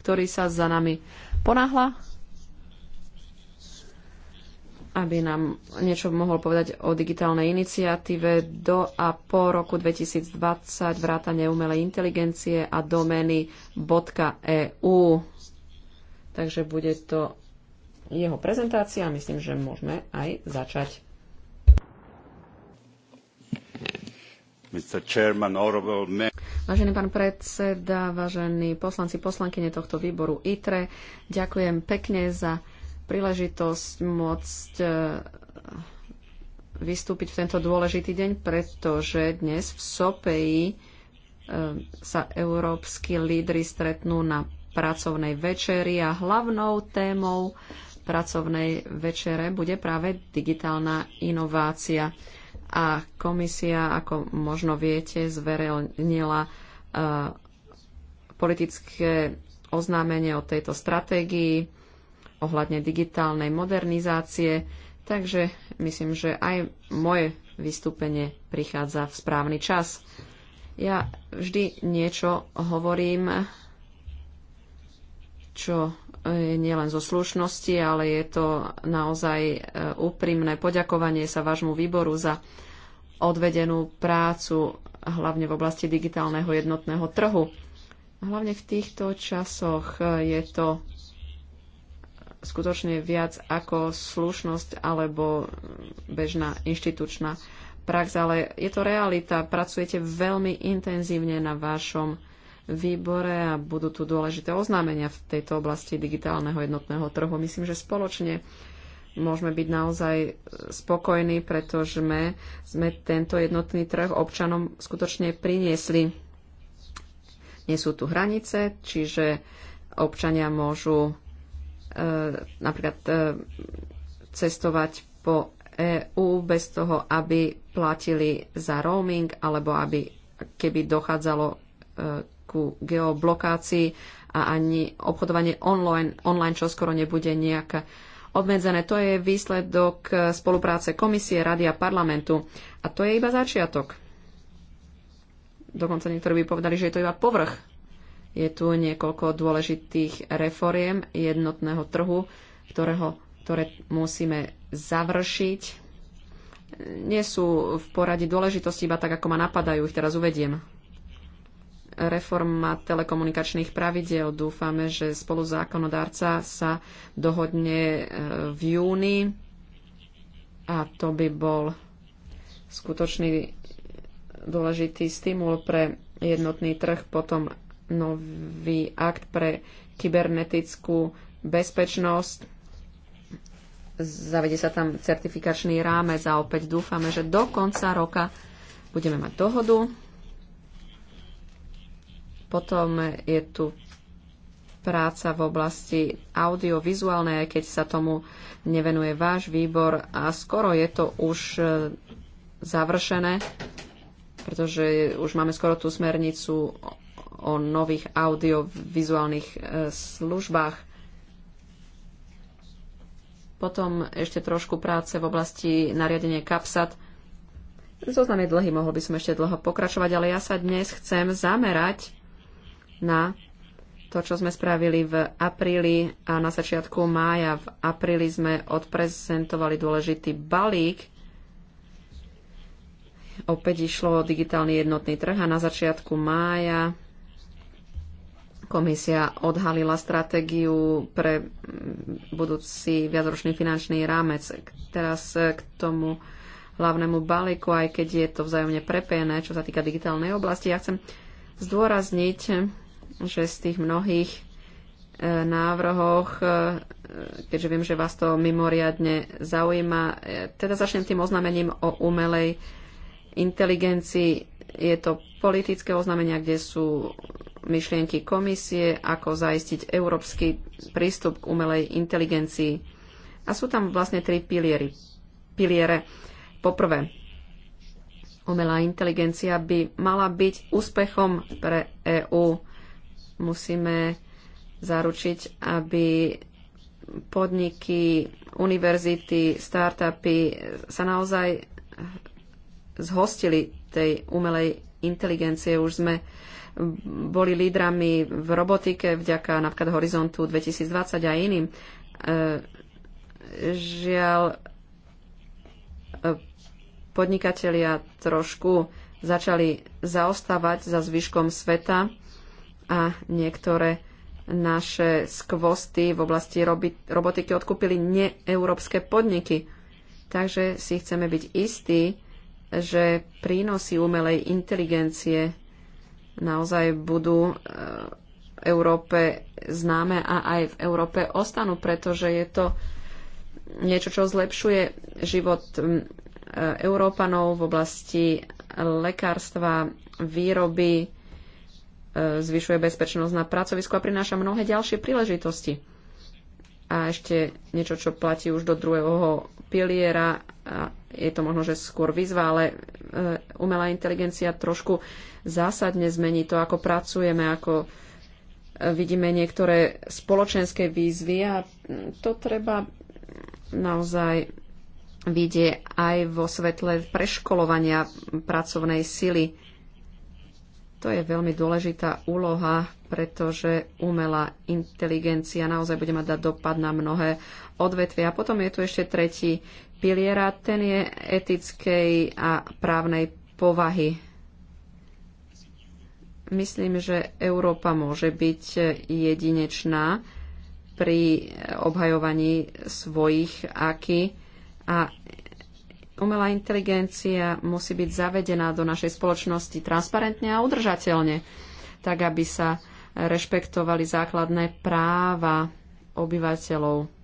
ktorý sa za nami ponáhla aby nám niečo mohol povedať o digitálnej iniciatíve do a po roku 2020 vrátane umelej inteligencie a domény .eu. Takže bude to jeho prezentácia a myslím, že môžeme aj začať. Chairman, Vážený pán predseda, vážení poslanci, poslankyne tohto výboru ITRE, ďakujem pekne za príležitosť môcť e, vystúpiť v tento dôležitý deň, pretože dnes v Sopeji e, sa európsky lídry stretnú na pracovnej večeri a hlavnou témou pracovnej večere bude práve digitálna inovácia. A komisia, ako možno viete, zverejnila e, politické oznámenie o tejto stratégii ohľadne digitálnej modernizácie, takže myslím, že aj moje vystúpenie prichádza v správny čas. Ja vždy niečo hovorím, čo je nielen zo slušnosti, ale je to naozaj e, úprimné poďakovanie sa vášmu výboru za odvedenú prácu, hlavne v oblasti digitálneho jednotného trhu. Hlavne v týchto časoch e, je to skutočne viac ako slušnosť alebo bežná inštitučná prax, ale je to realita. Pracujete veľmi intenzívne na vašom výbore a budú tu dôležité oznámenia v tejto oblasti digitálneho jednotného trhu. Myslím, že spoločne môžeme byť naozaj spokojní, pretože sme, sme tento jednotný trh občanom skutočne priniesli. Nie sú tu hranice, čiže občania môžu E, napríklad e, cestovať po EÚ bez toho, aby platili za roaming alebo aby keby dochádzalo e, ku geoblokácii a ani obchodovanie online, online skoro nebude nejak obmedzené. To je výsledok spolupráce komisie, rady a parlamentu. A to je iba začiatok. Dokonca niektorí by povedali, že je to iba povrch je tu niekoľko dôležitých reforiem jednotného trhu, ktorého, ktoré musíme završiť. Nie sú v poradí dôležitosti, iba tak, ako ma napadajú, ich teraz uvediem. Reforma telekomunikačných pravidel. Dúfame, že spoluzákonodárca sa dohodne e, v júni a to by bol skutočný dôležitý stimul pre jednotný trh. Potom nový akt pre kybernetickú bezpečnosť. Zavede sa tam certifikačný rámec a opäť dúfame, že do konca roka budeme mať dohodu. Potom je tu práca v oblasti audiovizuálnej, aj keď sa tomu nevenuje váš výbor a skoro je to už e, završené, pretože už máme skoro tú smernicu o nových audiovizuálnych e, službách. Potom ešte trošku práce v oblasti nariadenie CAPSAT. Zoznam je dlhý, mohol by som ešte dlho pokračovať, ale ja sa dnes chcem zamerať na to, čo sme spravili v apríli a na začiatku mája. V apríli sme odprezentovali dôležitý balík. Opäť išlo o digitálny jednotný trh a na začiatku mája Komisia odhalila stratégiu pre budúci viacročný finančný rámec. Teraz k tomu hlavnému balíku, aj keď je to vzájomne prepené, čo sa týka digitálnej oblasti. Ja chcem zdôrazniť, že z tých mnohých e, návrhoch, e, keďže viem, že vás to mimoriadne zaujíma, e, teda začnem tým oznámením o umelej inteligencii. Je to politické oznámenia, kde sú myšlienky komisie, ako zaistiť európsky prístup k umelej inteligencii. A sú tam vlastne tri piliery. piliere. Poprvé, umelá inteligencia by mala byť úspechom pre EÚ. Musíme zaručiť, aby podniky, univerzity, startupy sa naozaj zhostili tej umelej inteligencie. Už sme boli lídrami v robotike vďaka napríklad Horizontu 2020 a iným. E, žiaľ, e, podnikatelia trošku začali zaostávať za zvyškom sveta a niektoré naše skvosty v oblasti robotiky odkúpili neeurópske podniky. Takže si chceme byť istí, že prínosy umelej inteligencie naozaj budú e, Európe známe a aj v Európe ostanú, pretože je to niečo, čo zlepšuje život e, Európanov v oblasti lekárstva, výroby, e, zvyšuje bezpečnosť na pracovisku a prináša mnohé ďalšie príležitosti. A ešte niečo, čo platí už do druhého piliera, je to možno, že skôr výzva, ale e, umelá inteligencia trošku zásadne zmení to, ako pracujeme, ako e, vidíme niektoré spoločenské výzvy a to treba naozaj vidie aj vo svetle preškolovania pracovnej sily. To je veľmi dôležitá úloha, pretože umelá inteligencia naozaj bude mať dať dopad na mnohé odvetvia. A potom je tu ešte tretí pilier a ten je etickej a právnej povahy. Myslím, že Európa môže byť jedinečná pri obhajovaní svojich aky a umelá inteligencia musí byť zavedená do našej spoločnosti transparentne a udržateľne, tak aby sa rešpektovali základné práva obyvateľov.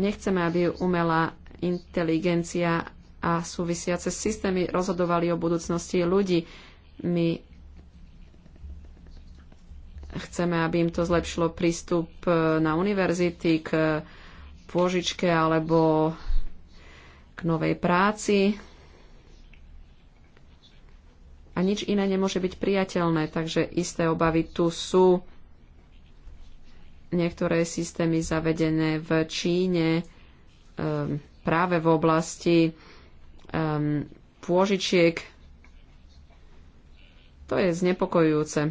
Nechceme, aby umelá inteligencia a súvisiace systémy rozhodovali o budúcnosti ľudí. My chceme, aby im to zlepšilo prístup e, na univerzity k pôžičke alebo k novej práci. A nič iné nemôže byť priateľné, takže isté obavy tu sú niektoré systémy zavedené v Číne ehm, práve v oblasti ehm, pôžičiek. To je znepokojujúce.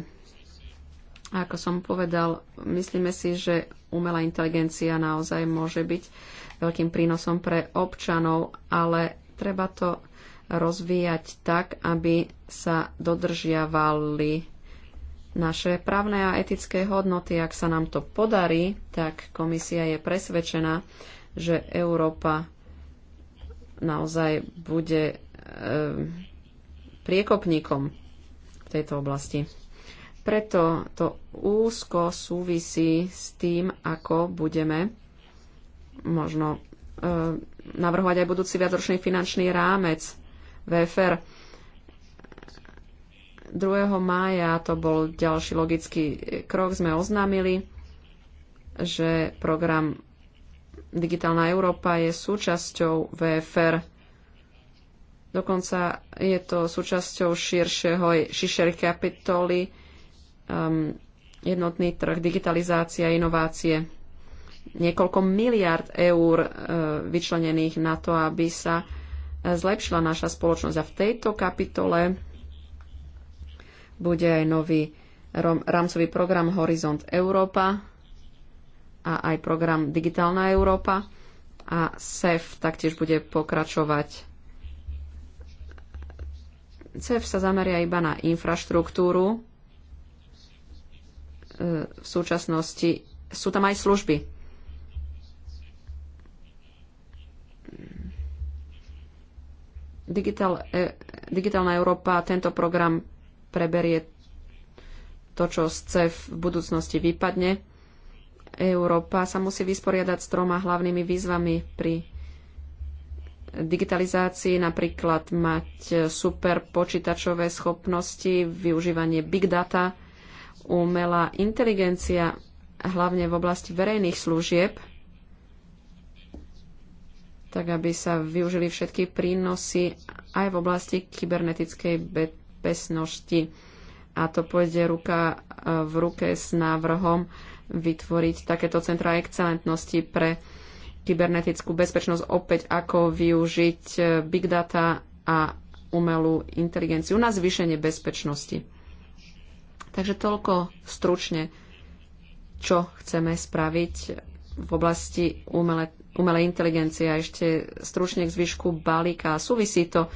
Ako som povedal, myslíme si, že umelá inteligencia naozaj môže byť veľkým prínosom pre občanov, ale treba to rozvíjať tak, aby sa dodržiavali naše právne a etické hodnoty. Ak sa nám to podarí, tak komisia je presvedčená, že Európa naozaj bude e, priekopníkom v tejto oblasti. Preto to úzko súvisí s tým, ako budeme možno e, navrhovať aj budúci viacročný finančný rámec VFR 2. mája, to bol ďalší logický krok, sme oznámili, že program Digitálna Európa je súčasťou VFR. Dokonca je to súčasťou širšieho, širšej kapitoly um, jednotný trh, digitalizácia, inovácie. Niekoľko miliard eur e, vyčlenených na to, aby sa zlepšila naša spoločnosť. A v tejto kapitole bude aj nový rámcový program Horizont Európa a aj program Digitálna Európa a SEF taktiež bude pokračovať. SEF sa zameria iba na infraštruktúru. E, v súčasnosti sú tam aj služby. Digital, e, Digitálna Európa tento program preberie to, čo z CEF v budúcnosti vypadne. Európa sa musí vysporiadať s troma hlavnými výzvami pri digitalizácii, napríklad mať super počítačové schopnosti, využívanie big data, umelá inteligencia, hlavne v oblasti verejných služieb, tak aby sa využili všetky prínosy aj v oblasti kybernetickej pesnosti. A to pôjde ruka e, v ruke s návrhom vytvoriť takéto centra excelentnosti pre kybernetickú bezpečnosť, opäť ako využiť e, big data a umelú inteligenciu na zvýšenie bezpečnosti. Takže toľko stručne, čo chceme spraviť v oblasti umele, umelej inteligencie. A ešte stručne k zvyšku balíka. Súvisí to,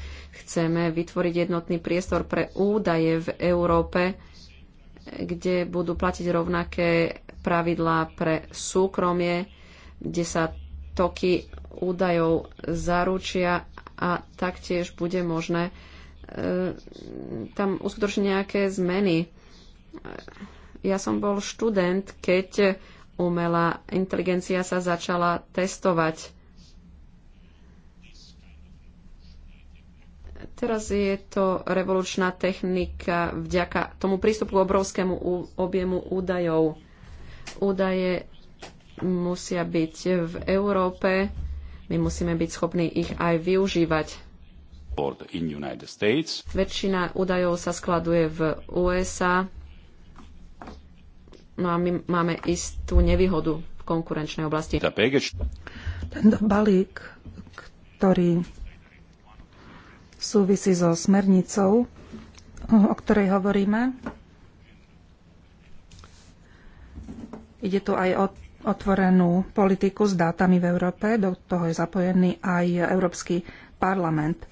chceme vytvoriť jednotný priestor pre údaje v Európe, kde budú platiť rovnaké pravidlá pre súkromie, kde sa toky údajov zaručia a taktiež bude možné e, tam uskutočniť nejaké zmeny. Ja som bol študent, keď umelá inteligencia sa začala testovať. Teraz je to revolučná technika vďaka tomu prístupu k obrovskému objemu údajov. Údaje musia byť v Európe, my musíme byť schopní ich aj využívať. Väčšina údajov sa skladuje v USA, máme, máme istú nevýhodu v konkurenčnej oblasti. Tento balík, ktorý súvisí so smernicou, o ktorej hovoríme, ide tu aj o otvorenú politiku s dátami v Európe, do toho je zapojený aj Európsky parlament.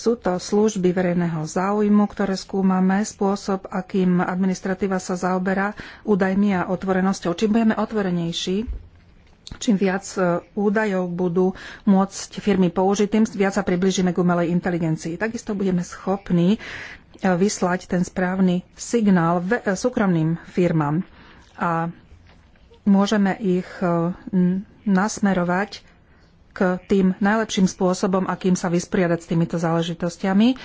Sú to služby verejného záujmu, ktoré skúmame, spôsob, akým administratíva sa zaoberá údajmi a otvorenosťou. Čím budeme otvorenejší, čím viac e, údajov budú môcť firmy použiť, tým viac sa približíme k umelej inteligencii. Takisto budeme schopní e, vyslať ten správny signál e, súkromným firmám a môžeme ich nasmerovať k tým najlepším spôsobom, akým sa vysporiadať s týmito záležitostiami. E,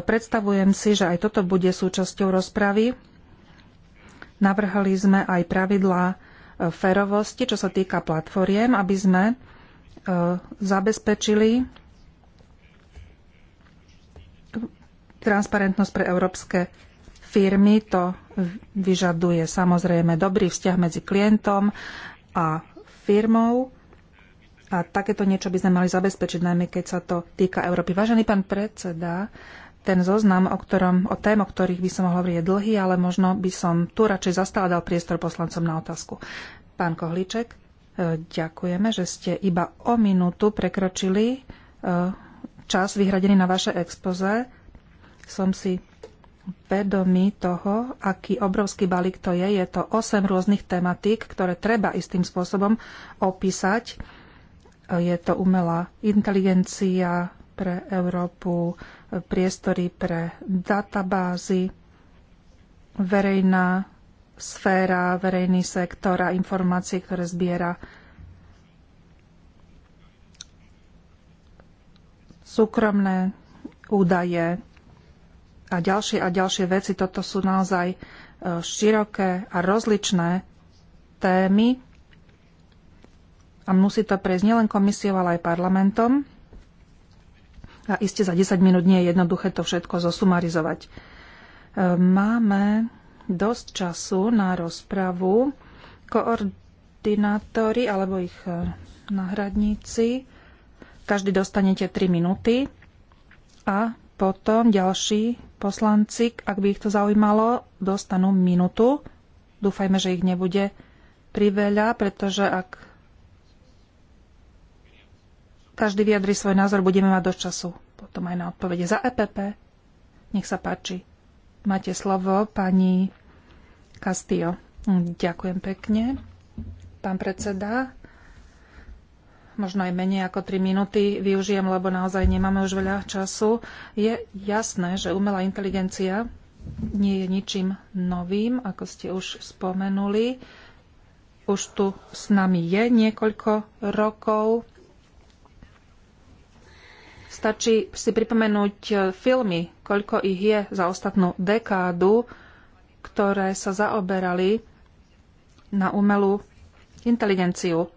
predstavujem si, že aj toto bude súčasťou rozpravy. Navrhali sme aj pravidlá e, ferovosti, čo sa týka platformiem, aby sme e, zabezpečili transparentnosť pre európske firmy. To vyžaduje samozrejme dobrý vzťah medzi klientom a firmou a takéto niečo by sme mali zabezpečiť, najmä keď sa to týka Európy. Vážený pán predseda, ten zoznam, o, ktorom, o tém, o ktorých by som mohla hovoriť, je dlhý, ale možno by som tu radšej zastala dal priestor poslancom na otázku. Pán kohliček, e, ďakujeme, že ste iba o minútu prekročili e, čas vyhradený na vaše expoze. Som si vedomí toho, aký obrovský balík to je. Je to 8 rôznych tematík, ktoré treba istým spôsobom opísať je to umelá inteligencia pre Európu, priestory pre databázy, verejná sféra, verejný sektor a informácie, ktoré zbiera súkromné údaje a ďalšie a ďalšie veci. Toto sú naozaj e, široké a rozličné témy, a musí to prejsť nielen komisiou, ale aj parlamentom. A iste za 10 minút nie je jednoduché to všetko zosumarizovať. E, máme dosť času na rozpravu. Koordinátori alebo ich e, náhradníci, každý dostanete 3 minúty a potom ďalší poslanci, ak by ich to zaujímalo, dostanú minútu. Dúfajme, že ich nebude priveľa, pretože ak každý vyjadri svoj názor, budeme mať dosť času potom aj na odpovede. Za EPP, nech sa páči. Máte slovo, pani Castillo. Ďakujem pekne. Pán predseda, možno aj menej ako 3 minúty využijem, lebo naozaj nemáme už veľa času. Je jasné, že umelá inteligencia nie je ničím novým, ako ste už spomenuli. Už tu s nami je niekoľko rokov. Stačí si pripomenúť e, filmy, koľko ich je za ostatnú dekádu, ktoré sa zaoberali na umelú inteligenciu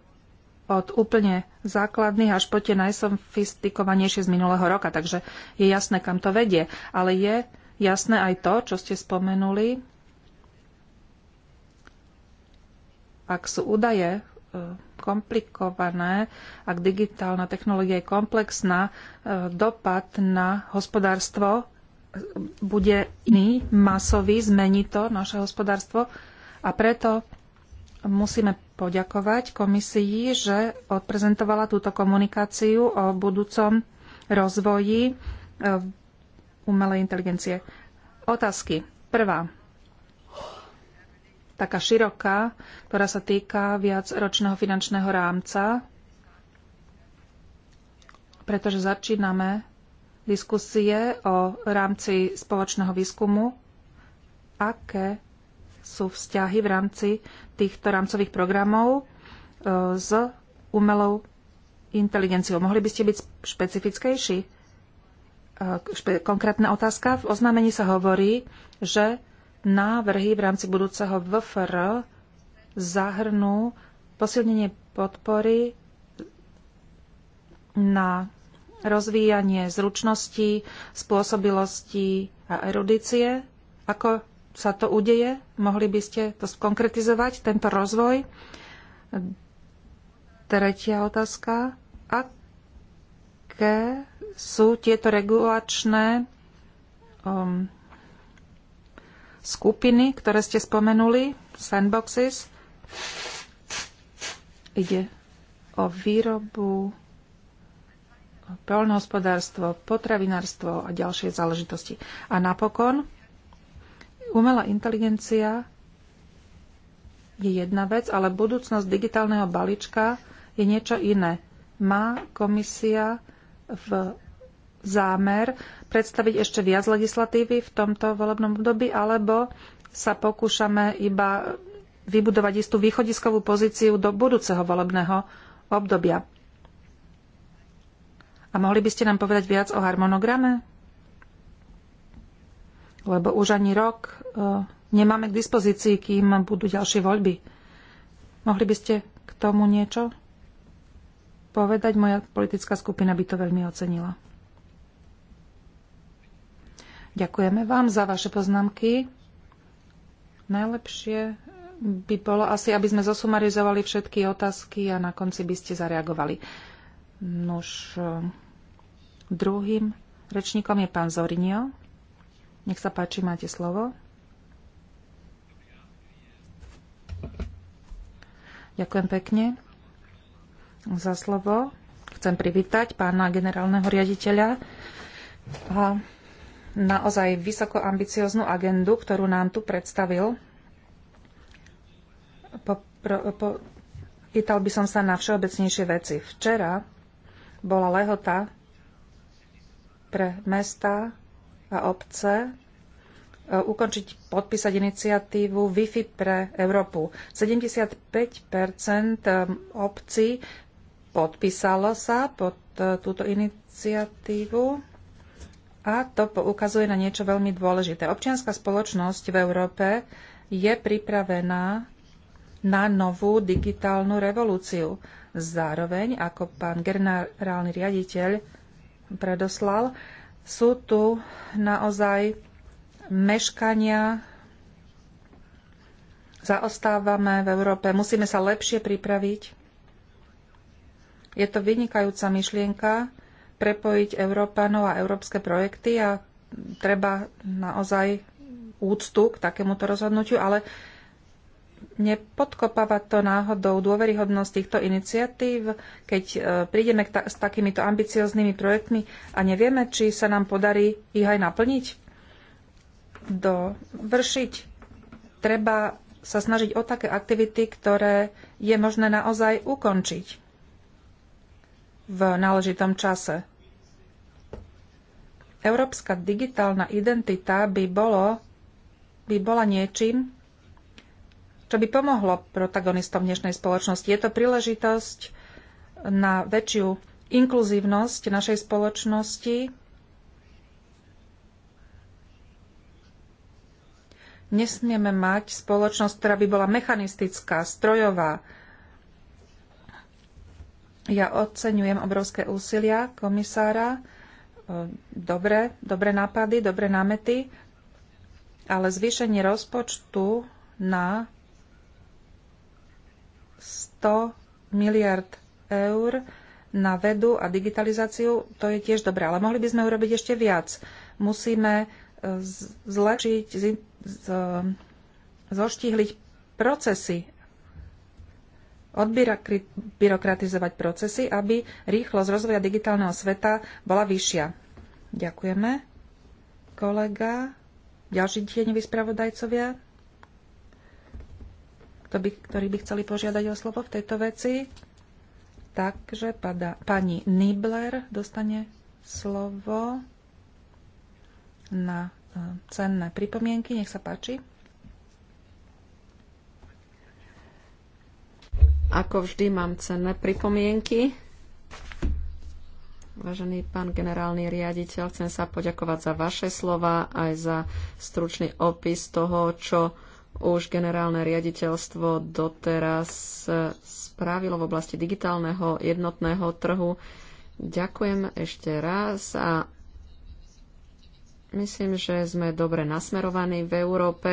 od úplne základných až po tie najsofistikovanejšie z minulého roka. Takže je jasné, kam to vedie. Ale je jasné aj to, čo ste spomenuli. Ak sú údaje E, komplikované, ak digitálna technológia je komplexná, e, dopad na hospodárstvo bude iný, masový, zmení to naše hospodárstvo a preto musíme poďakovať komisii, že odprezentovala túto komunikáciu o budúcom rozvoji e, umelej inteligencie. Otázky. Prvá taká široká, ktorá sa týka viac ročného finančného rámca, pretože začíname diskusie o rámci spoločného výskumu, aké sú vzťahy v rámci týchto rámcových programov e, s umelou inteligenciou. Mohli by ste byť špecifickejší? E, konkrétna otázka. V oznámení sa hovorí, že návrhy v rámci budúceho VFR zahrnú posilnenie podpory na rozvíjanie zručností, spôsobilostí a erudície. Ako sa to udeje? Mohli by ste to skonkretizovať, tento rozvoj? Tretia otázka. Aké sú tieto regulačné um, skupiny, ktoré ste spomenuli, sandboxes. Ide o výrobu, poľnohospodárstvo, potravinárstvo a ďalšie záležitosti. A napokon, umelá inteligencia je jedna vec, ale budúcnosť digitálneho balíčka je niečo iné. Má komisia v zámer predstaviť ešte viac legislatívy v tomto volebnom období, alebo sa pokúšame iba vybudovať istú východiskovú pozíciu do budúceho volebného obdobia. A mohli by ste nám povedať viac o harmonograme? Lebo už ani rok e, nemáme k dispozícii, kým budú ďalšie voľby. Mohli by ste k tomu niečo povedať? Moja politická skupina by to veľmi ocenila. Ďakujeme vám za vaše poznámky. Najlepšie by bolo asi, aby sme zosumarizovali všetky otázky a na konci by ste zareagovali. Nož e, druhým rečníkom je pán Zorinio. Nech sa páči, máte slovo. Ďakujem pekne za slovo. Chcem privítať pána generálneho riaditeľa a naozaj vysoko ambicioznú agendu, ktorú nám tu predstavil. Po, pro, po, pýtal by som sa na všeobecnejšie veci. Včera bola lehota pre mesta a obce e, ukončiť, podpísať iniciatívu Wi-Fi pre Európu. 75 e, obcí podpísalo sa pod e, túto iniciatívu. A to poukazuje na niečo veľmi dôležité. Občianská spoločnosť v Európe je pripravená na novú digitálnu revolúciu. Zároveň, ako pán generálny riaditeľ predoslal, sú tu naozaj meškania, zaostávame v Európe, musíme sa lepšie pripraviť. Je to vynikajúca myšlienka, prepojiť Európanov a európske projekty a treba naozaj úctu k takémuto rozhodnutiu, ale nepodkopávať to náhodou dôveryhodnosť týchto iniciatív, keď e, prídeme ta- s takýmito ambicioznými projektmi a nevieme, či sa nám podarí ich aj naplniť, dovršiť. Treba sa snažiť o také aktivity, ktoré je možné naozaj ukončiť v náležitom čase. Európska digitálna identita by, bolo, by bola niečím, čo by pomohlo protagonistom dnešnej spoločnosti. Je to príležitosť na väčšiu inkluzívnosť našej spoločnosti. Nesmieme mať spoločnosť, ktorá by bola mechanistická, strojová. Ja oceňujem obrovské úsilia komisára, dobré, dobré nápady, dobré námety, ale zvýšenie rozpočtu na 100 miliard eur na vedu a digitalizáciu, to je tiež dobré, ale mohli by sme urobiť ešte viac. Musíme e, zlepšiť, e, zoštihliť procesy odbyrokratizovať procesy, aby rýchlosť rozvoja digitálneho sveta bola vyššia. Ďakujeme. Kolega, ďalší tieňoví spravodajcovia, kto by, ktorí by chceli požiadať o slovo v tejto veci. Takže pada, pani Nibler dostane slovo na eh, cenné pripomienky. Nech sa páči. Ako vždy mám cenné pripomienky. Vážený pán generálny riaditeľ, chcem sa poďakovať za vaše slova aj za stručný opis toho, čo už generálne riaditeľstvo doteraz spravilo v oblasti digitálneho jednotného trhu. Ďakujem ešte raz a myslím, že sme dobre nasmerovaní v Európe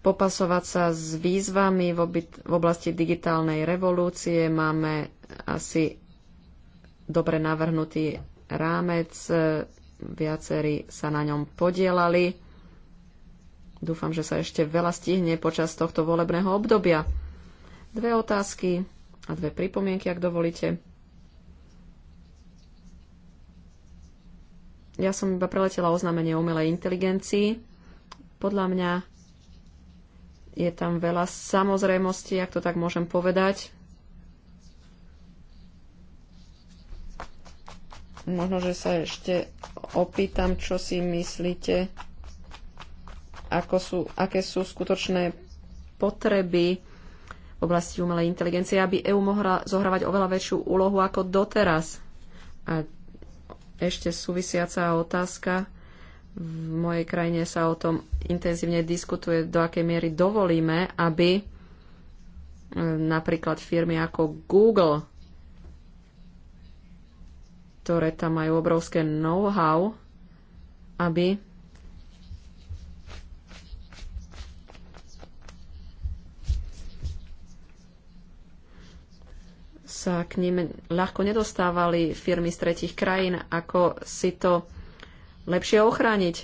popasovať sa s výzvami v, v oblasti digitálnej revolúcie. Máme asi dobre navrhnutý rámec, e, viacerí sa na ňom podielali. Dúfam, že sa ešte veľa stihne počas tohto volebného obdobia. Dve otázky a dve pripomienky, ak dovolíte. Ja som iba preletela oznámenie umelej inteligencii. Podľa mňa je tam veľa samozrejmostí, ak to tak môžem povedať. Možno, že sa ešte opýtam, čo si myslíte, ako sú, aké sú skutočné potreby v oblasti umelej inteligencie, aby EU mohla zohrávať oveľa väčšiu úlohu ako doteraz. A ešte súvisiaca otázka v mojej krajine sa o tom intenzívne diskutuje, do akej miery dovolíme, aby e, napríklad firmy ako Google, ktoré tam majú obrovské know-how, aby sa k ním ľahko nedostávali firmy z tretich krajín, ako si to lepšie ochrániť.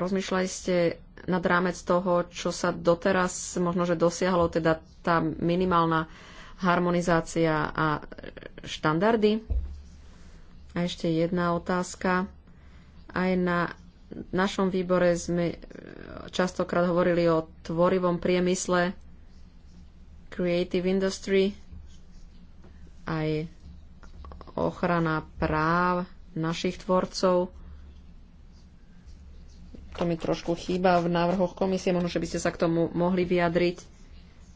Rozmýšľali ste nad rámec toho, čo sa doteraz možno, že dosiahlo, teda tá minimálna harmonizácia a štandardy. A ešte jedna otázka. Aj na našom výbore sme častokrát hovorili o tvorivom priemysle, creative industry, aj ochrana práv našich tvorcov. To mi trošku chýba v návrhoch komisie, možno, že by ste sa k tomu mohli vyjadriť.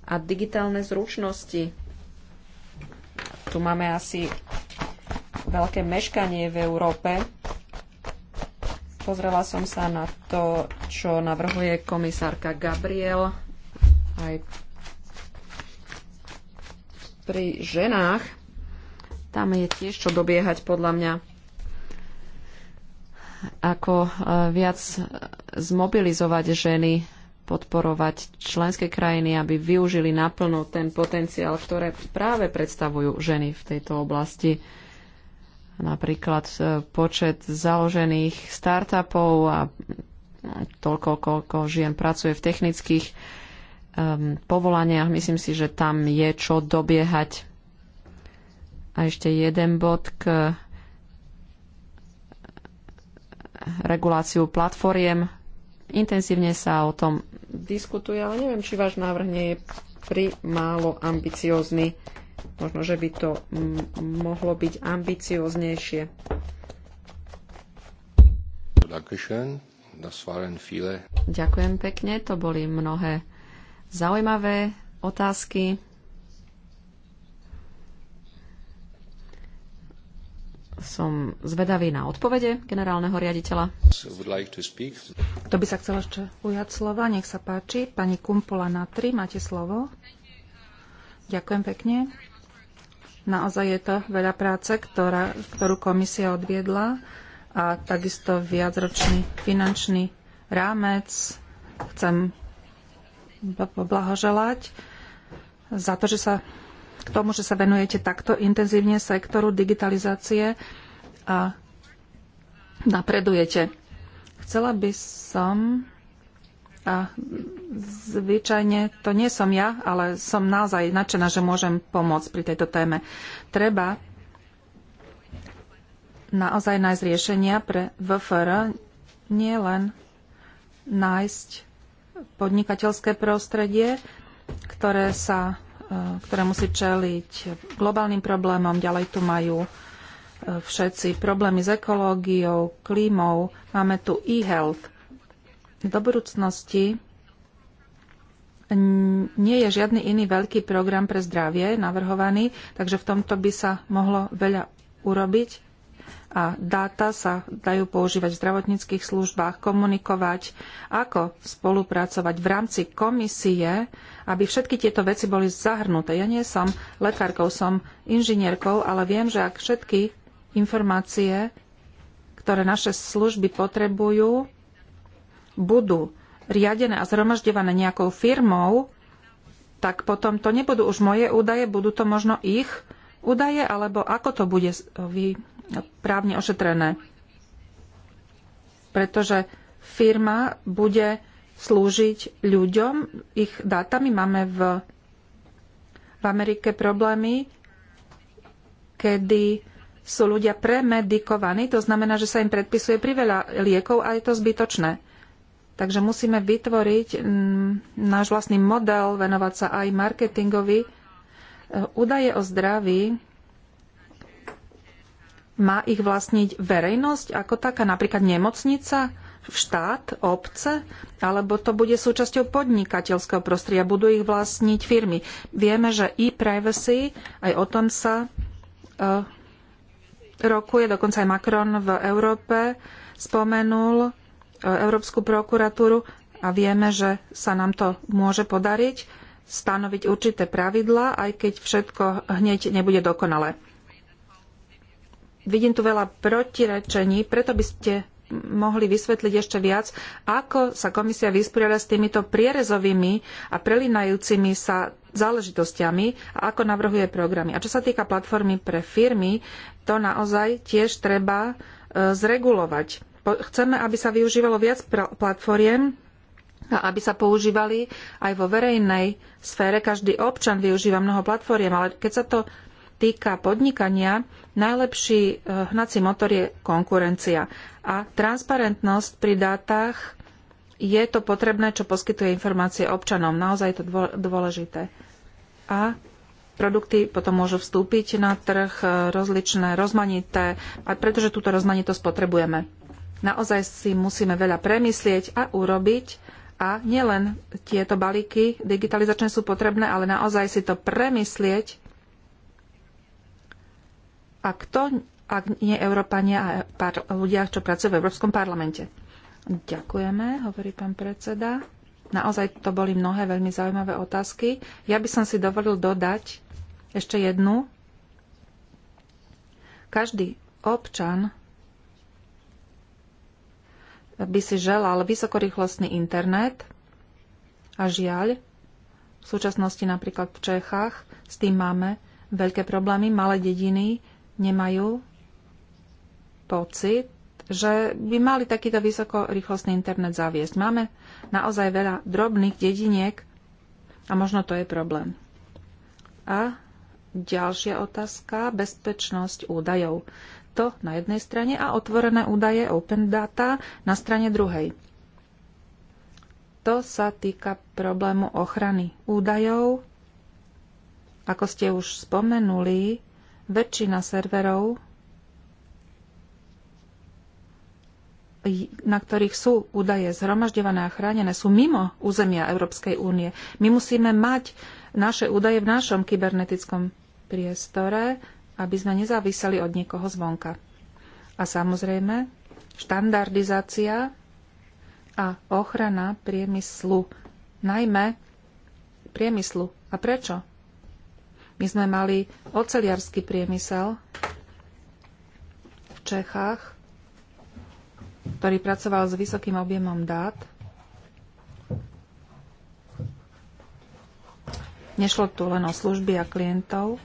A digitálne zručnosti. Tu máme asi veľké meškanie v Európe. Pozrela som sa na to, čo navrhuje komisárka Gabriel aj pri ženách tam je tiež čo dobiehať podľa mňa. Ako e, viac zmobilizovať ženy, podporovať členské krajiny, aby využili naplno ten potenciál, ktoré práve predstavujú ženy v tejto oblasti. Napríklad e, počet založených startupov a toľko, koľko žien pracuje v technických um, povolaniach. Myslím si, že tam je čo dobiehať. A ešte jeden bod k reguláciu platformiem. Intenzívne sa o tom diskutuje, ale neviem, či váš návrh nie je pri málo ambiciózny. Možno, že by to mohlo byť ambicióznejšie. Ďakujem pekne, to boli mnohé zaujímavé otázky. som zvedavý na odpovede generálneho riaditeľa. Kto by sa chcel ešte ujať slova? Nech sa páči. Pani Kumpola na tri, máte slovo. Ďakujem pekne. Naozaj je to veľa práce, ktorá, ktorú komisia odviedla a takisto viacročný finančný rámec. Chcem poblahoželať za to, že sa k tomu, že sa venujete takto intenzívne sektoru digitalizácie a napredujete. Chcela by som, a zvyčajne to nie som ja, ale som naozaj nadšená, že môžem pomôcť pri tejto téme. Treba naozaj nájsť riešenia pre VFR, nie len nájsť podnikateľské prostredie, ktoré sa E, ktoré musí čeliť globálnym problémom. Ďalej tu majú e, všetci problémy s ekológiou, klímou. Máme tu e-health. Do budúcnosti nie je žiadny iný veľký program pre zdravie navrhovaný, takže v tomto by sa mohlo veľa urobiť a dáta sa dajú používať v zdravotníckých službách, komunikovať, ako spolupracovať v rámci komisie, aby všetky tieto veci boli zahrnuté. Ja nie som lekárkou, som inžinierkou, ale viem, že ak všetky informácie, ktoré naše služby potrebujú, budú riadené a zhromažďované nejakou firmou, tak potom to nebudú už moje údaje, budú to možno ich údaje, alebo ako to bude vy právne ošetrené. Pretože firma bude slúžiť ľuďom, ich dátami máme v, v Amerike problémy, kedy sú ľudia premedikovaní, to znamená, že sa im predpisuje priveľa liekov a je to zbytočné. Takže musíme vytvoriť náš vlastný model, venovať sa aj marketingovi. E, údaje o zdraví má ich vlastniť verejnosť ako taká, napríklad nemocnica, štát, obce, alebo to bude súčasťou podnikateľského prostredia, budú ich vlastniť firmy. Vieme, že e-privacy, aj o tom sa uh, rokuje, dokonca aj Macron v Európe spomenul uh, Európsku prokuratúru a vieme, že sa nám to môže podariť stanoviť určité pravidlá, aj keď všetko hneď nebude dokonalé vidím tu veľa protirečení, preto by ste mohli vysvetliť ešte viac, ako sa komisia vysporiada s týmito prierezovými a prelinajúcimi sa záležitostiami a ako navrhuje programy. A čo sa týka platformy pre firmy, to naozaj tiež treba e, zregulovať. Chceme, aby sa využívalo viac platformiem a aby sa používali aj vo verejnej sfére. Každý občan využíva mnoho platformiem, ale keď sa to týka podnikania, najlepší e, hnací motor je konkurencia. A transparentnosť pri dátach je to potrebné, čo poskytuje informácie občanom. Naozaj je to dôležité. A produkty potom môžu vstúpiť na trh e, rozličné, rozmanité, a pretože túto rozmanitosť potrebujeme. Naozaj si musíme veľa premyslieť a urobiť a nielen tieto balíky digitalizačné sú potrebné, ale naozaj si to premyslieť a kto, ak nie Európania a pár ľudia, čo pracujú v Európskom parlamente? Ďakujeme, hovorí pán predseda. Naozaj to boli mnohé veľmi zaujímavé otázky. Ja by som si dovolil dodať ešte jednu. Každý občan by si želal vysokorýchlostný internet a žiaľ, v súčasnosti napríklad v Čechách s tým máme veľké problémy, malé dediny nemajú pocit, že by mali takýto vysokorýchlostný internet zaviesť. Máme naozaj veľa drobných dediniek a možno to je problém. A ďalšia otázka, bezpečnosť údajov. To na jednej strane a otvorené údaje Open Data na strane druhej. To sa týka problému ochrany údajov. Ako ste už spomenuli, väčšina serverov, na ktorých sú údaje zhromažďované a chránené, sú mimo územia Európskej únie. My musíme mať naše údaje v našom kybernetickom priestore, aby sme nezáviseli od niekoho zvonka. A samozrejme, štandardizácia a ochrana priemyslu, najmä priemyslu. A prečo? My sme mali oceliarský priemysel v Čechách, ktorý pracoval s vysokým objemom dát. Nešlo tu len o služby a klientov,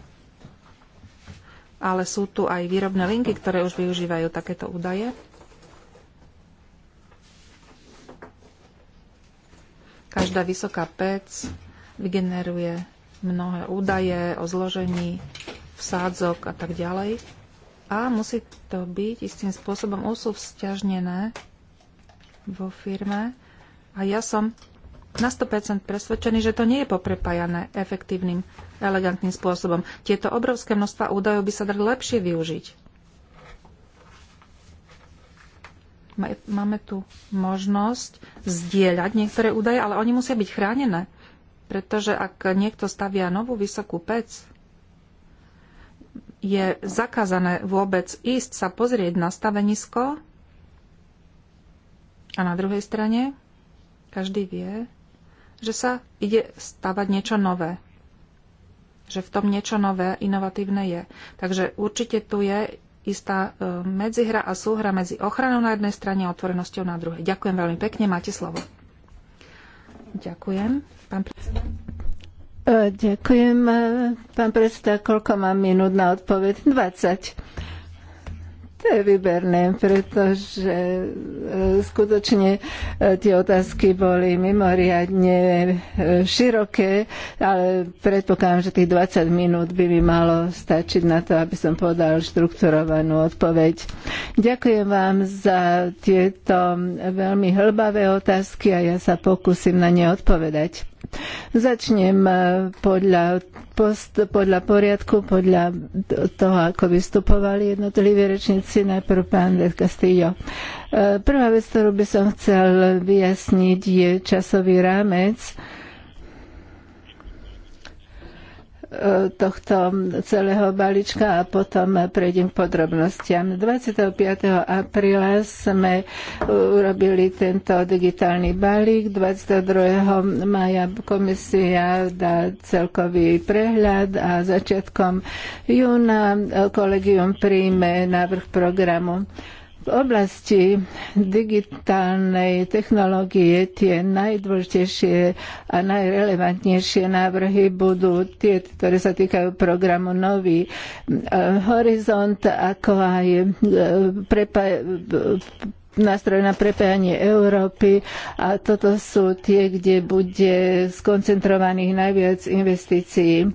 ale sú tu aj výrobné linky, ktoré už využívajú takéto údaje. Každá vysoká pec vygeneruje mnohé údaje o zložení vsádzok a tak ďalej. A musí to byť istým spôsobom usúvzťažnené vo firme. A ja som na 100% presvedčený, že to nie je poprepájané efektívnym, elegantným spôsobom. Tieto obrovské množstva údajov by sa dali lepšie využiť. Máme tu možnosť zdieľať niektoré údaje, ale oni musia byť chránené. Pretože ak niekto stavia novú vysokú pec, je zakázané vôbec ísť sa pozrieť na stavenisko a na druhej strane každý vie, že sa ide stavať niečo nové. Že v tom niečo nové, inovatívne je. Takže určite tu je istá e, medzihra a súhra medzi ochranou na jednej strane a otvorenosťou na druhej. Ďakujem veľmi pekne, máte slovo. Ďakujem. Pán predseda. E, ďakujem, e, pán predseda. Koľko mám minút na odpoveď? 20. To je vyberné, pretože e, skutočne e, tie otázky boli mimoriadne e, široké, ale predpokladám, že tých 20 minút by mi malo stačiť na to, aby som podal štrukturovanú odpoveď. Ďakujem vám za tieto veľmi hlbavé otázky a ja sa pokúsim na ne odpovedať. Začnem eh, podľa, post, podľa poriadku, podľa toho, ako vystupovali jednotliví rečníci. Najprv pán Ved Castillo. Eh, prvá vec, ktorú by som chcel vyjasniť, je časový rámec, tohto celého balíčka a potom prejdem k podrobnostiam. 25. apríla sme urobili tento digitálny balík, 22. maja komisia dá celkový prehľad a začiatkom júna kolegium príjme návrh programu. V oblasti digitálnej technológie tie najdôležitejšie a najrelevantnejšie návrhy budú tie, ktoré sa týkajú programu Nový e, horizont, ako aj e, prepa- nástroj na prepájanie Európy a toto sú tie, kde bude skoncentrovaných najviac investícií.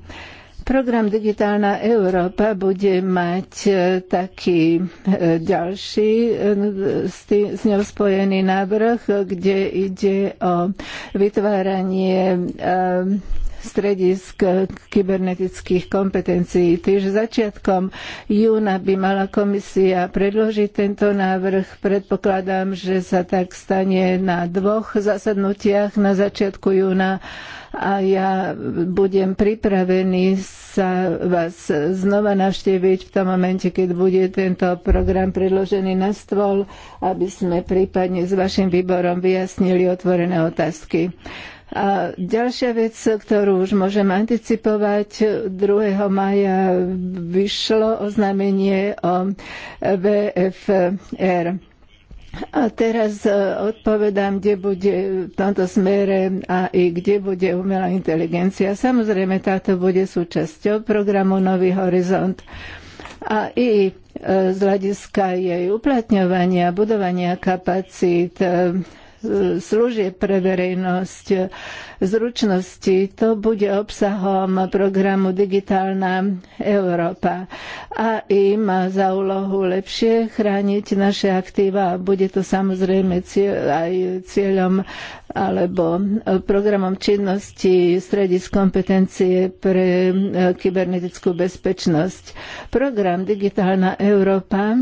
Program Digitálna Európa bude mať e, taký e, ďalší e, s, tý, s ňou spojený návrh, kde ide o vytváranie stredisk kybernetických kompetencií. Tiež začiatkom júna by mala komisia predložiť tento návrh. Predpokladám, že sa tak stane na dvoch zasadnutiach na začiatku júna a ja budem pripravený sa vás znova navštíviť v tom momente, keď bude tento program predložený na stôl, aby sme prípadne s vašim výborom vyjasnili otvorené otázky. A ďalšia vec, ktorú už môžem anticipovať, 2. maja vyšlo oznámenie o VFR. A teraz e, odpovedám, kde bude v tomto smere a i kde bude umelá inteligencia. Samozrejme, táto bude súčasťou programu Nový horizont. A i e, z hľadiska jej uplatňovania, budovania kapacít, e, služieb pre verejnosť, zručnosti. To bude obsahom programu Digitálna Európa. A i má za úlohu lepšie chrániť naše aktíva a bude to samozrejme aj cieľom alebo programom činnosti stredisk kompetencie pre eh, kybernetickú bezpečnosť. Program Digitálna Európa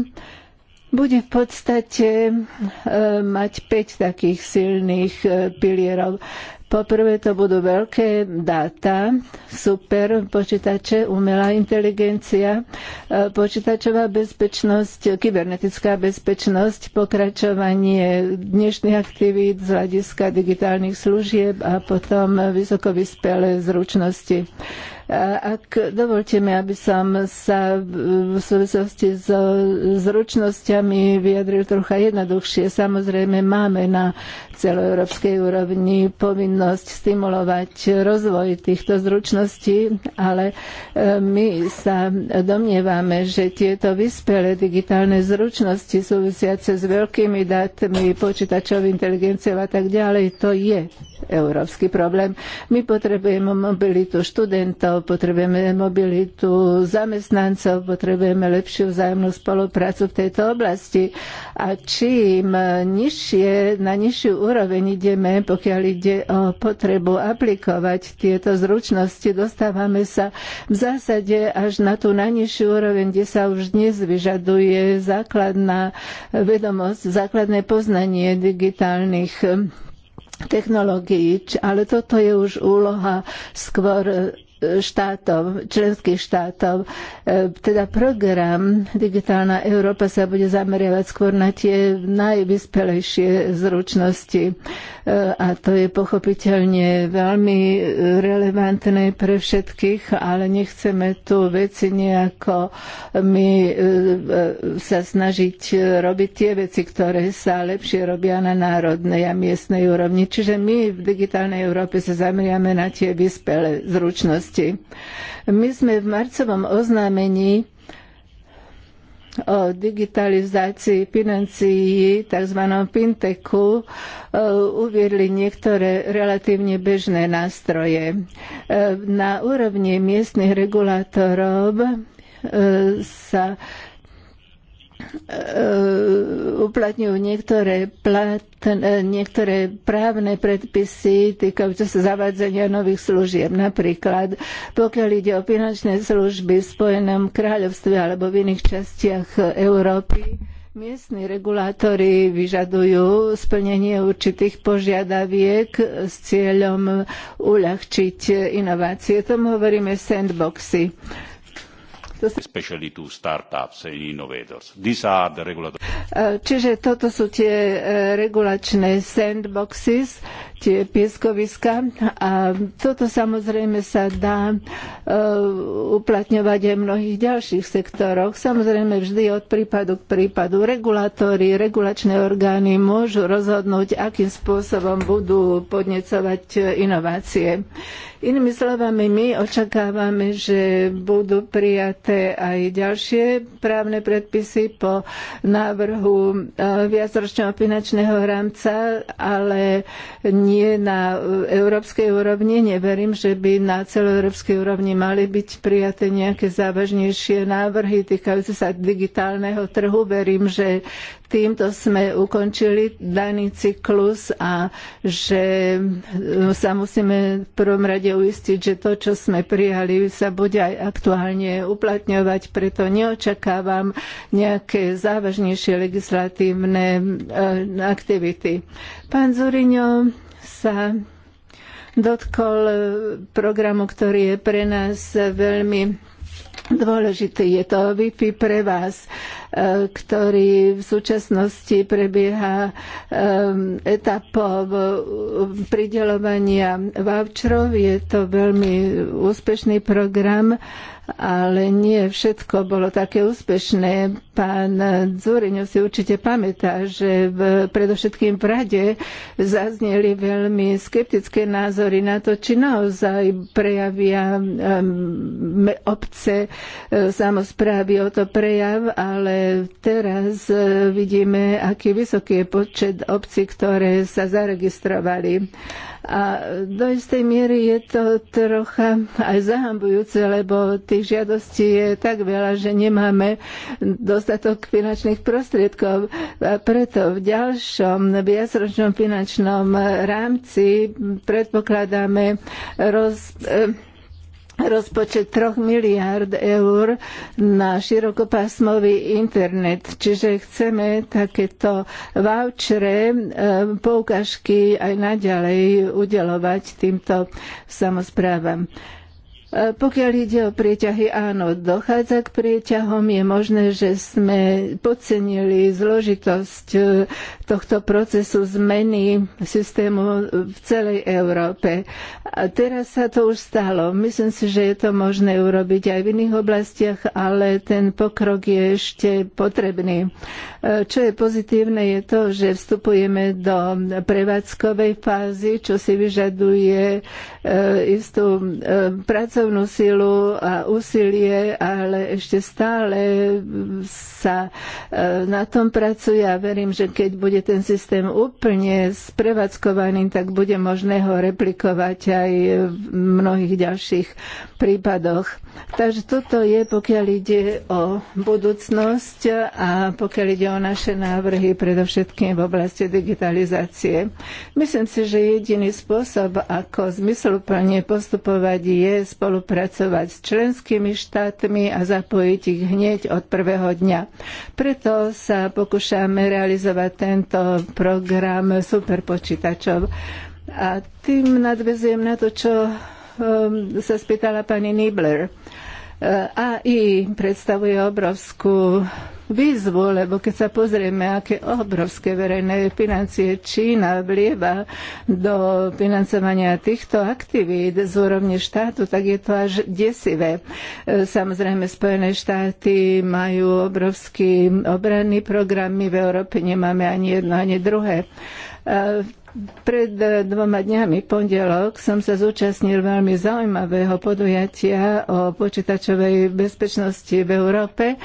bude v podstate e, mať 5 takých silných e, pilierov. Poprvé to budú veľké dáta, super počítače, umelá inteligencia, e, počítačová bezpečnosť, kybernetická bezpečnosť, pokračovanie dnešných aktivít z hľadiska digitálnych služieb a potom vysokovyspelé zručnosti. Ak dovolte mi, aby som sa v súvislosti so zručnosťami vyjadril trocha jednoduchšie. Samozrejme máme na celoeurópskej úrovni povinnosť stimulovať rozvoj týchto zručností, ale e, my sa domnievame, že tieto vyspelé digitálne zručnosti súvisiace s veľkými dátmi, počítačovou inteligenciou a tak ďalej, to je európsky problém. My potrebujeme mobilitu študentov, občanov, potrebujeme mobilitu zamestnancov, potrebujeme lepšiu vzájomnú spoluprácu v tejto oblasti. A čím nižšie, na nižšiu úroveň ideme, pokiaľ ide o potrebu aplikovať tieto zručnosti, dostávame sa v zásade až na tú najnižšiu úroveň, kde sa už dnes vyžaduje základná vedomosť, základné poznanie digitálnych technológií, ale toto je už úloha skôr štátov, členských štátov. E, teda program Digitálna Európa sa bude zameriavať skôr na tie najvyspelejšie zručnosti e, a to je pochopiteľne veľmi relevantné pre všetkých, ale nechceme tu veci nejako my e, sa snažiť robiť tie veci, ktoré sa lepšie robia na národnej a miestnej úrovni. Čiže my v Digitálnej Európe sa zameriame na tie vyspelé zručnosti činnosti. My sme v marcovom oznámení o digitalizácii financií, tzv. fintechu, e, uviedli niektoré relatívne bežné nástroje. E, na úrovni miestnych regulátorov e, sa E, uplatňujú niektoré, e, niektoré právne predpisy týkajúce sa zavádzania nových služieb. Napríklad, pokiaľ ide o finančné služby v Spojenom kráľovstve alebo v iných častiach Európy, Miestni regulátori vyžadujú splnenie určitých požiadaviek s cieľom uľahčiť inovácie. Tomu hovoríme sandboxy. Especially startups and innovators. These are the regulatory... Čiže toto sú tie eh, regulačné sandboxes, tie pieskoviska. A toto samozrejme sa dá e, uplatňovať aj v mnohých ďalších sektoroch. Samozrejme vždy od prípadu k prípadu. Regulátory, regulačné orgány môžu rozhodnúť, akým spôsobom budú podnecovať inovácie. Inými slovami, my očakávame, že budú prijaté aj ďalšie právne predpisy po návrhu e, viacročného finančného rámca, ale nie na e, európskej úrovni. Neverím, že by na celoeurópskej úrovni mali byť prijaté nejaké závažnejšie návrhy týkajúce sa digitálneho trhu. Verím, že týmto sme ukončili daný cyklus a že e, sa musíme v prvom rade uistiť, že to, čo sme prijali, sa bude aj aktuálne uplatňovať. Preto neočakávam nejaké závažnejšie legislatívne e, aktivity. Pán Zuriňo, sa dotkol e, programu, ktorý je pre nás veľmi dôležitý. Je to Wi-Fi pre vás, e, ktorý v súčasnosti prebieha e, etapov pridelovania voucherov. Je to veľmi úspešný program, ale nie všetko bolo také úspešné Pán Zúriňov si určite pamätá, že v, predovšetkým v rade zazneli veľmi skeptické názory na to, či naozaj prejavia um, obce e, samozprávy o to prejav, ale teraz e, vidíme, aký vysoký je počet obcí, ktoré sa zaregistrovali. A do istej miery je to trocha aj zahambujúce, lebo tých žiadostí je tak veľa, že nemáme dosť dostatok finančných prostriedkov. A preto v ďalšom viacročnom finančnom rámci predpokladáme roz, e, rozpočet 3 miliard eur na širokopásmový internet. Čiže chceme takéto vouchere, e, poukažky aj naďalej udelovať týmto samozprávam. Pokiaľ ide o prieťahy, áno, dochádza k prieťahom. Je možné, že sme podcenili zložitosť e, tohto procesu zmeny systému v celej Európe. A teraz sa to už stalo. Myslím si, že je to možné urobiť aj v iných oblastiach, ale ten pokrok je ešte potrebný. E, čo je pozitívne, je to, že vstupujeme do prevádzkovej fázy, čo si vyžaduje E, istú e, pracovnú silu a úsilie, ale ešte stále sa e, na tom pracuje a verím, že keď bude ten systém úplne sprevádzkovaný, tak bude možné ho replikovať aj v mnohých ďalších prípadoch. Takže toto je, pokiaľ ide o budúcnosť a pokiaľ ide o naše návrhy, predovšetkým v oblasti digitalizácie. Myslím si, že jediný spôsob, ako zmysel zmysluplne postupovať je spolupracovať s členskými štátmi a zapojiť ich hneď od prvého dňa. Preto sa pokúšame realizovať tento program superpočítačov. A tým nadvezujem na to, čo um, sa spýtala pani Nibler. E, AI predstavuje obrovskú výzvu, lebo keď sa pozrieme, aké obrovské verejné financie Čína vlieva do financovania týchto aktivít z úrovne štátu, tak je to až desivé. E, samozrejme, Spojené štáty majú obrovský obranný program, my v Európe nemáme ani jedno, ani druhé. E, pred dvoma dňami, pondelok, som sa zúčastnil veľmi zaujímavého podujatia o počítačovej bezpečnosti v Európe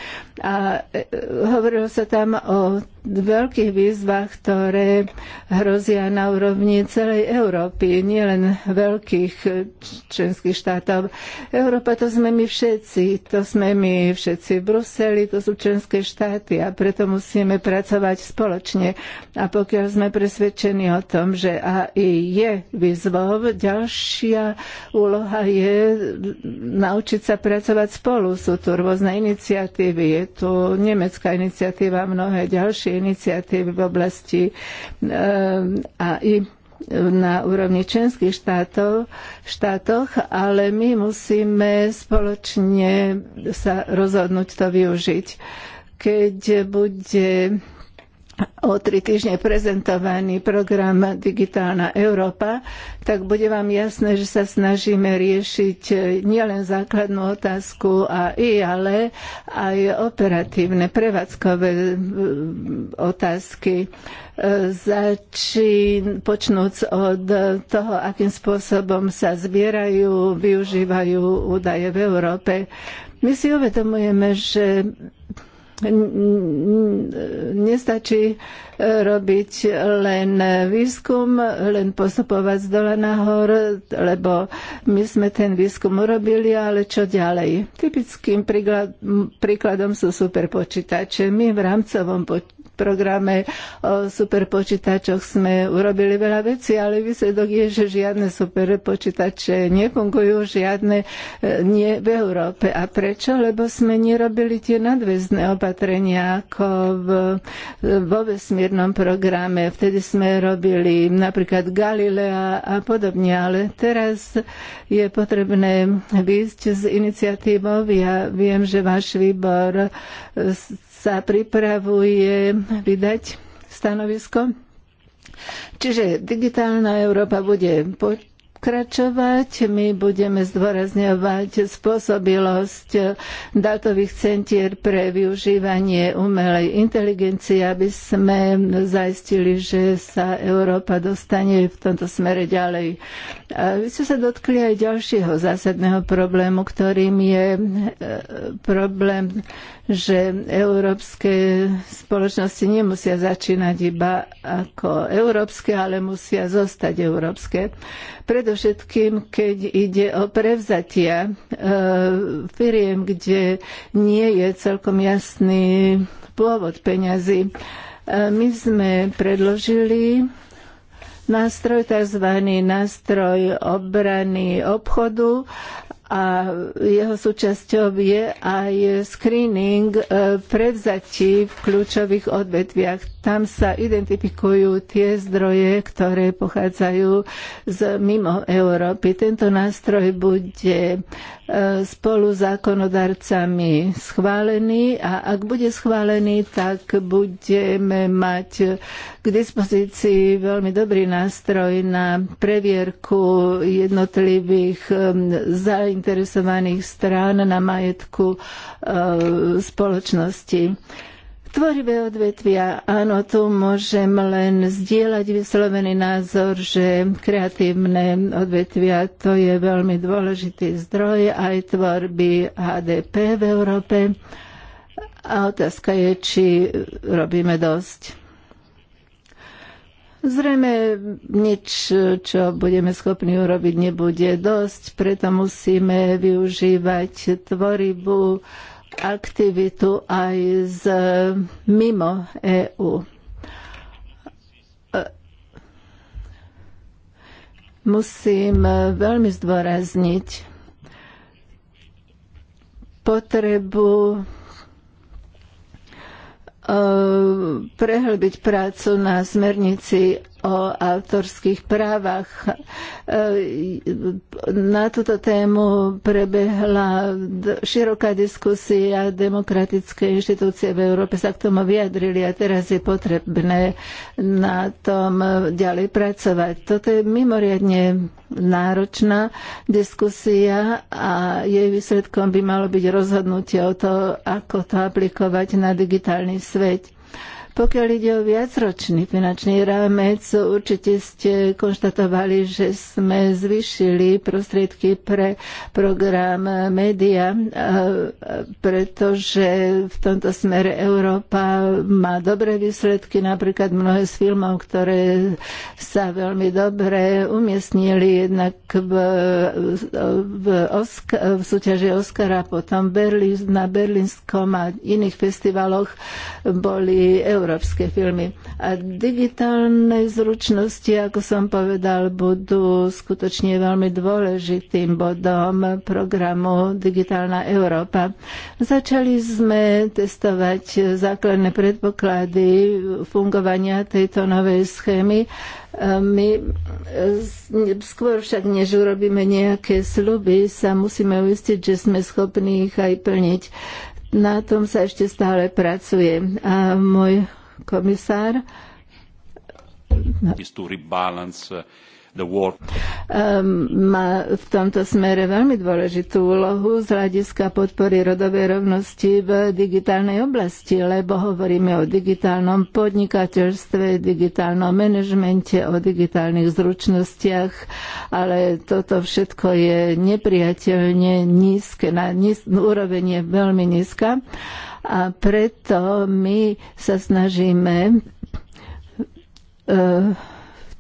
a e, hovorilo sa tam o veľkých výzvach, ktoré hrozia na úrovni celej Európy, nielen veľkých členských štátov. Európa to sme my všetci, to sme my všetci v Bruseli, to sú členské štáty a preto musíme pracovať spoločne. A pokiaľ sme presvedčení o tom, že AI je výzvou, ďalšia úloha je naučiť sa pracovať spolu. Sú tu rôzne iniciatívy, je tu nemecká iniciatíva, mnohé ďalšie iniciatívy v oblasti eh, a i na úrovni členských štátov, štátoch, ale my musíme spoločne sa rozhodnúť to využiť. Keď bude o tri týždne prezentovaný program Digitálna Európa, tak bude vám jasné, že sa snažíme riešiť eh, nielen základnú otázku a i, ale aj operatívne, prevádzkové eh, otázky, eh, začín, počnúc od toho, akým spôsobom sa zbierajú, využívajú údaje v Európe. My si uvedomujeme, že nestačí e, robiť len výskum, len postupovať z dola nahor, lebo my sme ten výskum urobili, ale čo ďalej? Typickým príkladom sú superpočítače. My v rámcovom počítači programe o superpočítačoch sme urobili veľa vecí, ale výsledok je, že žiadne superpočítače nefungujú, žiadne e, nie v Európe. A prečo? Lebo sme nerobili tie nadväzné opatrenia ako v, vo vesmírnom programe. Vtedy sme robili napríklad Galilea a podobne, ale teraz je potrebné výjsť z iniciatívou. Ja viem, že váš výbor sa pripravuje vydať stanovisko. Čiže digitálna Európa bude pod pokračovať. My budeme zdôrazňovať spôsobilosť dátových centier pre využívanie umelej inteligencie, aby sme zaistili, že sa Európa dostane v tomto smere ďalej. A vy ste sa dotkli aj ďalšieho zásadného problému, ktorým je e, problém, že európske spoločnosti nemusia začínať iba ako európske, ale musia zostať európske. Predovšetkým, keď ide o prevzatia e, firiem, kde nie je celkom jasný pôvod peňazí. E, my sme predložili nástroj, tzv. nástroj obrany obchodu a jeho súčasťou je aj screening e, prevzatí v kľúčových odvetviach. Tam sa identifikujú tie zdroje, ktoré pochádzajú z mimo Európy. Tento nástroj bude spolu zákonodarcami schválený a ak bude schválený, tak budeme mať k dispozícii veľmi dobrý nástroj na previerku jednotlivých um, zainteresovaných strán na majetku uh, spoločnosti. Tvorivé odvetvia, áno, tu môžem len zdieľať vyslovený názor, že kreatívne odvetvia to je veľmi dôležitý zdroj aj tvorby HDP v Európe. A otázka je, či robíme dosť. Zrejme nič, čo budeme schopní urobiť, nebude dosť, preto musíme využívať tvorivú aktivitu aj z mimo EÚ. E, musím veľmi zdôrazniť potrebu e, prehlbiť prácu na smernici o autorských právach. E, na túto tému prebehla široká diskusia, demokratické inštitúcie v Európe sa k tomu vyjadrili a teraz je potrebné na tom ďalej pracovať. Toto je mimoriadne náročná diskusia a jej výsledkom by malo byť rozhodnutie o to, ako to aplikovať na digitálny svet. Pokiaľ ide o viacročný finančný rámec, určite ste konštatovali, že sme zvýšili prostriedky pre program média, pretože v tomto smere Európa má dobré výsledky, napríklad mnohé z filmov, ktoré sa veľmi dobre umiestnili jednak v, v, Osk- v súťaži Oscara, potom Berlín, na Berlínskom a iných festivaloch boli Euró- európske filmy. A digitálne zručnosti, ako som povedal, budú skutočne veľmi dôležitým bodom programu Digitálna Európa. Začali sme testovať základné predpoklady fungovania tejto novej schémy. My e, skôr však, než urobíme nejaké sluby, sa musíme uistiť, že sme schopní ich aj plniť. Na tom sa ešte stále pracuje. A môj komisár. Ehm, má v tomto smere veľmi dôležitú úlohu z hľadiska podpory rodovej rovnosti v digitálnej oblasti, lebo hovoríme o digitálnom podnikateľstve, digitálnom manažmente, o digitálnych zručnostiach, ale toto všetko je nepriateľne nízke, na níz, úroveň je veľmi nízka a preto my sa snažíme uh,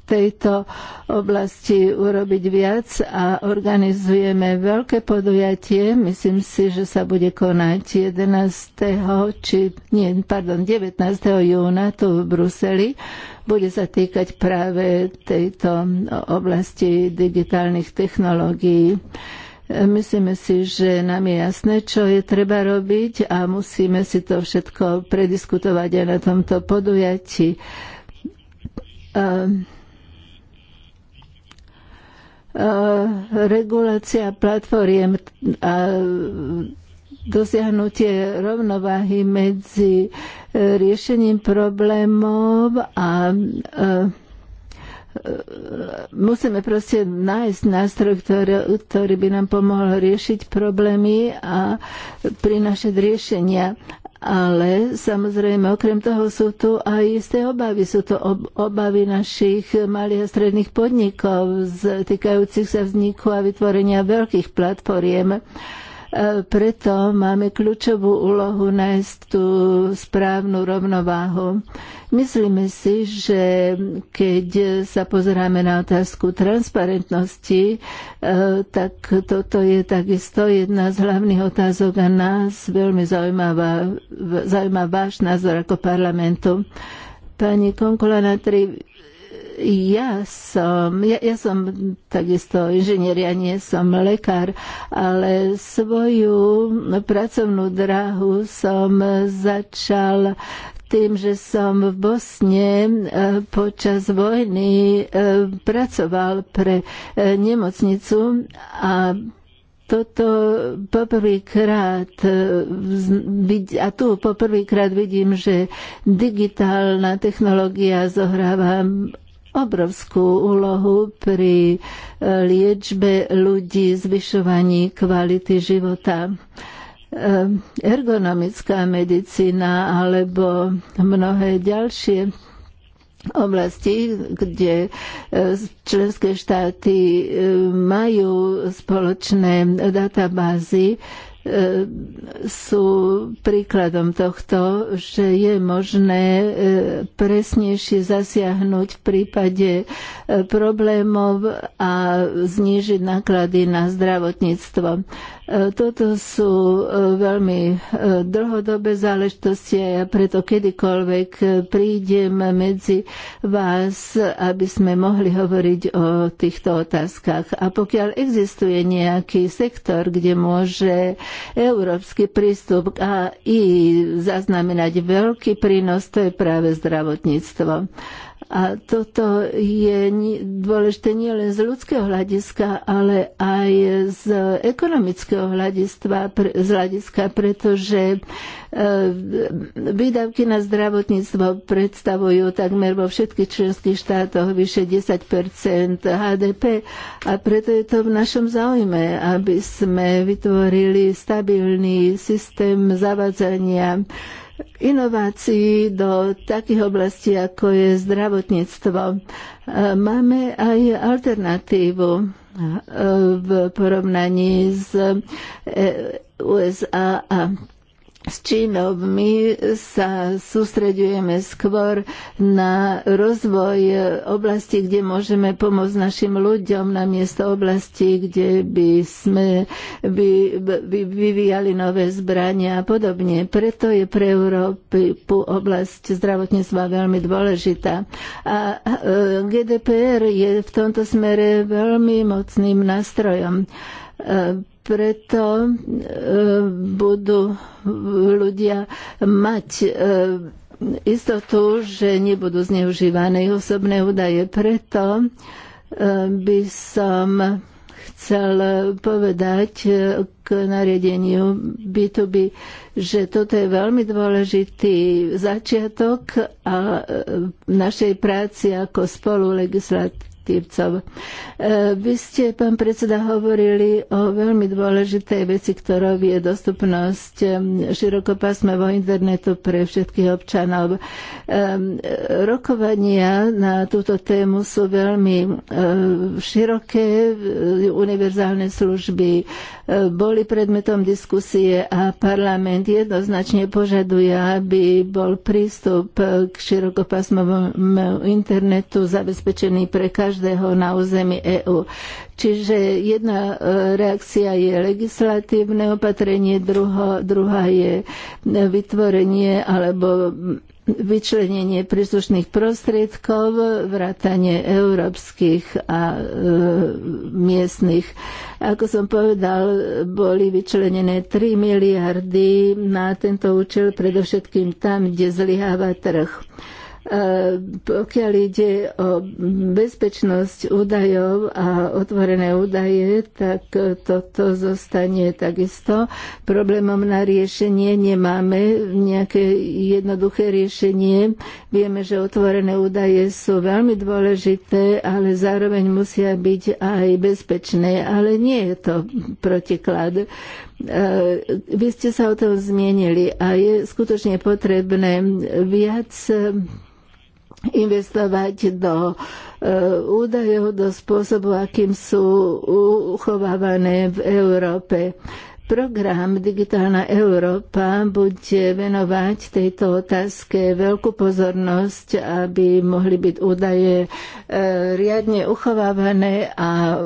tejto oblasti urobiť viac a organizujeme veľké podujatie. Myslím si, že sa bude konať 11. či nie, pardon, 19. júna tu v Bruseli. Bude sa týkať práve tejto oblasti digitálnych technológií. Myslíme si, že nám je jasné, čo je treba robiť a musíme si to všetko prediskutovať aj na tomto podujatí. Um, regulácia platformiem a dosiahnutie rovnováhy medzi e, riešením problémov a e, e, musíme proste nájsť nástroj, ktorý, ktorý by nám pomohol riešiť problémy a prinašať riešenia. Ale samozrejme, okrem toho sú tu aj isté obavy. Sú to obavy našich malých a stredných podnikov týkajúcich sa vzniku a vytvorenia veľkých platformiem. E, preto máme kľúčovú úlohu nájsť tú správnu rovnováhu. Myslíme si, že keď sa pozeráme na otázku transparentnosti, e, tak toto je takisto jedna z hlavných otázok a nás veľmi zaujímavá, zaujímavá váš názor ako parlamentu. Pani Konkola ja som, ja, ja som takisto inžinier, ja nie som lekár, ale svoju pracovnú drahu som začal tým, že som v Bosne e, počas vojny e, pracoval pre e, nemocnicu a toto poprvýkrát e, a tu poprvýkrát vidím, že digitálna technológia zohráva obrovskú úlohu pri e, liečbe ľudí, zvyšovaní kvality života e, ergonomická medicína alebo mnohé ďalšie oblasti, kde e, členské štáty e, majú spoločné databázy, e, sú príkladom tohto, že je možné presnejšie zasiahnuť v prípade problémov a znížiť náklady na zdravotníctvo. E, toto sú e, veľmi e, dlhodobé záležitosti a ja preto kedykoľvek prídem medzi vás, aby sme mohli hovoriť o týchto otázkach. A pokiaľ existuje nejaký sektor, kde môže európsky prístup a i zaznamenať veľký prínos, to je práve zdravotníctvo. A toto je dôležité nielen z ľudského hľadiska, ale aj z ekonomického hľadiska, z hľadiska pretože e, výdavky na zdravotníctvo predstavujú takmer vo všetkých členských štátoch vyše 10 HDP a preto je to v našom záujme, aby sme vytvorili stabilný systém zavadzania inovácií do takých oblastí, ako je zdravotníctvo. Máme aj alternatívu e, v porovnaní s e, USA a s Čínou. My sa sústredujeme skôr na rozvoj oblasti, kde môžeme pomôcť našim ľuďom na miesto oblasti, kde by sme by, by vyvíjali nové zbrania a podobne. Preto je pre Európu oblasť zdravotníctva veľmi dôležitá. A GDPR je v tomto smere veľmi mocným nástrojom preto e, budú ľudia mať e, istotu, že nebudú zneužívané osobné údaje. Preto e, by som chcel povedať k nariadeniu B2B, že toto je veľmi dôležitý začiatok a našej práci ako spolu jednotlivcov. E, vy ste, pán predseda, hovorili o veľmi dôležitej veci, ktorou je dostupnosť širokopásmevo internetu pre všetkých občanov. Rokovania na túto tému sú veľmi široké, univerzálne služby boli predmetom diskusie a parlament jednoznačne požaduje, aby bol prístup k širokopásmovému internetu zabezpečený pre každého každého na území EÚ. Čiže jedna e, reakcia je legislatívne opatrenie, druho, druhá je e, vytvorenie alebo vyčlenenie príslušných prostriedkov, vrátanie európskych a e, miestnych. Ako som povedal, boli vyčlenené 3 miliardy na tento účel, predovšetkým tam, kde zlyháva trh. E, pokiaľ ide o bezpečnosť údajov a otvorené údaje, tak toto zostane takisto problémom na riešenie. Nemáme nejaké jednoduché riešenie. Vieme, že otvorené údaje sú veľmi dôležité, ale zároveň musia byť aj bezpečné. Ale nie je to protiklad vy ste sa o tom zmienili a je skutočne potrebné viac eh, investovať do eh, údajov, do spôsobu, akým sú uchovávané v Európe. Program Digitálna Európa bude venovať tejto otázke veľkú pozornosť, aby mohli byť údaje e, riadne uchovávané a e,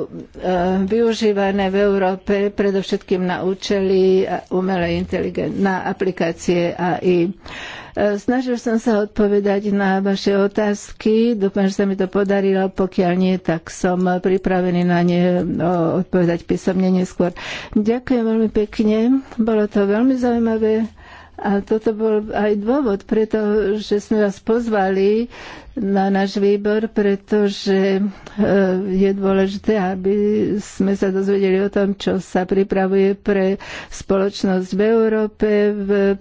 využívané v Európe, predovšetkým na účely umelej inteligencie, na aplikácie AI. E, snažil som sa odpovedať na vaše otázky. Dúfam, že sa mi to podarilo. Pokiaľ nie, tak som pripravený na ne e, odpovedať písomne neskôr. Ďakujem veľmi pekne. Bolo to veľmi zaujímavé. A toto bol aj dôvod, pretože sme vás pozvali na náš výbor, pretože eh, je dôležité, aby sme sa dozvedeli o tom, čo sa pripravuje pre spoločnosť v Európe,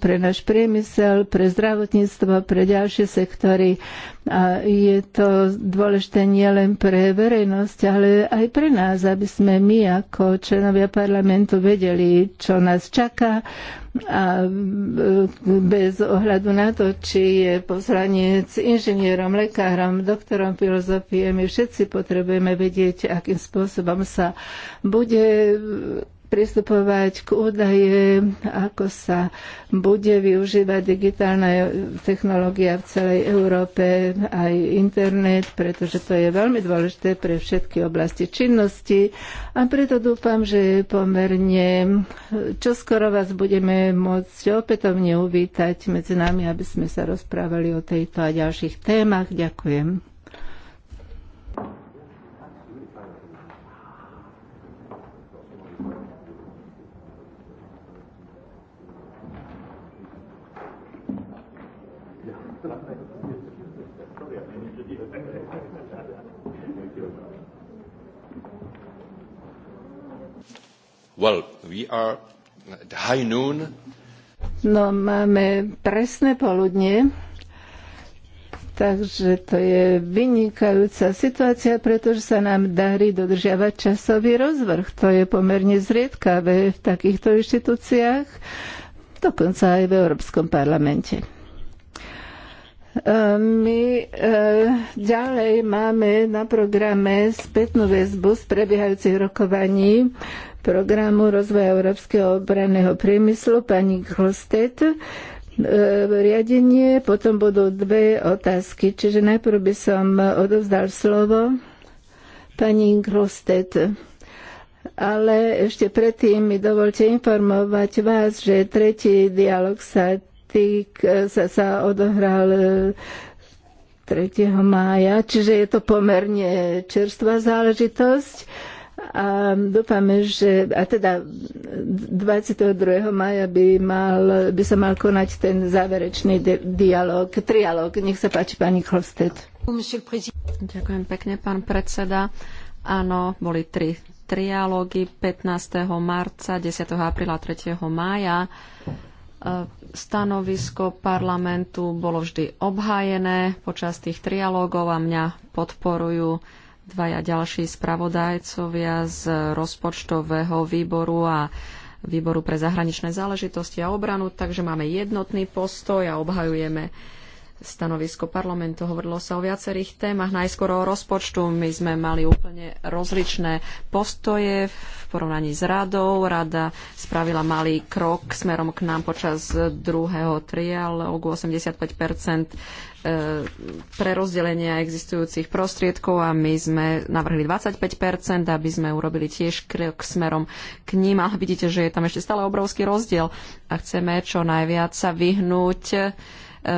pre náš priemysel, pre zdravotníctvo, pre ďalšie sektory. A je to dôležité nielen pre verejnosť, ale aj pre nás, aby sme my ako členovia parlamentu vedeli, čo nás čaká, a eh, bez ohľadu na to, či je poslanec inžinierom, lekárom, doktorom filozofie. My všetci potrebujeme vedieť, akým spôsobom sa bude pristupovať k údaje, ako sa bude využívať digitálna technológia v celej Európe, aj internet, pretože to je veľmi dôležité pre všetky oblasti činnosti a preto dúfam, že pomerne čoskoro vás budeme môcť opätovne uvítať medzi nami, aby sme sa rozprávali o tejto a ďalších témach. Ďakujem. No, máme presné poludne. Takže to je vynikajúca situácia, pretože sa nám darí dodržiavať časový rozvrh. To je pomerne zriedkavé v takýchto inštitúciách, dokonca aj v Európskom parlamente. My e, ďalej máme na programe spätnú väzbu z prebiehajúcich rokovaní programu rozvoja európskeho obranného priemyslu pani Klostet e, riadenie, potom budú dve otázky. Čiže najprv by som odovzdal slovo pani Grostet. Ale ešte predtým mi dovolte informovať vás, že tretí dialog sa, týk, sa, sa odohral 3. mája, čiže je to pomerne čerstvá záležitosť a dúfame, že a teda 22. maja by, mal, by sa mal konať ten záverečný dialog, trialog. Nech sa páči, pani Klostet. Ďakujem pekne, pán predseda. Áno, boli tri trialógy 15. marca, 10. apríla, 3. mája. E, stanovisko parlamentu bolo vždy obhájené počas tých trialógov a mňa podporujú dvaja ďalší spravodajcovia z rozpočtového výboru a výboru pre zahraničné záležitosti a obranu, takže máme jednotný postoj a obhajujeme stanovisko parlamentu. Hovorilo sa o viacerých témach, najskôr o rozpočtu. My sme mali úplne rozličné postoje v porovnaní s radou. Rada spravila malý krok smerom k nám počas druhého trialógu 85 e, prerozdelenia existujúcich prostriedkov a my sme navrhli 25%, aby sme urobili tiež krok smerom k ním, ale vidíte, že je tam ešte stále obrovský rozdiel a chceme čo najviac sa vyhnúť E,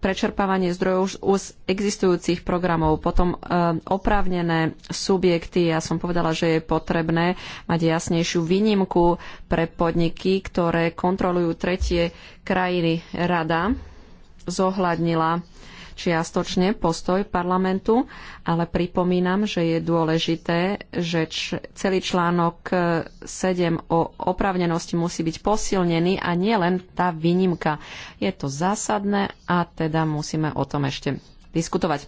prečerpávanie zdrojov z existujúcich programov. Potom e, oprávnené subjekty, ja som povedala, že je potrebné mať jasnejšiu výnimku pre podniky, ktoré kontrolujú tretie krajiny. Rada zohľadnila čiastočne postoj parlamentu, ale pripomínam, že je dôležité, že celý článok 7 e, o opravnenosti musí byť posilnený a nie len tá výnimka. Je to zásadné a teda musíme o tom ešte diskutovať.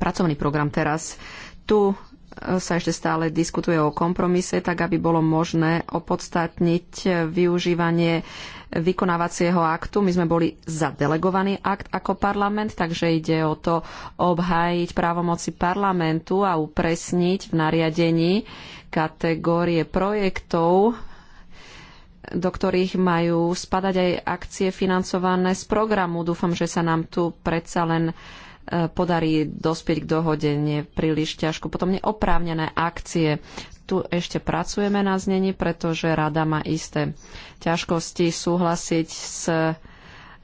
Pracovný program teraz. Tu sa ešte stále diskutuje o kompromise, tak aby bolo možné opodstatniť využívanie vykonávacieho aktu. My sme boli za delegovaný akt ako parlament, takže ide o to obhájiť právomoci parlamentu a upresniť v nariadení kategórie projektov, do ktorých majú spadať aj akcie financované z programu. Dúfam, že sa nám tu predsa len uh, podarí dospieť k dohode nie príliš ťažko. Potom neoprávnené akcie. Tu ešte pracujeme na znení, pretože rada má isté ťažkosti súhlasiť s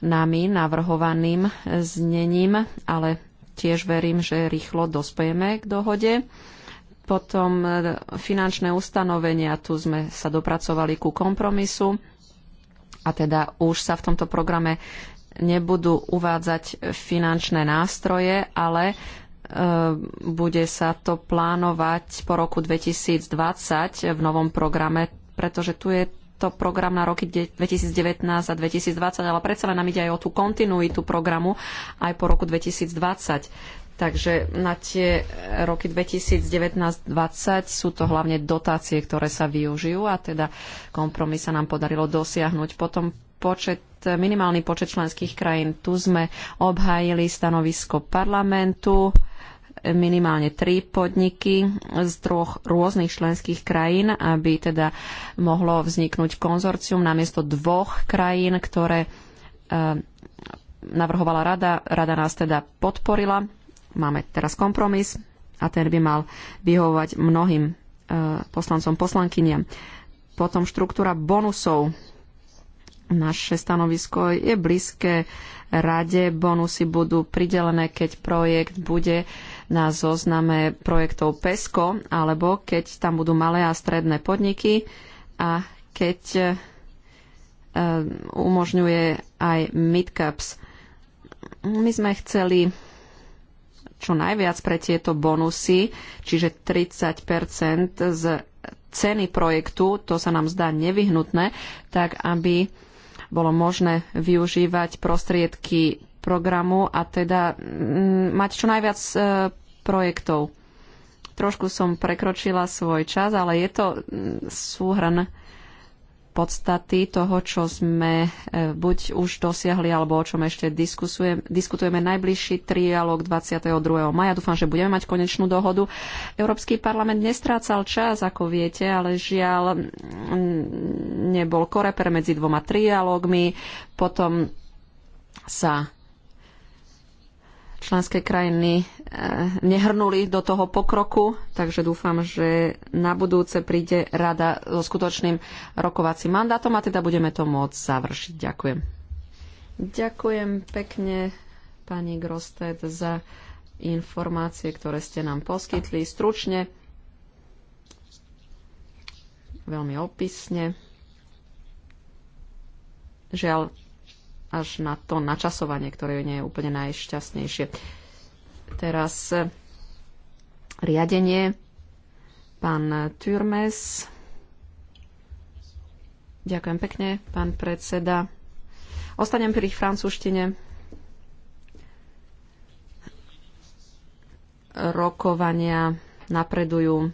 nami navrhovaným znením, ale tiež verím, že rýchlo dospejeme k dohode. Potom e, finančné ustanovenia, tu sme sa dopracovali ku kompromisu a teda už sa v tomto programe nebudú uvádzať finančné nástroje, ale e, bude sa to plánovať po roku 2020 v novom programe, pretože tu je to program na roky 2019 a 2020, ale predsa len nám ide aj o tú kontinuitu programu aj po roku 2020. Takže na tie roky 2019-2020 sú to hlavne dotácie, ktoré sa využijú a teda kompromis sa nám podarilo dosiahnuť. Potom počet, minimálny počet členských krajín. Tu sme obhájili stanovisko parlamentu, minimálne tri podniky z troch rôznych členských krajín, aby teda mohlo vzniknúť konzorcium namiesto dvoch krajín, ktoré eh, navrhovala rada. Rada nás teda podporila. Máme teraz kompromis a ten by mal vyhovovať mnohým eh, poslancom, poslankyniam. Potom štruktúra bonusov naše stanovisko je blízke rade. Bonusy budú pridelené, keď projekt bude na zozname projektov PESCO, alebo keď tam budú malé a stredné podniky a keď e, umožňuje aj midcaps. My sme chceli čo najviac pre tieto bonusy, čiže 30 z ceny projektu, to sa nám zdá nevyhnutné, tak aby bolo možné využívať prostriedky programu a teda mm, mať čo najviac e, projektov. Trošku som prekročila svoj čas, ale je to mm, súhrn podstaty toho, čo sme e, buď už dosiahli, alebo o čom ešte diskutujeme. Najbližší trialog 22. maja. Dúfam, že budeme mať konečnú dohodu. Európsky parlament nestrácal čas, ako viete, ale žiaľ nebol koreper medzi dvoma trialógmi. Potom sa členské krajiny eh, nehrnuli do toho pokroku, takže dúfam, že na budúce príde rada so skutočným rokovacím mandátom a teda budeme to môcť završiť. Ďakujem. Ďakujem pekne pani Grosted za informácie, ktoré ste nám poskytli stručne, veľmi opisne. Žiaľ, až na to načasovanie, ktoré nie je úplne najšťastnejšie. Teraz eh, riadenie. Pán Turmes. Ďakujem pekne, pán predseda. Ostanem pri francúzštine. Rokovania napredujú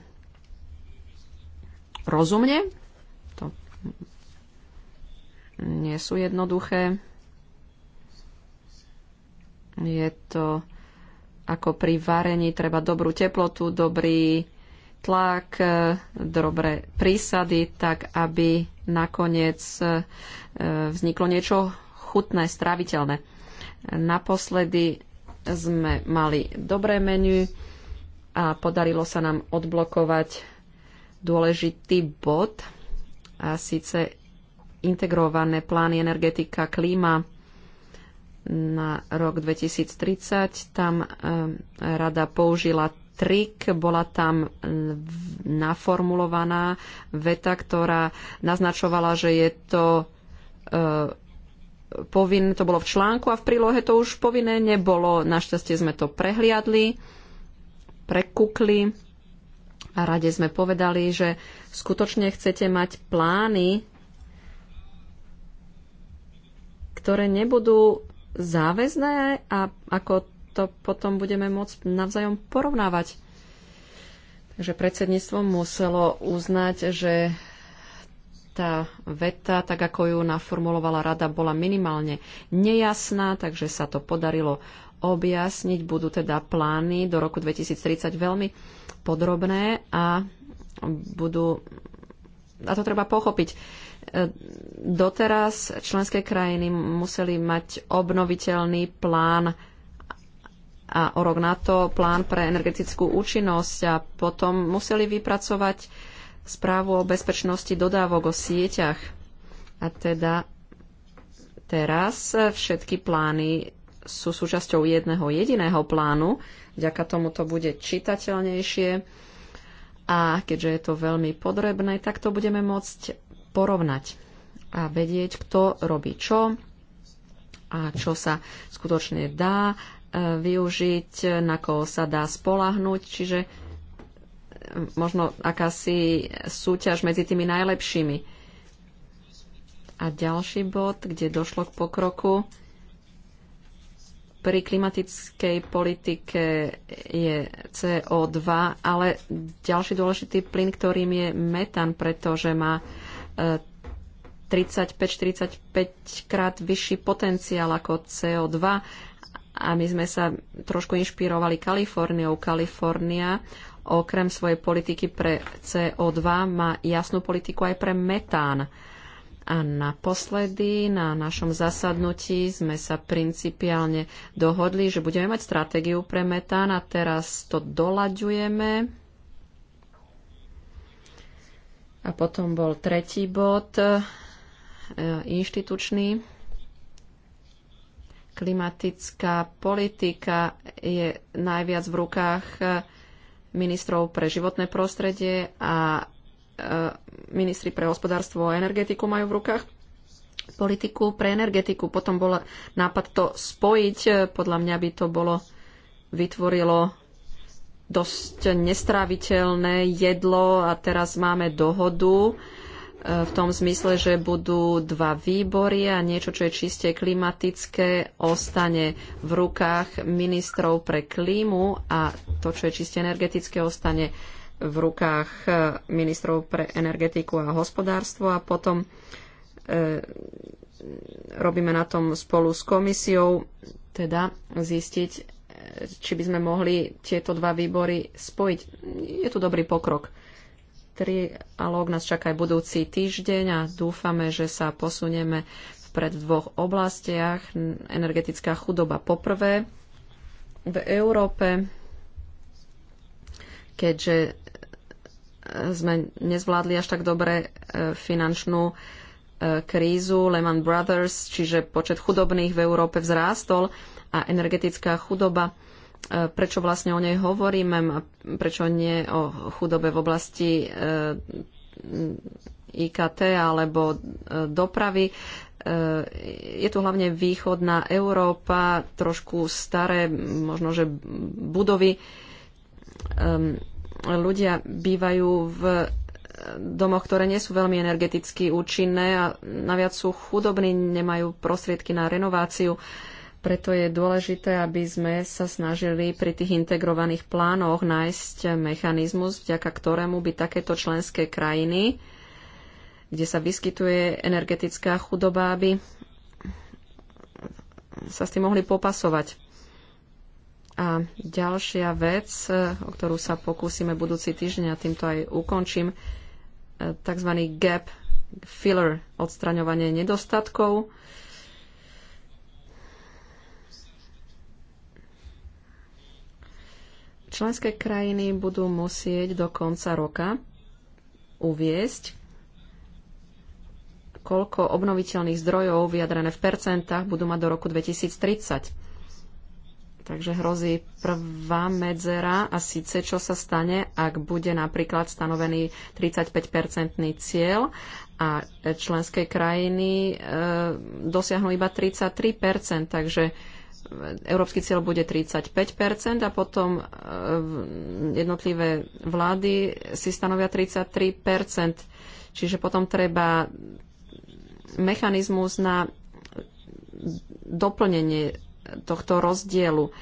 rozumne. To nie sú jednoduché. Je to ako pri varení, treba dobrú teplotu, dobrý tlak, e, dobré prísady, tak aby nakoniec e, vzniklo niečo chutné, stráviteľné. Naposledy sme mali dobré menu a podarilo sa nám odblokovať dôležitý bod a síce integrované plány energetika, klíma, na rok 2030. Tam eh, rada použila trik, bola tam eh, naformulovaná veta, ktorá naznačovala, že je to eh, povinné, to bolo v článku a v prílohe to už povinné nebolo. Našťastie sme to prehliadli, prekukli a rade sme povedali, že skutočne chcete mať plány, ktoré nebudú záväzné a ako to potom budeme môcť navzájom porovnávať. Takže predsedníctvo muselo uznať, že tá veta, tak ako ju naformulovala rada, bola minimálne nejasná, takže sa to podarilo objasniť. Budú teda plány do roku 2030 veľmi podrobné a budú... A to treba pochopiť Doteraz členské krajiny museli mať obnoviteľný plán a o rok na to plán pre energetickú účinnosť a potom museli vypracovať správu o bezpečnosti dodávok o sieťach. A teda teraz všetky plány sú súčasťou jedného jediného plánu. Vďaka tomu to bude čitateľnejšie. A keďže je to veľmi podrebné, tak to budeme môcť porovnať a vedieť, kto robí čo a čo sa skutočne dá e, využiť, na koho sa dá spolahnuť, čiže e, možno akási súťaž medzi tými najlepšími. A ďalší bod, kde došlo k pokroku pri klimatickej politike je CO2, ale ďalší dôležitý plyn, ktorým je metan, pretože má 35-45 krát vyšší potenciál ako CO2 a my sme sa trošku inšpirovali Kaliforniou. Kalifornia okrem svojej politiky pre CO2 má jasnú politiku aj pre metán. A naposledy na našom zasadnutí sme sa principiálne dohodli, že budeme mať stratégiu pre metán a teraz to dolaďujeme a potom bol tretí bod, e, inštitučný. Klimatická politika je najviac v rukách e, ministrov pre životné prostredie a e, ministri pre hospodárstvo a energetiku majú v rukách politiku pre energetiku. Potom bol nápad to spojiť. Podľa mňa by to bolo vytvorilo dosť nestráviteľné jedlo a teraz máme dohodu e, v tom zmysle, že budú dva výbory a niečo, čo je čiste klimatické, ostane v rukách ministrov pre klímu a to, čo je čiste energetické, ostane v rukách e, ministrov pre energetiku a hospodárstvo a potom e, robíme na tom spolu s komisiou, teda zistiť, či by sme mohli tieto dva výbory spojiť. Je tu dobrý pokrok. Trialóg nás čaká aj budúci týždeň a dúfame, že sa posunieme vpred v dvoch oblastiach. Energetická chudoba poprvé v Európe, keďže sme nezvládli až tak dobre e, finančnú e, krízu Lehman Brothers, čiže počet chudobných v Európe vzrástol a energetická chudoba. E, prečo vlastne o nej hovoríme? Prečo nie o chudobe v oblasti e, IKT alebo e, dopravy? je tu hlavne východná Európa, trošku staré, možno že budovy. Ľudia bývajú v domoch, ktoré nie sú veľmi energeticky účinné a naviac sú chudobní, nemajú prostriedky na renováciu. Preto je dôležité, aby sme sa snažili pri tých integrovaných plánoch nájsť mechanizmus, vďaka ktorému by takéto členské krajiny, kde sa vyskytuje energetická chudoba, aby sa s tým mohli popasovať. A ďalšia vec, o ktorú sa pokúsime budúci týždeň a týmto aj ukončím, eh, tzv. gap filler, odstraňovanie nedostatkov Členské krajiny budú musieť do konca roka uviesť, koľko obnoviteľných zdrojov vyjadrené v percentách budú mať do roku 2030. Takže hrozí prvá medzera a síce čo sa stane, ak bude napríklad stanovený 35-percentný cieľ a členské krajiny e, dosiahnu iba 33%, takže európsky cieľ bude 35 a potom e, jednotlivé vlády si stanovia 33 Čiže potom treba mechanizmus na doplnenie tohto rozdielu,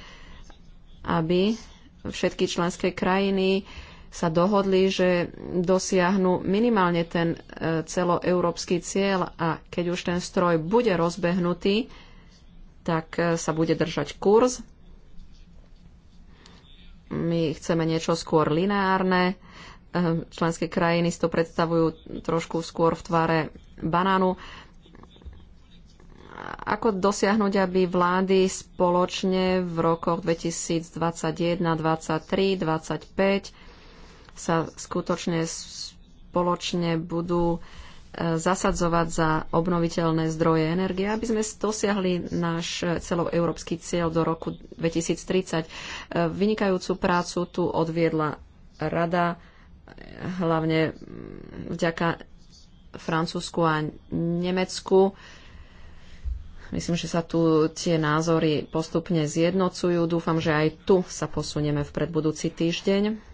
aby všetky členské krajiny sa dohodli, že dosiahnu minimálne ten e, celoeurópsky cieľ a keď už ten stroj bude rozbehnutý, tak e, sa bude držať kurz. My chceme niečo skôr lineárne. E, Členské krajiny si to predstavujú trošku skôr v tvare banánu. Ako dosiahnuť, aby vlády spoločne v rokoch 2021, 2023, 2025 sa skutočne spoločne budú zasadzovať za obnoviteľné zdroje energie, aby sme dosiahli náš celoeurópsky cieľ do roku 2030. Vynikajúcu prácu tu odviedla rada, hlavne vďaka Francúzsku a Nemecku. Myslím, že sa tu tie názory postupne zjednocujú. Dúfam, že aj tu sa posunieme v budúci týždeň.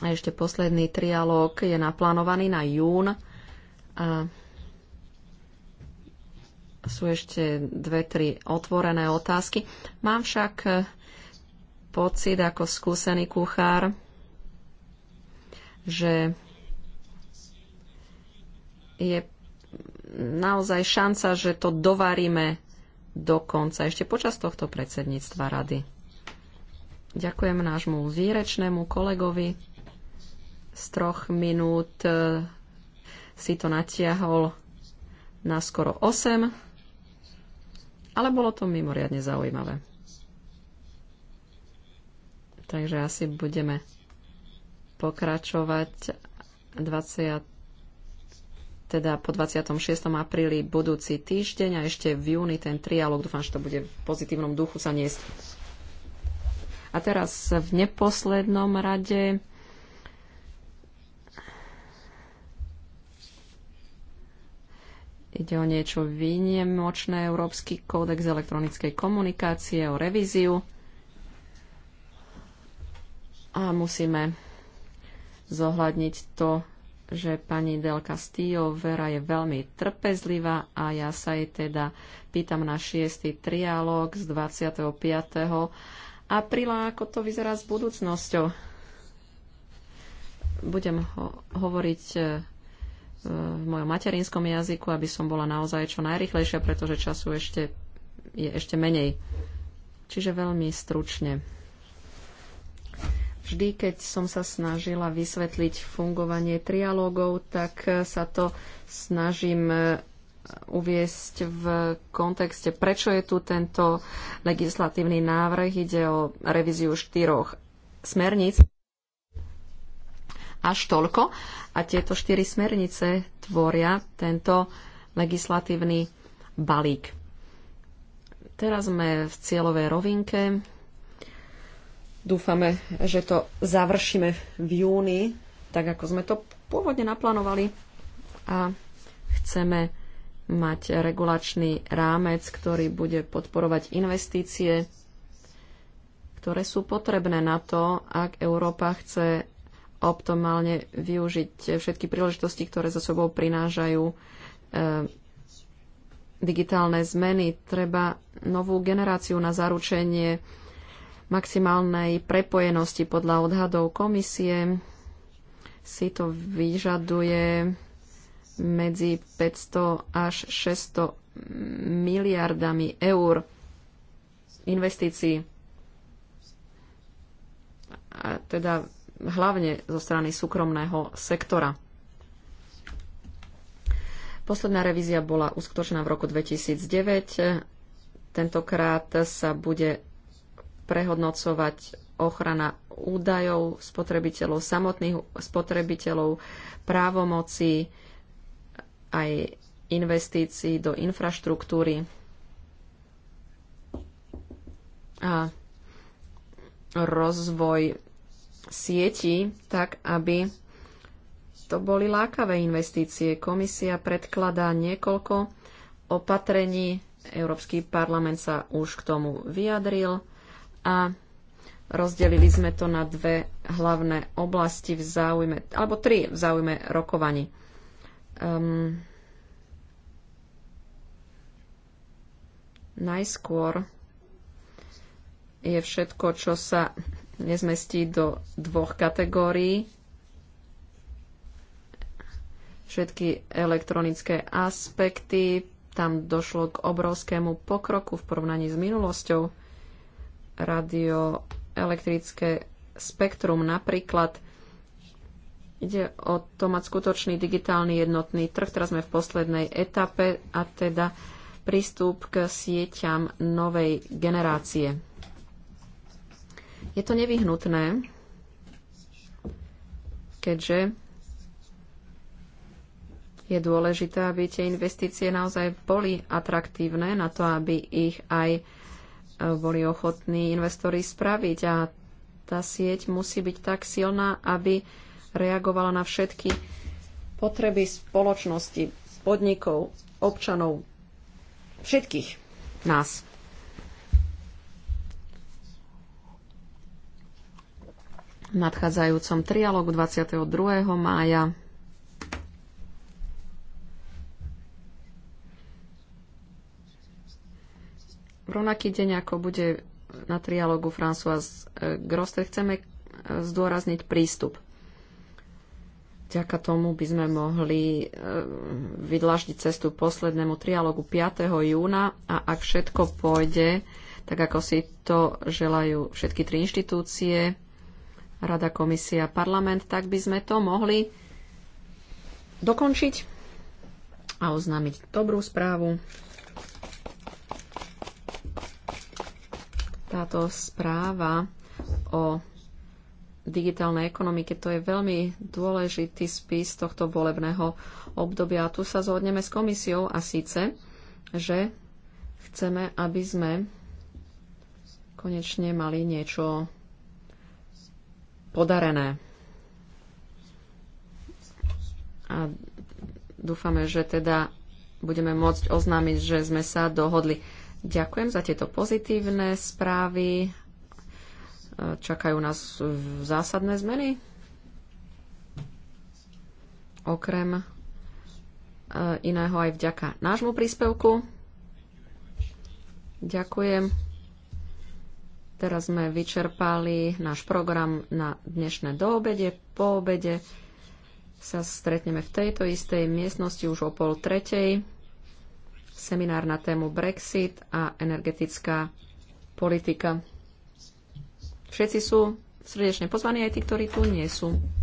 A ešte posledný trialóg je naplánovaný na jún. A sú ešte dve, tri otvorené otázky. Mám však e, pocit ako skúsený kuchár, že je naozaj šanca, že to dovaríme do konca, ešte počas tohto predsedníctva rady. Ďakujem nášmu výrečnému kolegovi z troch minút e, si to natiahol na skoro 8, ale bolo to mimoriadne zaujímavé. Takže asi budeme pokračovať 20, teda po 26. apríli budúci týždeň a ešte v júni ten trialog. Dúfam, že to bude v pozitívnom duchu sa niesť. A teraz v neposlednom rade Ide o niečo výnimočné, Európsky kódex elektronickej komunikácie, o revíziu. A musíme zohľadniť to, že pani Del Castillo Vera je veľmi trpezlivá a ja sa jej teda pýtam na šiestý trialóg z 25. apríla, ako to vyzerá s budúcnosťou. Budem ho- hovoriť eh, v mojom materinskom jazyku, aby som bola naozaj čo najrychlejšia, pretože času ešte, je ešte menej. Čiže veľmi stručne. Vždy, keď som sa snažila vysvetliť fungovanie trialógov, tak sa to snažím e, uviesť v kontexte, prečo je tu tento legislatívny návrh. Ide o revíziu štyroch smerníc až toľko. A tieto štyri smernice tvoria tento legislatívny balík. Teraz sme v cieľovej rovinke. Dúfame, že to završíme v júni, tak ako sme to pôvodne naplánovali. A chceme mať regulačný rámec, ktorý bude podporovať investície, ktoré sú potrebné na to, ak Európa chce optimálne využiť všetky príležitosti, ktoré za sebou prinážajú e, digitálne zmeny. Treba novú generáciu na zaručenie maximálnej prepojenosti podľa odhadov komisie. Si to vyžaduje medzi 500 až 600 miliardami eur investícií. A teda hlavne zo strany súkromného sektora. Posledná revízia bola uskutočená v roku 2009. Tentokrát sa bude prehodnocovať ochrana údajov spotrebiteľov, samotných spotrebiteľov, právomoci aj investícií do infraštruktúry. A rozvoj sietí, tak aby to boli lákavé investície. Komisia predkladá niekoľko opatrení. Európsky parlament sa už k tomu vyjadril a rozdelili sme to na dve hlavné oblasti v záujme, alebo tri v záujme rokovaní. Um, najskôr je všetko, čo sa nezmestí do dvoch kategórií. Všetky elektronické aspekty, tam došlo k obrovskému pokroku v porovnaní s minulosťou. Radioelektrické spektrum napríklad ide o to mať skutočný digitálny jednotný trh. Teraz sme v poslednej etape a teda prístup k sieťam novej generácie. Je to nevyhnutné, keďže je dôležité, aby tie investície naozaj boli atraktívne na to, aby ich aj e, boli ochotní investori spraviť. A tá sieť musí byť tak silná, aby reagovala na všetky potreby spoločnosti, podnikov, občanov, všetkých nás. v nadchádzajúcom trialogu 22. mája. V rovnaký deň, ako bude na trialogu François Groste, chceme eh, zdôrazniť prístup. Vďaka tomu by sme mohli eh, vydlaždiť cestu poslednému trialogu 5. júna a ak všetko pôjde, tak ako si to želajú všetky tri inštitúcie, Rada, Komisia, Parlament, tak by sme to mohli dokončiť a oznámiť dobrú správu. Táto správa o digitálnej ekonomike. To je veľmi dôležitý spis tohto volebného obdobia. A tu sa zhodneme s komisiou a síce, že chceme, aby sme konečne mali niečo podarené. A dúfame, že teda budeme môcť oznámiť, že sme sa dohodli. Ďakujem za tieto pozitívne správy. Čakajú nás zásadné zmeny? Okrem e, iného aj vďaka nášmu príspevku. Ďakujem. Teraz sme vyčerpali náš program na dnešné doobede. Po obede sa stretneme v tejto istej miestnosti už o pol tretej. Seminár na tému Brexit a energetická politika. Všetci sú srdečne pozvaní, aj tí, ktorí tu nie sú.